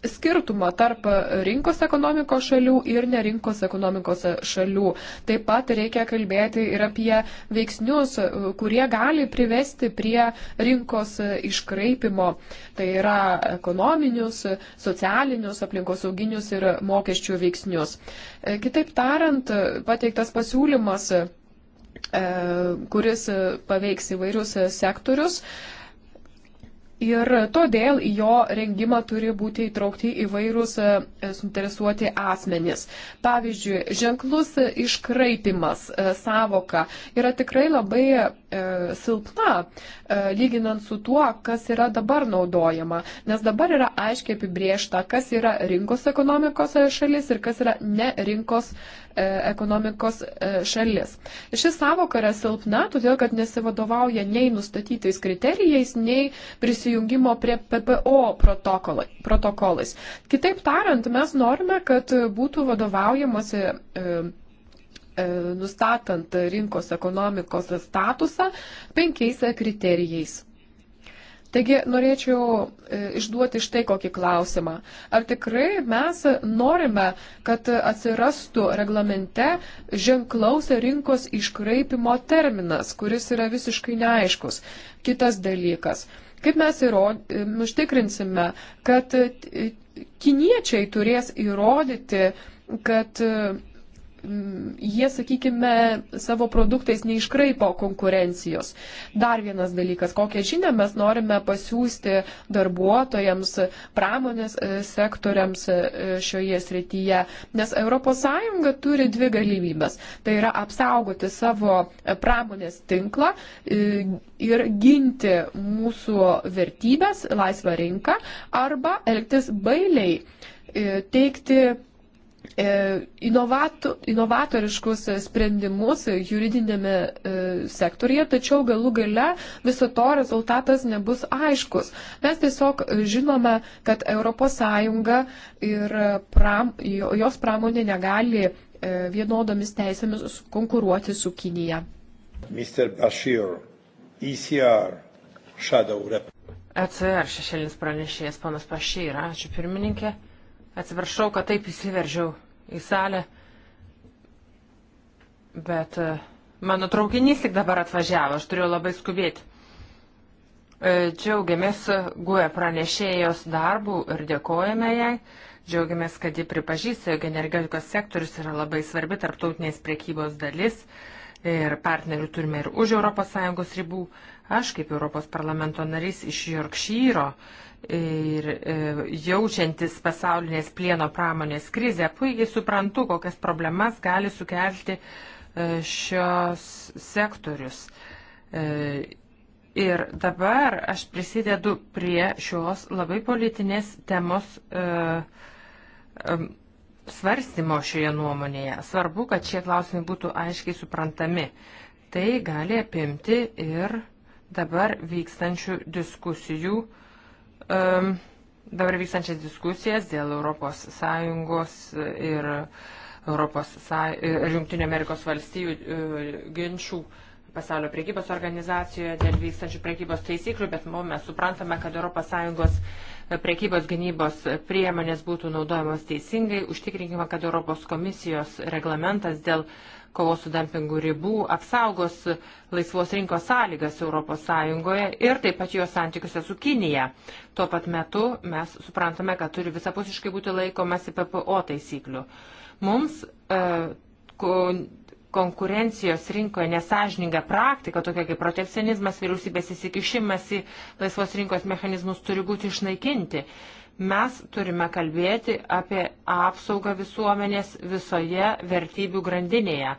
[SPEAKER 3] skirtumą tarp rinkos ekonomikos šalių ir nerinkos ekonomikos šalių. Taip pat reikia kalbėti ir apie veiksnius, kurie gali privesti prie rinkos iškraipimo. Tai yra ekonominius, socialinius, aplinkosauginius ir mokesčių veiksnius. Kitaip tariant, pateiktas pasiūlymas e, kuris paveiks įvairius sektorius, Ir todėl į jo rengimą turi būti įtraukti įvairūs e, e, suinteresuoti asmenys. Pavyzdžiui, ženklus iškraipimas e, savoka yra tikrai labai E, silpna, e, lyginant su tuo, kas yra dabar naudojama. Nes dabar yra aiškiai apibriešta, kas yra rinkos ekonomikos e, šalis ir kas yra ne rinkos ekonomikos šalis. Ši savoka yra silpna, todėl kad nesivadovauja nei nustatytais kriterijais, nei prisijungimo prie PPO protokolais. Kitaip tariant, mes norime, kad būtų vadovaujamasi E, nustatant rinkos ekonomikos statusą penkiais kriterijais. Taigi norėčiau e, išduoti štai kokį klausimą. Ar tikrai mes norime, kad atsirastų reglamente ženklaus rinkos iškraipimo terminas, kuris yra visiškai neaiškus? Kitas dalykas. Kaip mes e, užtikrinsime, kad kiniečiai turės įrodyti, kad Mm, jie, sakykime, savo produktais neiškraipo konkurencijos. Dar vienas dalykas, kokią žinią mes norime pasiūsti darbuotojams, pramonės e, sektoriams e, šioje srityje, nes ES turi dvi galimybės. Tai yra apsaugoti savo e, pramonės tinklą ir ginti mūsų vertybės, laisvą rinką arba elgtis bailiai, teikti E, inovato, inovatoriškus sprendimus juridinėme sektorija, tačiau galų gale viso to rezultatas nebus aiškus. Mes tiesiog žinome, kad ES ir pram, jos pramonė negali e,
[SPEAKER 1] vienodomis teisėmis konkuruoti su Kinija.
[SPEAKER 3] Mr. Bashir, ECR, Shadow Rep.
[SPEAKER 1] ECR šešėlis pranešėjas panas Pašyra, ačiū pirmininkė. Atsiprašau, kad taip įsiveržiau į salę. Bet e, mano traukinys tik dabar atvažiavo, aš turėjau labai skubėti. E, džiaugiamės GUE pranešėjos darbų ir dėkojame jai. Džiaugiamės, kad ji pripažįsta, jog energetikos sektorius yra labai svarbi tarptautinės priekybos dalis ir partnerių turime ir už ES ribų. Aš kaip Europos parlamento narys iš Jorkšyro ir e, jaučiantis pasaulinės plieno pramonės krizę, puikiai suprantu, kokias problemas gali sukelti e, šios sektorius. E, ir dabar aš prisidedu prie šios labai politinės temos svarstymo šioje nuomonėje. Svarbu, kad šie klausimai būtų aiškiai suprantami. Tai gali apimti ir dabar vykstančių diskusijų uh, um, dabar vykstančias diskusijas dėl ES ir Europos ir Junktinio Amerikos valstijų e, ginčių pasaulio priekybos organizacijoje dėl vykstančių priekybos taisyklių, bet mes suprantame, kad ES priekybos gynybos priemonės būtų naudojamos teisingai. Užtikrinkime, kad Europos komisijos reglamentas dėl kovos su dumpingu ribų, apsaugos laisvos rinkos sąlygas ES ir taip pat jos santykiuose su Kinija. Tuo pat metu mes suprantame, kad turi visapusiškai būti laikomasi PPO taisyklių. Mums e, konkurencijos rinkoje nesažininga praktika, tokia kaip protekcionizmas, vyriausybės įsikišimas į laisvos rinkos mechanizmus turi būti išnaikinti. Mes turime kalbėti apie apsaugą visuomenės visoje vertybių grandinėje.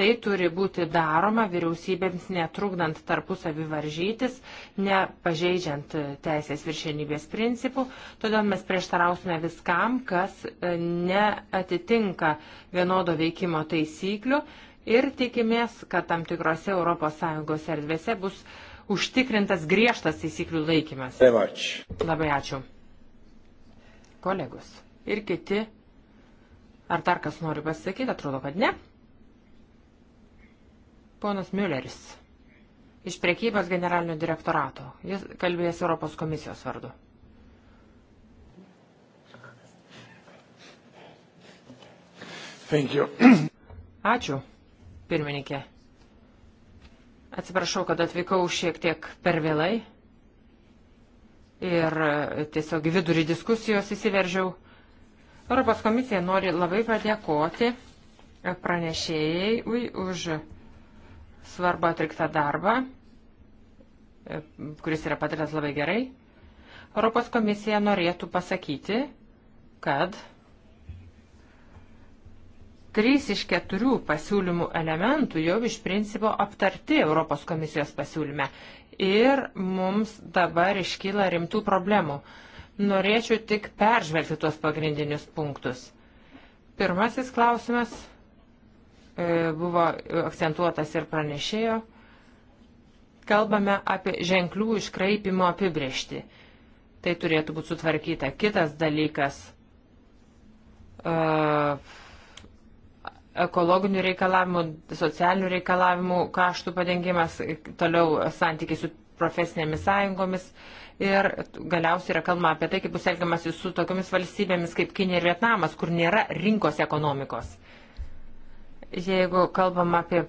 [SPEAKER 1] Tai turi būti daroma vyriausybėms netrukdant tarpusavį varžytis, nepažeidžiant teisės viršenybės principų. Todėl mes prieštarausime viskam, kas e, neatitinka vienodo veikimo taisyklių ir tikimės, kad tam tikrose ES erdvėse bus užtikrintas griežtas taisyklių laikymas. Labai ačiū kolegos ir kiti. Ar dar kas nori pasakyti? Atrodo, kad ne. Ponas Mülleris iš priekybos generalinio direktorato. Jis kalbėjęs Europos komisijos vardu.
[SPEAKER 2] Ačiū,
[SPEAKER 1] pirmininkė. Atsiprašau, kad atvykau šiek tiek per vėlai ir tiesiog į vidurį diskusijos įsiveržiau. Europos komisija nori labai padėkoti pranešėjai už svarbą atliktą darbą, kuris yra patirtas labai gerai. Europos komisija norėtų pasakyti, kad trys iš keturių pasiūlymų elementų jau iš principo aptarti Europos komisijos pasiūlyme ir mums dabar iškyla rimtų problemų. Norėčiau tik peržvelgti tuos pagrindinius punktus. Pirmasis klausimas e, buvo akcentuotas ir pranešėjo. Kalbame apie ženklių iškraipimo apibriešti. Tai turėtų būti sutvarkyta. Kitas dalykas. Uh, ekologinių reikalavimų, socialinių reikalavimų, kaštų padengimas, toliau santykiai su profesinėmis sąjungomis ir galiausiai yra kalbama apie tai, kaip bus elgiamasi su tokiamis valstybėmis kaip Kinė ir Vietnamas, kur nėra rinkos ekonomikos. Jeigu kalbam apie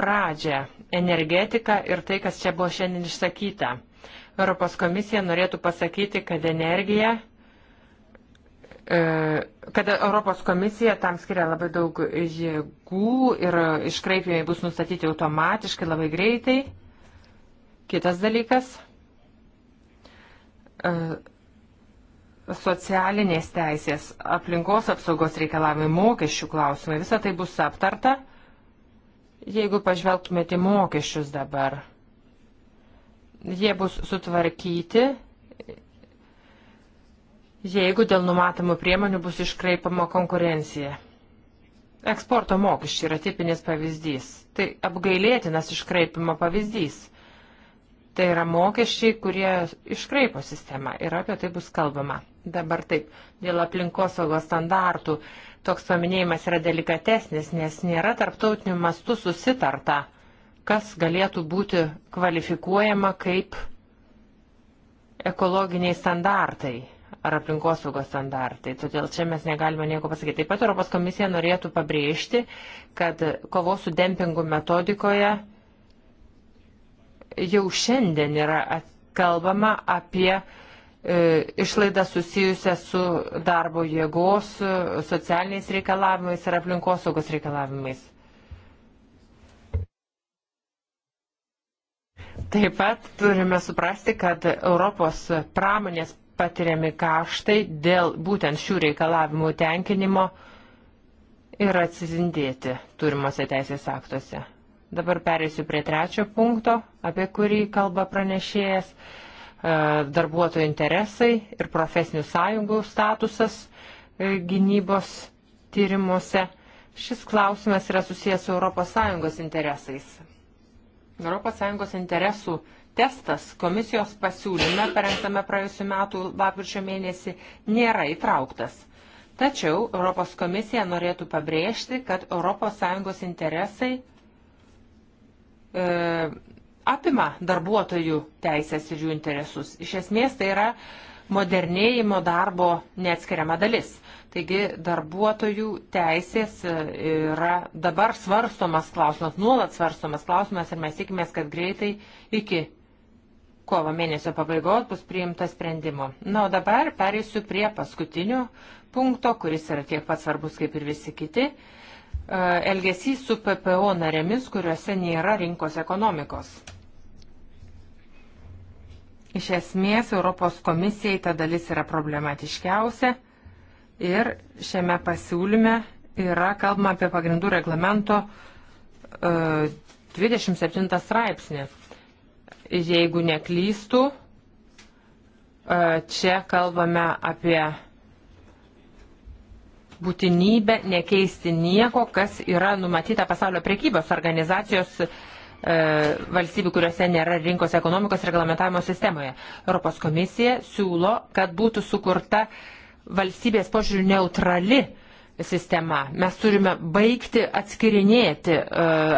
[SPEAKER 1] pradžią, energetiką ir tai, kas čia buvo šiandien išsakyta. Europos komisija norėtų pasakyti, kad energija E, kad Europos komisija tam skiria labai daug jėgų ir iškraipimai bus nustatyti automatiškai labai greitai. Kitas dalykas e, - socialinės teisės, aplinkos apsaugos reikalavimai, mokesčių klausimai. Visą tai bus aptarta, jeigu pažvelgtumėte į mokesčius dabar. Jie bus sutvarkyti jeigu dėl numatomų priemonių bus iškraipama konkurencija. Eksporto mokesčiai yra tipinis pavyzdys. Tai apgailėtinas iškraipimo pavyzdys. Tai yra mokesčiai, kurie iškraipo sistemą ir apie tai bus kalbama. Dabar taip, dėl aplinkosaugos standartų toks paminėjimas yra delikatesnis, nes nėra tarptautinių mastų susitarta, kas galėtų būti kvalifikuojama kaip ekologiniai standartai ar aplinkosaugos standartai. Todėl čia mes negalime nieko pasakyti. Taip pat Europos komisija norėtų pabrėžti, kad kovos su dempingu metodikoje jau šiandien yra kalbama apie e, išlaidą susijusią su darbo jėgos, e, socialiniais reikalavimais ir aplinkosaugos reikalavimais. Taip pat turime suprasti, kad Europos pramonės patiriami kaštai dėl būtent šių reikalavimų tenkinimo ir atsizindėti turimuose teisės aktuose. Dabar perėsiu prie trečio punkto, apie kurį kalba pranešėjas e, - darbuotojų interesai ir profesinių sąjungų statusas e, gynybos tyrimuose. Šis klausimas yra susijęs su ES interesais. ES interesų testas komisijos pasiūlyme parengtame praėjusiu metu lapkričio mėnesį nėra įtrauktas. Tačiau Europos komisija norėtų pabrėžti, kad ES interesai e, apima darbuotojų teisės ir jų interesus. Iš esmės tai yra modernėjimo darbo neatskiriama dalis. Taigi darbuotojų teisės e, yra dabar svarstomas klausimas, nuolat svarstomas klausimas ir mes tikimės, kad greitai iki kovo mėnesio pabaigos bus priimta sprendimu. Na, o dabar pereisiu prie paskutinio punkto, kuris yra tiek pat svarbus kaip ir visi kiti. E, elgesys su PPO narėmis, kuriuose nėra rinkos ekonomikos. Iš esmės, Europos komisijai ta dalis yra problematiškiausia ir šiame pasiūlyme yra kalbama apie pagrindų reglamento uh, e, 27 straipsnį Jeigu neklystų, e, čia kalbame apie būtinybę nekeisti nieko, kas yra numatyta pasaulio prekybos organizacijos e, valstybių, kuriuose nėra rinkos ekonomikos reglamentavimo sistemoje. Europos komisija siūlo, kad būtų sukurta valstybės požiūrių neutrali uh, sistema. Mes turime baigti atskirinėti e,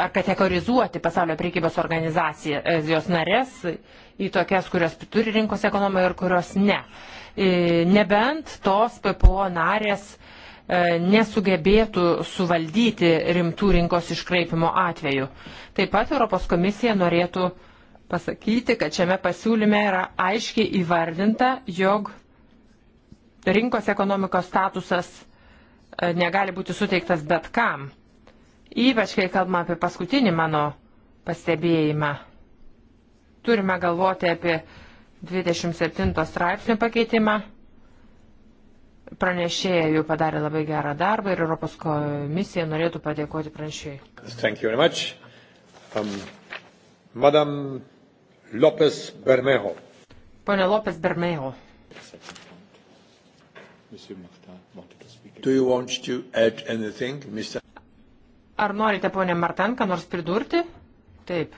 [SPEAKER 1] ar kategorizuoti pasaulio priekybos organizacijas, jos narės į tokias, kurios turi rinkos ekonomiją ir kurios ne. E, nebent tos PPO narės e, nesugebėtų suvaldyti rimtų rinkos iškraipimo atveju. Taip pat Europos komisija norėtų pasakyti, kad šiame pasiūlyme yra aiškiai įvardinta, jog rinkos ekonomikos statusas E, negali būti suteiktas bet kam. Ypač, kai kalbame apie paskutinį mano pastebėjimą. Turime galvoti apie 27 straipsnių pakeitimą. Pranešėja jau padarė labai gerą darbą ir Europos komisija norėtų padėkoti pranešėjai.
[SPEAKER 2] Um, Madam Lopes Bermejo.
[SPEAKER 1] Pone Lopes Bermejo. Monsieur. Ar norite, ponė Martan, ką nors pridurti? Taip.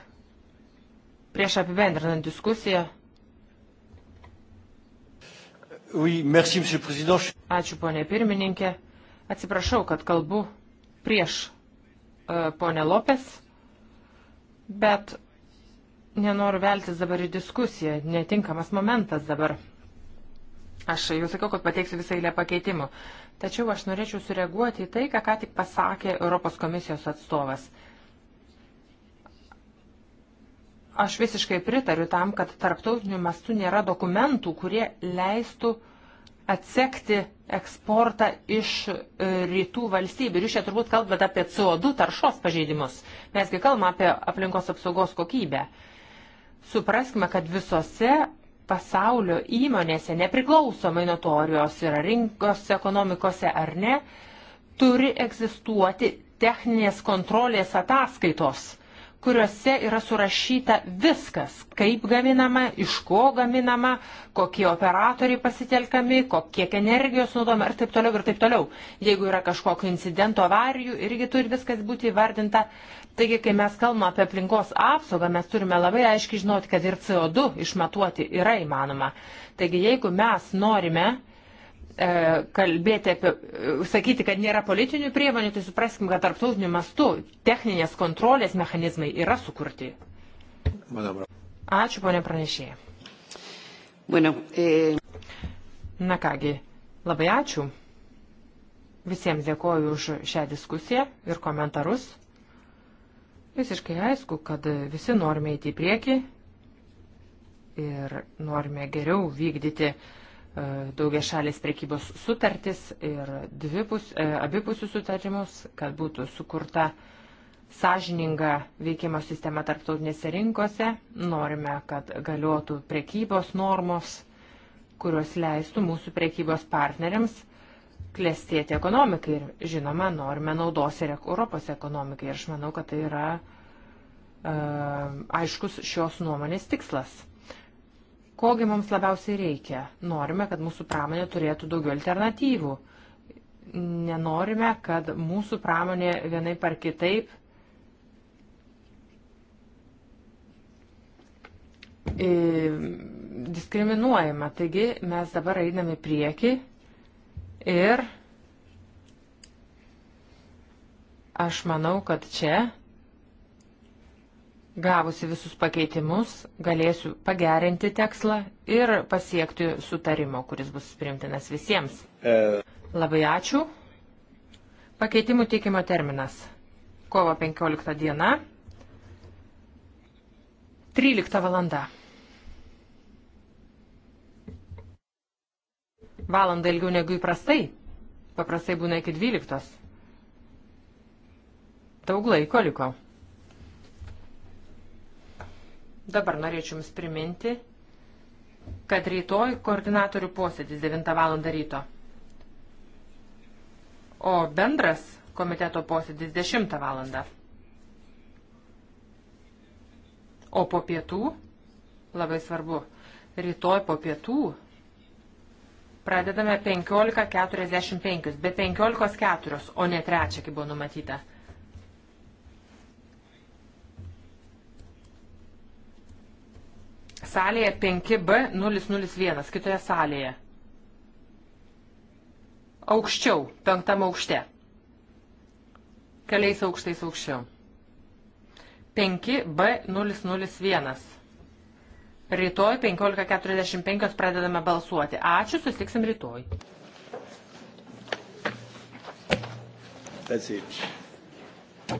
[SPEAKER 1] Prieš apibendrinant diskusiją. Oui, merci, Ačiū, ponė pirmininkė. Atsiprašau, kad kalbu prieš uh, ponę Lopes, bet nenoriu veltis dabar į diskusiją. Netinkamas momentas dabar. Aš jau sakiau, kad pateiksiu visą eilę pakeitimų. Tačiau aš norėčiau sureaguoti į tai, ką ką tik pasakė Europos komisijos atstovas. Aš visiškai pritariu tam, kad tarptautiniu mastu nėra dokumentų, kurie leistų atsekti eksportą iš e, rytų valstybių. Ir jūs čia turbūt kalbate apie CO2 taršos pažeidimus. Mesgi kalbame apie aplinkos apsaugos kokybę. Supraskime, kad visose pasaulio įmonėse, nepriklausomai nuo to, ar jos yra rinkos ekonomikose ar ne, turi egzistuoti techninės kontrolės ataskaitos kuriuose yra surašyta viskas, kaip gaminama, iš ko gaminama, kokie operatoriai pasitelkami, kiek energijos naudojama ir taip toliau ir taip toliau. Jeigu yra kažkokio incidento avarijų, irgi turi viskas būti įvardinta. Taigi, kai mes kalbame apie aplinkos apsaugą, mes turime labai aiškiai žinoti, kad ir CO2 išmatuoti yra įmanoma. Taigi, jeigu mes norime E, kalbėti apie, e, sakyti, kad nėra politinių priemonių, tai supraskim, kad tarptautiniu mastu techninės kontrolės mechanizmai yra sukurti. Ačiū, ponė pranešėja. Bueno, e... Na kągi, labai ačiū. Visiems dėkoju už šią diskusiją ir komentarus. Visiškai aišku, kad visi norime įti į priekį ir norime geriau vykdyti uh, E, daugia šalės prekybos sutartis ir dvipus, e, abipusių sutarimus, kad būtų sukurta sąžininga veikimo sistema tarptautinėse rinkose. Norime, kad galiotų prekybos normos, kurios leistų mūsų prekybos partneriams klestėti ekonomikai. Ir žinoma, norime naudos ir Europos ekonomikai. Ir aš manau, kad tai yra uh, aiškus šios nuomonės tikslas. Kogi mums labiausiai reikia? Norime, kad mūsų pramonė turėtų daugiau alternatyvų. Nenorime, kad mūsų pramonė vienai par kitaip diskriminuojama. Taigi mes dabar einame prieki ir aš manau, kad čia Gavusi visus pakeitimus, galėsiu pagerinti tekslą ir pasiekti sutarimo, kuris bus priimtinas visiems. E. Labai ačiū. Pakeitimų teikimo terminas. Kovo 15 diena. 13 valanda. Valandą ilgiau negu įprastai. Paprastai būna iki 12. Daug laiko liko. Dabar norėčiau Jums priminti, kad rytoj koordinatorių posėdis 9 val. ryto, o bendras komiteto posėdis 10 val. O po pietų, labai svarbu, rytoj po pietų pradedame 15.45, be 15.4, o ne trečia, kaip buvo numatyta. salėje 5B001, kitoje salėje. Aukščiau, penktam aukšte. Keliais aukštais aukščiau. 5B001. Rytoj 15.45 pradedame balsuoti. Ačiū, susitiksim rytoj.
[SPEAKER 3] That's it.